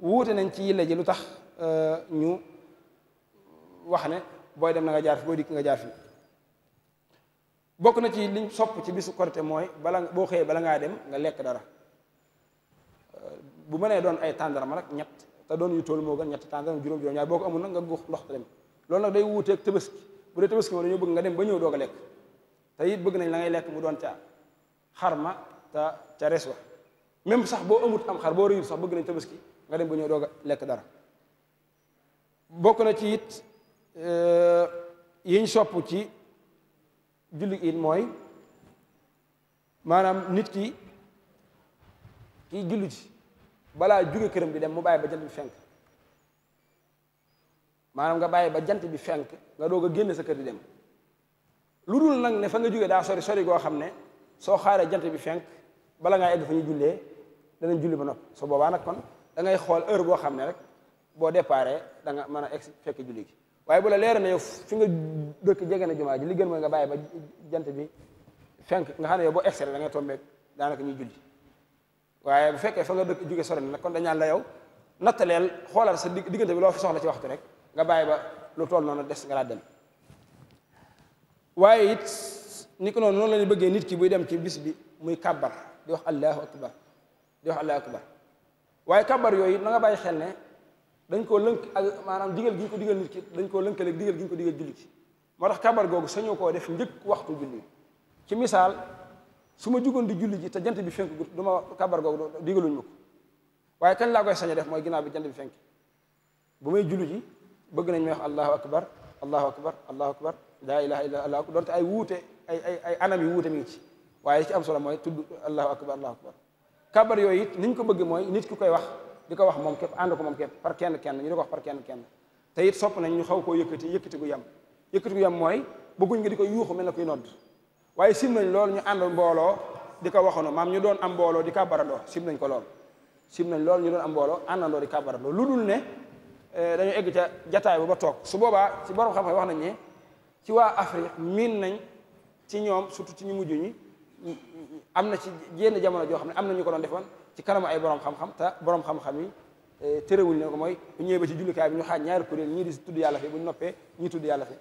wuute nañ ci yilla ji lu tax euh, ñu wax ne booy dem na nga jaar fi dikk nga jaar fi na ci liñ sopp ci bisu korite mooy bala boo xëyee bala ngaa dem nga lekk dara euh, bu mënee doon ay tàndarma nag ñett te doon yu tool moo gën ñett tàndarma juróom-juróom ñaar boo ko amul nag nga guux ndox te dem loolu nag day wuuteeg tabaski bu dee tabaski moom dañoo bëgg nga dem ba ñëw doog a lekk te it bëgg nañ la ngay lekk mu doon caa xar ma te ca res wa même sax boo amut am xar boo réyul sax bëgg nañ tabaski nga dem ba ñëw doog a lekk dara bokk na ci it euh, yiñ sopp ci julli it mooy maanaam nit ki kiy julli ci balaa jóge këram bi dem mu bàyyi ba jant bi fenk maanaam nga bàyyi ba jant bi fenk nga doog a génn sa kër di dem lu dul nag ne fa nga jóge daa sori sori goo xam ne soo xaaree jant bi fenk bala ngaa egg fa ñu jullee danañ julli ba noppi su boobaa nag kon da ngay xool heure boo xam ne rek boo déparé da nga mën a egg fekk julli waaye bu la leer na yow fi nga dëkk jege na jumaa ji li gën mooy nga bàyyi ba jant bi fenk nga xam ne yow boo da ngay tombé daanaka ñuy julli waaye bu fekkee fa nga dëkk jóge sore na nag kon dañ la yow nattaleel xoolal sa diggante bi loo fi soxla ci waxtu rek nga bàyyi ba lu toll noonu des nga laa dem waaye it ni ko noonu noonu la ñu bëggee nit ki buy dem ci bis bi muy kàbbar di wax allahu akbar di wax allahu akbar waaye kàbbar yooyu na nga bàyyi xel ne dañ koo lënk ak maanaam digal gi ko digal nit ki dañ koo lënkale ak digal gi ko digal julli ci moo tax kàbbar googu sañoo koo def njëkk waxtu julli ci misaal su ma jugoon di julli ji te jant bi fenk gut du ma kàbbar googu digaluñ ma ko waaye kañ laa koy sañ def mooy ginnaaw bi jant bi fenk bu may julli ji bëgg nañ may wax allahu akbar allahu akbar allahu akbar laa ilaha illa allah donte ay wuute ay ay ay anam yu wuute mi ngi ci waaye ci am solo mooy tudd allahu akbar allahu akbar kabar yooy it niñ ko bëgg mooy nit ki koy wax di ko wax moom képp ànd ko moom par kenn kenn ñu di ko wax par kenn kenn te it sopp nañ ñu xaw koo yëkkati yëkkati gu yem yëkkati gu yem mooy bëgguñ nga di ko yuuxu mel na kuy nodd waaye sim nañ lool ñu ànd mbooloo di ko waxono maam ñu doon am mbooloo di ka kàbbarandoo sim nañ ko lool sim nañ lool ñu doon am mbooloo àndandoo di kàbbarandoo lu dul ne eh, dañu egg ca jataay ba ba toog su boobaa ci borom xam-xam wax nañ ne ci waa Afrique miin nañ ci ñoom surtout ci ñu mujj ñi am na ci jenn jamono joo xam ne am na ñu ko doon defoon ci kanamu ay borom xam-xam te borom xam-xam yi e, tërëwul ne ko mooy bu ñëwee ba ci jullikaay bi ñu xaaj ñaari kuréel ñii di tudd yàlla fi bu ñu noppee ñii tudd yàlla fi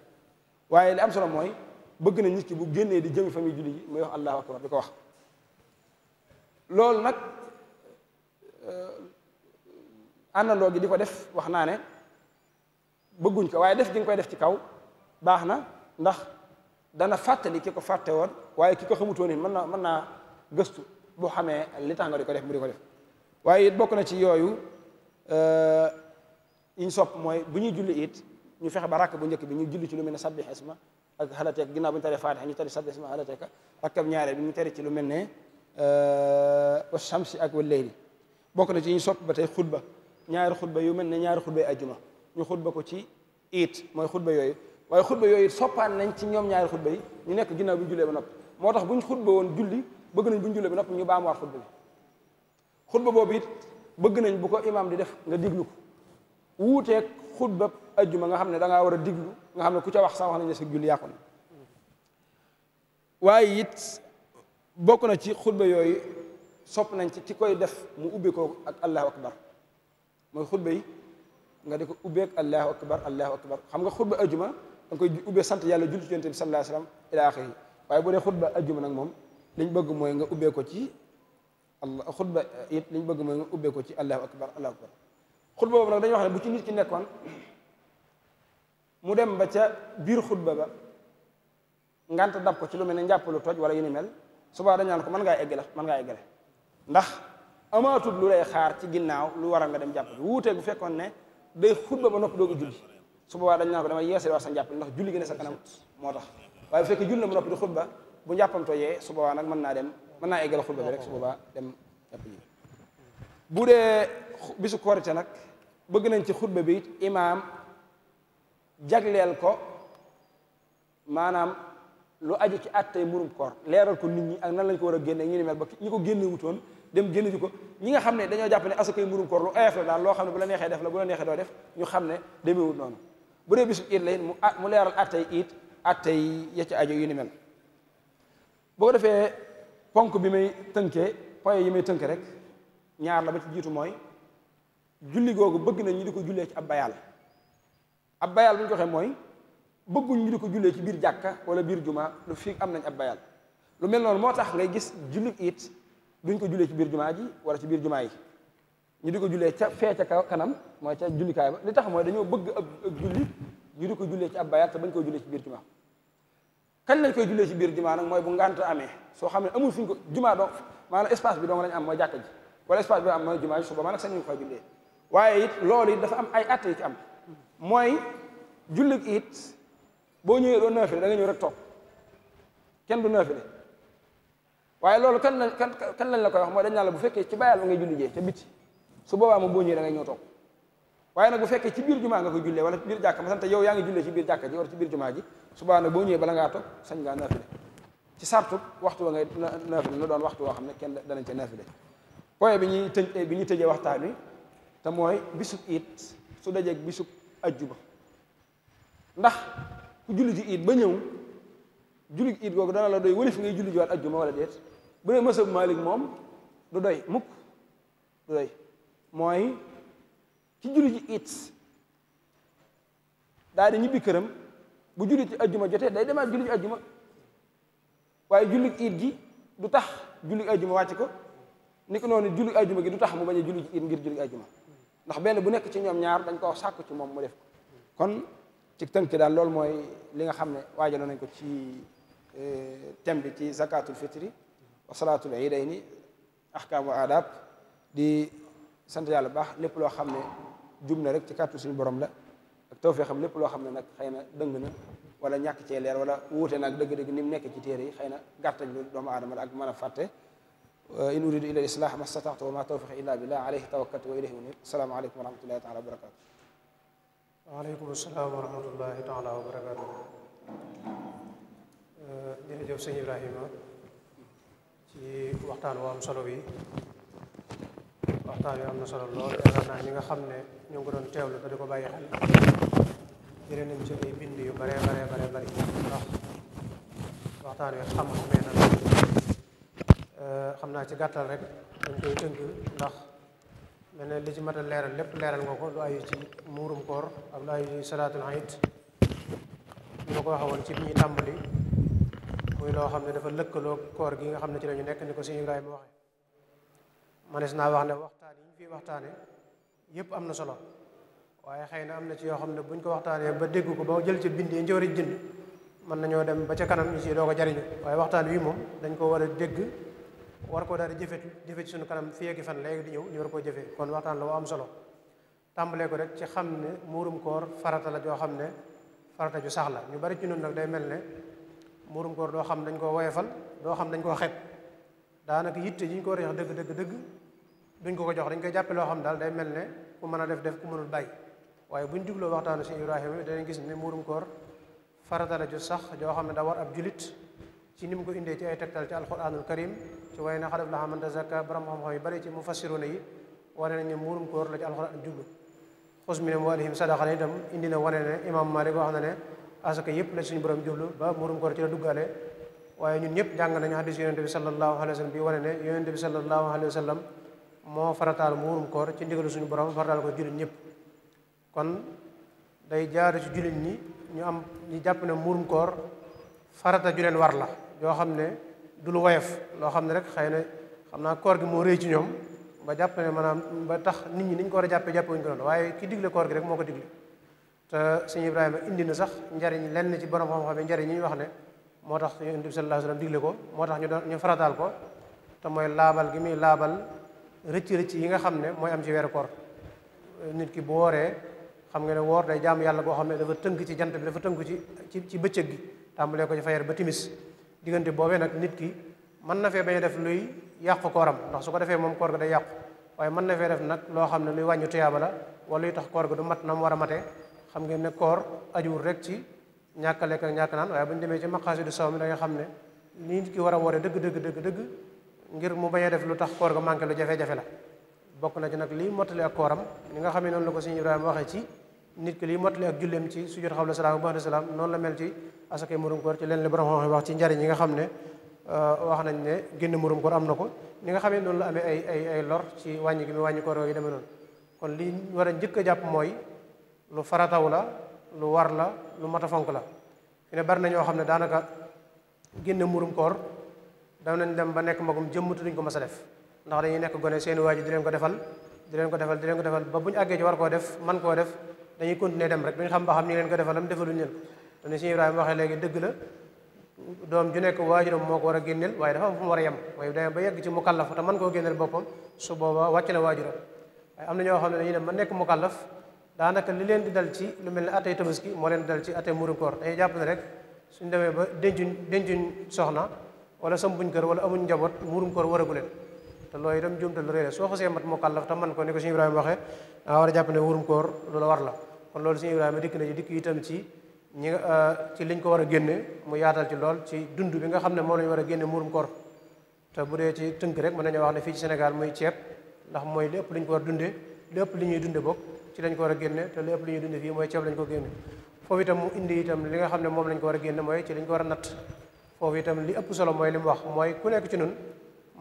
waaye li am solo mooy bëgg na nit ki bu génnee di jëmi famille julli ji muy wax allahu akbar di ko wax loolu nag e, àndandoo gi di ko def wax naa ne bëgguñ ko waaye def di nga koy def ci kaw baax na ndax dana fàttali ki ko fàtte woon waaye ki ko xamutoon it mën naa mën naa gëstu boo xamee li tax nga di ko def mu di ko def waaye it bokk na ci yooyu euh, yiñ sopp mooy bu ñuy julli it ñu fexe ba rakk bu njëkk bi ñu julli ci lu mel ne sabbih isma ak xalateek ginnaaw bu ñu taree faatiha ñu tari sabbih isma xalateeka rakkab ñaareel bi ñu tari ci lu mel ne euh, wa shamsi ak wal layli bokk na ci yiñ sopp ba tey xutba ñaari xutba yu mel ne ñaari xutbay ajjuma ñu xutba ko ci it mooy xutba yooyu waaye xutba yooyu soppaan nañ ci ñoom ñaari xutba yi ñu nekk ginnaaw bu ñu jullee ba noppi moo tax bu ñu xutba woon julli bëgg nañ bu ñu jullee ba noppi ñu baamuwaat xutba bi xutba boobu it bëgg nañ bu ko imaam di def nga diglu ko wuuteeg xutba ajjuma nga xam ne da war a diglu nga xam ne ku ca wax sax wax nañ ne sa julli yàqu it bokk na ci xutba yooyu sopp nañ ci ci koy def mu ubbi ko ak allahu akbar mooy xutba yi nga di ko ubbeeg allahu akbar allahu akbar xam nga xutba ajjuma da nga koy ubbee sant yàlla julli ci yonent bi sallallahu alayhi wa waaye bu dee xutba ajjuma nag moom liñ bëgg mooy nga ubbee ko ci allah xutba it liñ bëgg mooy nga ubbee ko ci allahu akbar allahu akbar xutba boobu nag dañuy wax ne bu ci nit ki nekkoon mu dem ba ca biir xutba ba dab ko ci lu mel ne njàppalu toj wala yu ni mel subaa dañ naan ko mën ngaa eggale mën ngaa eggale ndax amaatul lu lay xaar ci ginnaaw lu waral nga dem jàpp wuutee bu fekkoon ne day xutba ba noppi doog a julli su boobaa dañ naan ko damay yeesal wax sa njàpp ndax julli gi ne sa kanam moo tax waaye bu fekkee julli na ba noppi di xutba bu njàppam tojee su boobaa nag mën naa dem mën naa eggal xutba bi rek su boobaa dem jàpp bu dee bisu korite nag bëgg nañ ci xutba bi imaam jagleel ko maanaam lu aju ci attay mburum koor leeral ko nit ñi ak nan lañ ko war a génne ñu ni mel ko génne dem génne ji ko ñi nga xam ne dañoo jàpp ne asakay mburum koor lu oyof la daal loo xam ne bu la neexee def la bu la neexee doo def ñu xam ne demewut noonu bu dee bisu iid la mu mu leeral attey iid at ya ca aju yu ni mel boo defee ponk bi may tënkee point yi may tënk rek ñaar la ba ci jiitu mooy julli googu bëgg na ñu di ko jullee ci ab bayaal ab bayaal bu ñu ko waxee mooy bëgguñ ñu di ko jullee ci biir jàkka wala biir juma lu fii am nañ ab bayaal lu mel noonu moo tax ngay gis julli iit duñ ko jullee ci biir jumaa ji wala ci biir jumaa yi ñu di ko jullee ca fee ca kanam mooy ca jullikaay ba li tax mooy dañoo bëgg ab julli ñu di ko jullee ci ab bayaat te bañ koy jullee ci biir jumaa kañ lañ koy jullee ci biir jumaa nag mooy bu ngànt amee soo xam ne amul fuñ ko jumaa dong maanaam bi dong lañ am mooy jàkka ji wala espace bi am mooy jumaa ji suba maanaam sañ ñu ko fay waaye it loolu it dafa am ay atte yi ci am mooy jullit it boo ñëwee doo naafile da nga ñëw rek toog kenn du naafile waaye loolu kan lañ kan lañ la koy mooy dañ naan la bu fekkee ci bayaal ba ngay julli jee ca biti su boobaa moom boo ñëwee da ngay ñëw toog waaye nag bu fekkee ci biir jumaa nga koy jullee wala ci biir jàkka ma sant yow yaa ngi jullee ci biir jàkka ji wala ci biir jumaa ji su boobaa boo ñëwee bala ngaa toog sañ ngaa naafile ci sartu waxtu wa ngay naafile waxtu woo xam ne kenn danañ ca naafile bi ñuy tëj bi ñuy tëjee waxtaan wi te mooy bisu it su dajeeg bisub ajjuma ndax ku julli ji iit ba ñëw julli iit googu dana la doy wëlif ngay julli ji waat ajjuma wala déet bu dee mësab Maalik moom du doy mukk du doy mooy ci julli ji it daal di ñibbi këram bu julli ci ajjuma jotee day demaat julli ji ajjuma waaye julli it gi du tax julli ajjuma wàcc ko ni ko noonu julli ajjuma gi du tax mu bañ a julli ji ngir julli ajjuma ndax benn bu nekk ci ñoom ñaar dañ koo sàkku ci moom mu def ko kon ci tënk daal loolu mooy linga xam ne waajaloon nañ ko ci eh, thème ci zakatul fitri wa salaatul iidayni ahkaamu adab di sant yàlla baax lépp loo xam ne jum na rek ci kàttu suñu borom la ak tawfee xam lépp loo xam ne nag xëy na dëng na wala ñàkk cee leer wala wuute nag dëgg-dëgg ni mu nekk ci téere yi xëy na gàttañ lu doomu aadama la ak mën a fàtte uh, in uridu illa islah ma stataatu wa ma tawfiqi illa billah alayhi tawakkaltu wa ilayhi unib assalaamu aleykum wa rahmatullahi taala wa barakatu waaleykum asalaam wa rahmatullahi taala wa barakatu uh, jërëjëf sëñ Ibrahima ci waxtaan wu am solo bi waxtaan wi am na solo lool yaakaar naa ñi nga xam ne ñu ngi ko doon teewlu te di ko bàyyi xel jëlee nañ ci ay bind yu bare bare bare bari ndax waxtaan wi xam naa ci gàttal rek dañ koy tënk ndax mel ne li ci mat leeral lépp leeral nga ko lu ayu ci muurum koor ak lu ayu ci salaatul ayit ñu ma ko waxe woon ci bi ñuy tàmbali muy loo xam ne dafa lëkkaloo koor gi nga xam ne ci la ñu nekk ni ko sëñ Ibrahima waxe manees naa wax ne waxtaan yi ñu fi waxtaane yépp am na solo waaye xëy na am na ci yoo xam ne buñ ko waxtaanee ba dégg ko ba jël ci bind yi njëwari jënd mën nañoo dem ba ca kanam ñu si doo ko jariñu waaye waxtaan wi moom dañ ko war a dégg war koo daal di jëfe suñu kanam fii ak fan léegi di ñëw ñu war koo kon waxtaan la woo am solo tàmbalee ko rek ci xam ne muurum koor farata la joo xam ne farata ju sax la ñu bari ci noonu nag day mel ne muurum koor doo xam dañ koo woyefal doo xam dañ ko xeeb daanaka yitte yi ñu ko war a dëgg dëgg dëgg duñ ko ko jox dañ koy jàppe loo xam daal day mel ne ku mën a def def ku mënul bàyyi waaye buñ jugloo waxtaanu si Ibrahima bi danañ gis ne muurum koor farata la ju sax joo xam ne da war ab ci ni mu ko indee ci ay tegtal ci alquranul karim ci waaye na xadaf la xam ne zakka borom xam-xam yi bari ci mufassiruna yi wane nañ ne muurum koor la ci alquran jublu xus mi ne mu walihim sadaqa la itam indi na wane ne imam Malik wax na ne asaka yëpp la suñu borom jublu ba muurum koor moo farataal muurum koor ci ndigalu suñu borom farataal ko jullit ñëpp kon day jaadu ci jullit ñi ñu am ñu jàpp ne muurum koor farata ju war la yoo xam ne du lu woyof loo xam ne rek xëy na xam naa koor gi moo rëy ci ñoom ba jàpp ne maanaam ba tax nit ñi niñ ko war a jàppee jàppee wuñ ko noonu waaye ki digle koor gi rek moo ko digle te sëñ Ibrahima indi na sax njariñ lenn ci borom xam-xam yi njariñ yi wax ne moo tax Yonent bi sallallahu alayhi wa sallam ko moo tax ñu farataal ko te mooy laabal gi muy laabal rëcc rëcc yi nga xam ne mooy am ci weeru koor nit ki bu wooree xam nga ne woor day jaamu yàlla goo xam ne dafa tënk ci jant bi dafa tënku ci ci ci bëccëg gi tàmbalee ko ci fajar ba timis diggante boobee nag nit ki mën na fee bañ a def luy yàqu kooram ndax su ko defee moom koor ga day yàqu waaye mën na fee def nag loo xam ne luy wàññi tuyaaba la wala luy tax koor ga du mat na mu war a matee xam ngeen ne koor ajuwul rek ci ñàkk a lekk ak ñàkk naan waaye bu ñu demee ci maqaasidu sawm mi da nga xam ne nit ki war a woore dëgg dëgg dëgg dëgg ngir mu bañ a def lu tax koor ga manqué lu jafe-jafe la bokk na ci nag lii mottali ak kooram ni nga xam ne noonu la ko sëñ Ibrahima waxee ci ki lii mottali ak ci sujud xawla salaam ba'da noonu la mel ci asakay murum koor ci leen li borom xam wax ci njariñ yi nga xam ne euh, wax nañ ne génn murum koor am na ko ni nga xam ne noonu la amee ay ay lor ci wàññi gi mu wàññi koor yi demee noonu kon lii war a njëkk a jàpp mooy lu farataw la lu war la lu mat a fonk la fi bari na ñoo xam ne daanaka génn murum koor danañ dem ba nekk magum jëmmatu duñ ko mas a def ndax dañuy nekk gone seeni waajur di leen ko defal di leen ko defal di leen defal ba bu ñu àggee ci war koo def man koo def dañuy continuer dem rek duñ xam ba xam ni leen ko defalam defaluñ leen ko dañu suñu Ibrahima waxee léegi la doom ju nekk waajuram moo ko war a waaye dafa am fu war a yem waaye da ba yegg ci mukallaf te man koo génneel boppam su booba wàcc na waajuram waaye am na ñoo xam ne dañuy dem ba nekk mukallaf daanaka li leen di dal ci lu mel ne atay tabaski moo leen dal ci atay murum koor dañuy jàpp ne rek suñ demee ba dencuñ dencuñ soxna wala sambuñ kër wala amuñ njaboot muurum koor waragu leen te loolu itam juumte lu rëy soo xasee mat mukallaf te man ko ni ko suñu Ibrahima waxee danga jàpp ne muurum koor lu war la kon loolu suñu Ibrahima dikk na dikk itam ci ñi nga euh, ci liñ ko war a génne mu yaatal ci lool ci dund bi nga xam ne moom la war a génne muurum koor te bu dee ci tënk rek mën nañu wax ne fii ci Sénégal muy ceeb ndax mooy lépp li ñu ko war a dundee lépp li ñuy dunde bokk ci lañ ko war te lépp li ñuy dunde fii mooy ceeb lañ ko génne foofu itam mu indi itam li nga xam ne moom lañ ko war a génne mooy ci lañ ko war a natt foofu itam li ëpp solo mooy li mu wax mooy ku nekk ci nun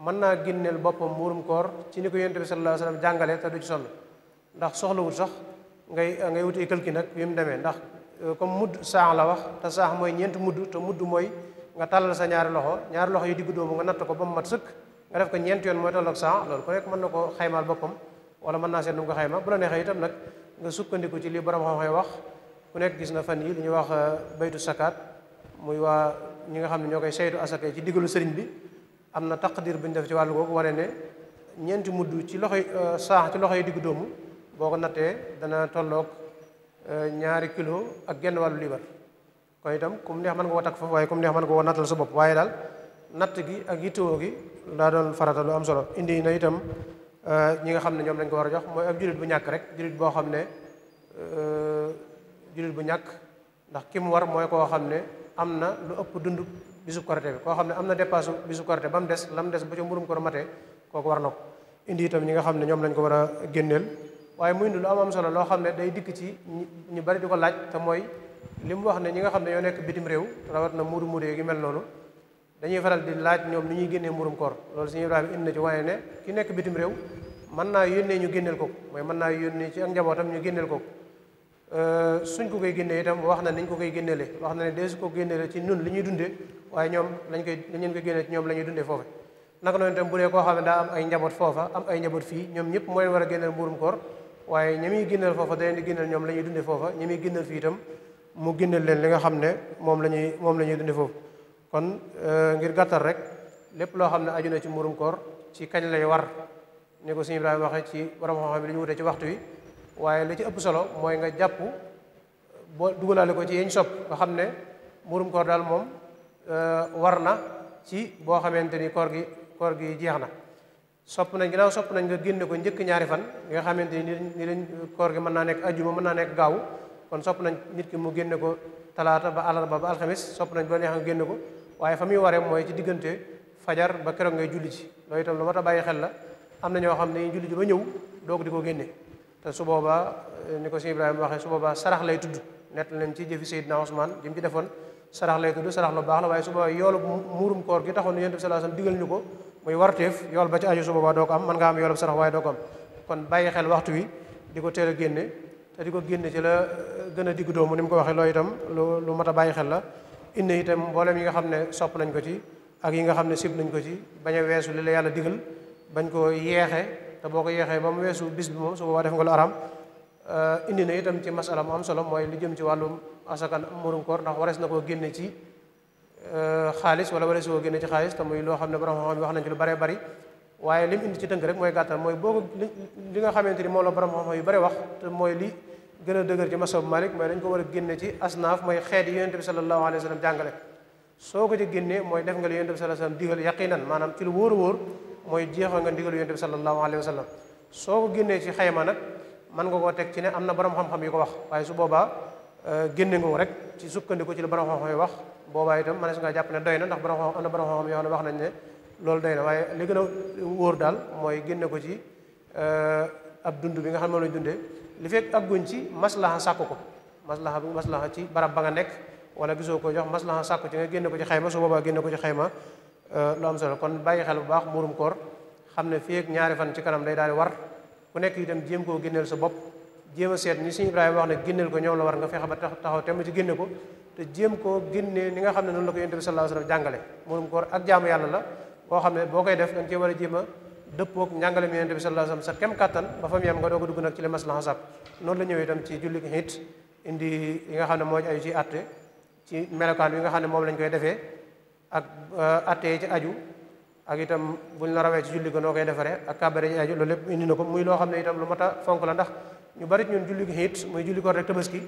mën naa génneel boppam muurum koor ci ni ko yonent bi sallallahu jàngale te du ci sonn ndax soxlawul sax ngay ngay wuti yi mu demee euh, la wax te saax mooy ñeent mudd te mudd mooy nga tàllal sa ñaari loxo ñaari loxo yu diggu doomu nga natt ko ba mu mat sëkk nga def ko ñeent yoon mooy tolloog saax loolu ku nekk mën na ko xaymaal boppam wala mën naa seet nu mu ko xayma bu la neexee itam nag nga sukkandiku ci li borom xam-xam wax ku nekk gis na fan yi li ñuy wax euh, baytu sakaat muy waa ñi nga xam ne ñoo koy saytu asaka ci diggalu sëriñ bi am na taqdir bu ñu def ci wàllu googu wane ne ñeenti mudd ci loxoy euh, saax ci loxoy diggu doomu boo ko nattee dana tolloog euh, ñaari kilo ak genn wàllu liibar kon itam comme neex koo takk foofu waaye comme neex mën nga koo nattal sa bopp waaye daal natt gi ak yittewoo gi daa doon farata lu am solo indi na itam euh, ñi nga xam ne ñoom lañ ko war a jox mooy ab jullit bu ñàkk rek jullit boo xam ne jullit bu ñàkk ndax ki war mooy koo xam ne am na lu ëpp dund bisu korité bi koo xam ne am na dépasse bisu korité ba mu des la mu des ba ca mburum ko matee kooku war na ko indi itam ñi nga xam ne ñoom lañ ko war a génneel waaye mu indi lu am am solo loo xam ne day dikk ci ñu bari di ko laaj te mooy li mu wax ne ñi nga xam ne ñoo nekk bitim réew rawat na muuru muuru gi mel noonu dañuy faral di laaj ñoom ni ñuy génnee mburum koor loolu suñu Ibrahima indi na ci waaye ne ki nekk bitim réew mën naa yónnee ñu génneel ko mooy mën naa yónnee ci ak njabootam ñu génneel ko Euh, suñ ko koy génnee itam wax na niñ ko koy génneele wax na ne deesu ko génneele ci nun li ñuy dundee waaye ñoom lañ koy lañ leen koy génnee ci ñoom la ñuy dundee foofu naka noonu itam bu dee koo xam ne daa am ay njaboot foofa am ay njaboot fii ñoom ñëpp mooy leen war a génneel mburum koor waaye ñi muy génneel foofa da leen di génneel ñoom la ñuy dundee foofa ñi muy génneel fii itam mu génneel leen li nga xam ne moom la ñuy moom la ñuy dundee foofu kon euh, ngir gàttal rek lépp loo xam ne aju na ci mburum koor ci kañ lay war ni suñu Ibrahima waxee ci borom xam-xam li ñu wutee ci waxtu wi waaye la ci ëpp solo mooy nga jàpp boo dugalaale ko ci yeñ sopp nga xam ne murum koor daal moom euh, war na ci boo xamante ni koor gi koor gi jeex na sopp nañ ginaaw sopp nañ nga génne ko njëkk ñaari fan nga xamante ni ni lañ koor gi mën naa nekk ajjuma mën naa nekk gaaw kon sopp nañ nit ki mu génne ko talaata ba àllarba ba alxamis sopp nañ ba neex nga génne ko waaye fa muy waree mooy ci diggante fajar ba keroog ngay julli ci loolu itam lu mat a bàyyi xel la am na ñoo xam ne julli ji ba ñëw doog di ko génne te su boobaa eh, ni ko si Ibrahima waxee su boobaa sarax lay tudd nett nañ ci jëfi Seydina Ousmane li mu ci defoon sarax lay tudd sarax lu baax la waaye su boobaa yoolu muurum koor gi taxoon Yonent bi sallallahu alayhi wasallam digal ñu ko muy warteef yool ba ci aju su doo ko am mën nga am yoolub sarax waaye doo ko am kon bàyyi xel waxtu wi di ko teel a génne te di ko génne ci la eh, gën a diggu doomu ni mu ko waxee loolu itam lu lu mat a bàyyi xel la indi itam mboolem yi nga xam ne sopp nañ ko ci ak yi nga xam ne sib nañ ko ci bañ a weesu li yàlla digal bañ ko yeexe te boo ko yeexee ba mu weesu bis bi moom su boobaa def nga lu aram euh, indi na itam ci masala mu am solo mooy lu jëm ci wàllum asakan murum koor ndax warees na koo génne ci euh, xaalis wala warees koo génne ci xaalis te muy loo xam ne borom xam-xam wax nañ ci lu baree bari waaye li mu indi ci tënk rek mooy gàttal mooy boo ko li nga xamante ni moom la borom xam-xam bari wax te mooy li gën a dëgër ci masab Malik mooy dañ ko war a génne ci asnaaf mooy xeet yi yonente bi sallallahu alayhi wa jàngale soo ko ci génnee mooy def nga lu yonent bi sallallahu alayhi wasallam digal yaqinan maanaam ci lu wóor a wóor mooy jeexal nga ndigalu yonent bi sallallahu alayhi wasallam soo ko génnee ci xayma nag mën nga koo teg ci ne am na borom xam-xam yu ko wax waaye su boobaa euh, génne nga ko rek ci sukkandiku ci lu borom xam-xam yi wax boobaa itam mënees jàpp ne doy na ndax borom xam am na borom wax nañ ne loolu doy na waaye li gën a wóor daal mooy génne ko ci euh, ab dund bi nga xam ne moom lañ dundee li fekk agguñ ci maslaha sàkku ko maslaha maslaha ci barab ba nga nekk wala gisoo ko jox maslaha sàkku ci nga génne ko ci xayma su boobaa génne ko ci xayma euh, lu am solo kon bàyyi xel bu baax muurum koor xam ne fi ak ñaari fan ci kanam day daal di war ku nekk itam jéem koo génneel sa bopp jéem a seet ni suñu wax ne génneel ko ñoom la war nga fexe ba taxaw temm ci génne ko te jéem koo génnee ni nga xam ne noonu la ko yonent bi sallallahu alayhi wasallam jàngale yàlla la boo xam ne koy def dañ cee war a jéem a dëppoog njàngale mi yonent bi sallallahu alayhi wasallam sa kem a dugg ci noonu la ñëwee itam ci julli gi it indi yi nga xam ne mooy ay ci àtte ci melokaan wi nga xam ne moom lañ koy defee ak euh, attee ci aju ak bu ñu la rawee ci julli ko noo koy defaree ak kàbbare ci aju loolu lépp indi na ko muy loo xam ne itam lu mat a fonk la ndax ñu bari ñun julli gi it muy ko rek tabaski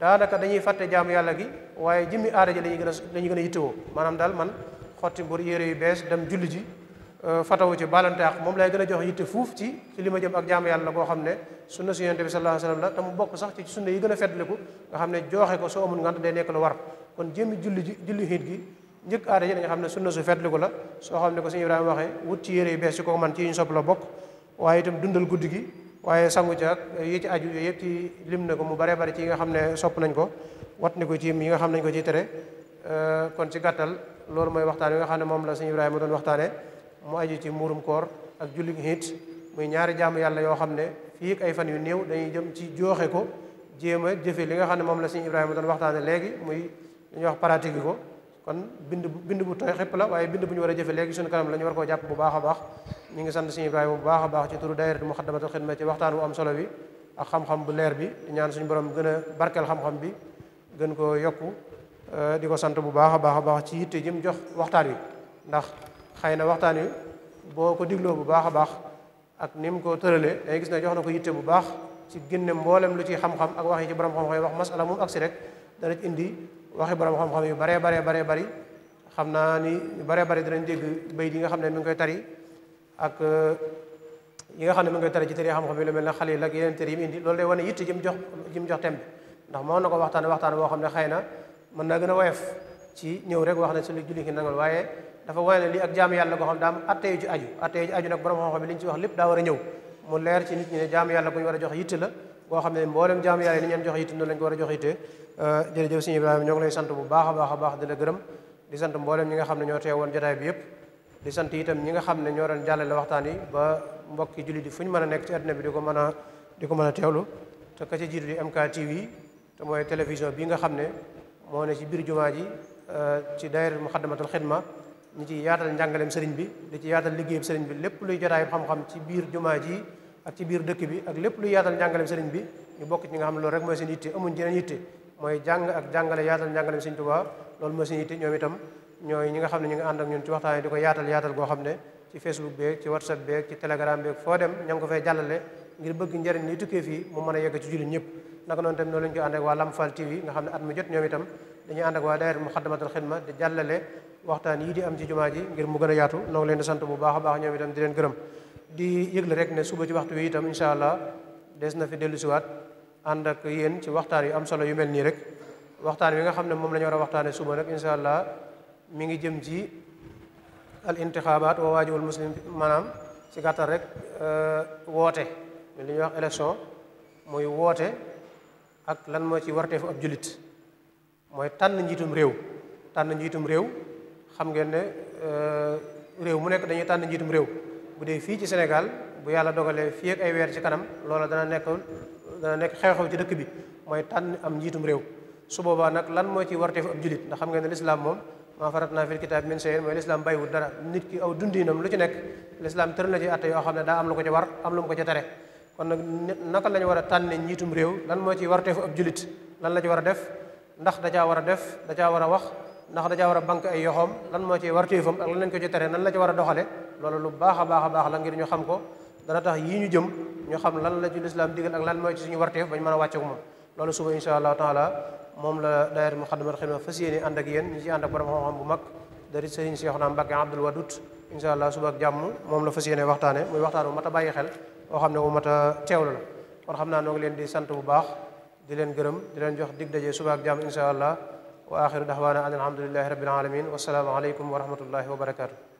daanaka dañuy fàtte jaamu yàlla gi waaye jëmmi aada ji lañuy gën a la ñuy gën a yittewoo maanaam daal man xotti mbur yére yu bees dem julli ji Euh, fatawu ci balante ak moom lay gën a jox yitte fuuf ci ci li ma jëm ak jaamu yàlla goo xam ne sunna si yonent bi sallallahu alayhi wasallam la te mu bokk sax ci sunna yi gën a fetliku nga xam ne joxe ko soo amul ngant day nekk lu war kon jëmmi julli ji julli xiit gi njëkk aada ji nga xam ne sunna su fetliku la soo xam ne ko suñu Ibrahima waxee wut ci yére yu bees yi ko man ci ñu sopp la bokk waaye itam dundal guddi gi waaye sangu ci ak yi ci aju yooyu yëpp ci lim na ko mu baree bari ci yi nga xam ne sopp nañ ko wat ni ko ci yi nga xam nañ ko ci tere euh, kon ci gàttal loolu mooy waxtaan yi nga xam ne moom la suñu Ibrahima doon waxtaanee mu aju ci muurum koor ak julli hiit muy ñaari jaamu yàlla yoo xam ne fii ay fan yu néew dañuy jëm ci jooxe ko jéem a jëfe li nga xam ne moom la sëñ Ibrahima doon waxtaane léegi muy li ñuy wax pratique ko kon bind bind bu tooy xépp la waaye bind bu ñu war a jëfe léegi suñu kanam la ñu war koo jàpp bu baax a baax ñu ngi sant sëñ Ibrahima bu baax a baax ci turu daayiratu Muxaddamatul Xidma ci waxtaan bu am solo bi ak xam-xam bu leer bi ñaan suñ borom gën a barkeel xam-xam bi gën koo yokk di ko sant bu baax a baax a baax ci yitte jëm jox waxtaan wi ndax xëy na waxtaan wi boo ko digloo bu baax a baax ak ni mu ko tëralee dangay gis ne jox na ko yitte bu baax ci génne mboolem lu ci xam-xam ak wax ci borom xam-xam yi wax masala mu agsi rek dana indi wax borom xam-xam yu baree baree baree bari xam naa ni ñu bari danañ dégg bay yi nga xam ne mi ngi koy tari ak euh, yi nga xam ne mi ngi ci tëri xam-xam yi lu mel ne xalil ak yeneen tëri yi mu indi loolu day wane yitte jëm jox jëm jox tem bi ndax moo na ko waxtaane waxtaan boo xam ne xëy na mën naa gën a woyof ci ñëw rek wax na si lu julli ki nangal waaye dafa wane ne lii ak jaamu yàlla goo xam daam atte yu ci aju atte yu ci aju nag borom xam-xam ci wax lépp daa war a ñëw mu leer ci nit ñi ne jaamu yàlla bu war a jox yitte la boo xam ne mboolem jaamu yàlla yi ni ñeen jox yitte noonu lañ ko war a jox yitte euh, jërëjëf sëñ Ibrahima ñoo lay sant bu baax a baax a baax di la gërëm di sant mboolem ñi nga xam ne ñoo teewoon jotaay bi yëpp di sant itam ñi nga xam ne ñoo doon jàllale waxtaan yi ba mbokki jullit yi fu ñu mën a nekk ci àddina bi di ko mën a di ko mën a teewlu te ka ci jiitu di MK TV te mooy télévision bii nga xam ne moo ne ci biir jumaa ji euh, ci daayira Muxaddamatul Xidma ñu ci yaatal njàngaleem sëriñ bi di ci yaatal liggéeyam sëriñ bi lépp luy jotaayu xam-xam ci biir jumaa ji ak ci biir dëkk bi ak lépp luy yaatal njàngaleem sëriñ bi ñu bokk ci ñi nga xam ne loolu rek mooy seen yitte amuñ mooy jàng ak jàngale yaatal njàngaleem sëriñ loolu mooy seen yitte ñoom ñi nga xam ne ñu ngi ànd ak ñun ci waxtaan yi di ko yaatal yaatal goo xam ne ci facebook beeg ci whatsapp beeg ci telegram beeg foo dem ña ngi ko fay jàllale ngir bëgg njëriñ li tukkee fii mu mën a yegg ci jullit ñëpp naka noonu tamit noonu lañu ko ànd ak waa nga xam ne at mu jot ñoom itam dañuy ànd ak waa daayira Muxaddamatul Xidma di jàllale waxtaan yii di am ci jumaa ji ngir mu gën a yaatu noo ngi leen di sant bu baax a baax ñoom itam di leen gërëm di yëgle rek ne suba ci waxtu wi itam incha allah des na fi dellu siwaat ànd ak yéen ci waxtaan yu am solo yu mel nii rek waxtaan wi nga xam ne moom la war a waxtaane suba nag incha allah mi ngi jëm ci al intixaabaat wa waajibul muslim maanaam ci gàttal rek euh, woote li ñuy wax élection muy woote ak lan moo ci fu ab jullit mooy tànn njiitum réew tànn njiitum réew xam ngeen ne euh, réew mu nekk dañuy tànn njiitum réew bu dee fii ci Sénégal bu yàlla dogalee fi ak ay weer ci kanam loola dana nekk dana nekk xew-xew ci dëkk bi mooy tànn am njiitum réew su boobaa nag lan moo ci warteefu ab jullit ndax xam ngeen ne lislaam moom maa farat naa fil kitaab min shay'in mooy lislaam bàyyiwul dara nit ki aw dundinam lu ci nekk lislaam tër na ci atte yoo xam ne daa am lu ko ci war am lu mu ko ci tere kon nag naka la ñu war a tànne njiitum réew lan moo ci warteefu ab jullit lan la ci war a def ndax da caa war a def da caa war a wax ndax da caa war a banque ay yoxoom lan moo ci wartéefam ak lan lañ ko tere nan la ci war a doxale loolu lu baax a baax a la ngir ñu xam ko dana tax yii ñu jëm ñu xam lan la ci lislaam digal ak lan mooy ci suñu wartéef bañ mën a wàcce ko la daayira Muxaddamatul Xidma fas yéene ànd ak yéen ñu ci ànd ak borom xam-xam bu mag dari sëriñ Seexuna Mbàkke Abdul Wadud jàmm moom la fas yéene waxtaane muy waxtaan bu mat a bàyyi xel boo xam ne bu mat a teewlu la kon xam naa noo leen di sant bu baax di leen gërëm di leen jox dig daje suba ak jàmm insha allah wa axiru daxwaana an alhamdulilahi rabbil alamin wasalaamu aleykum wa rahmatullahi wa barakatu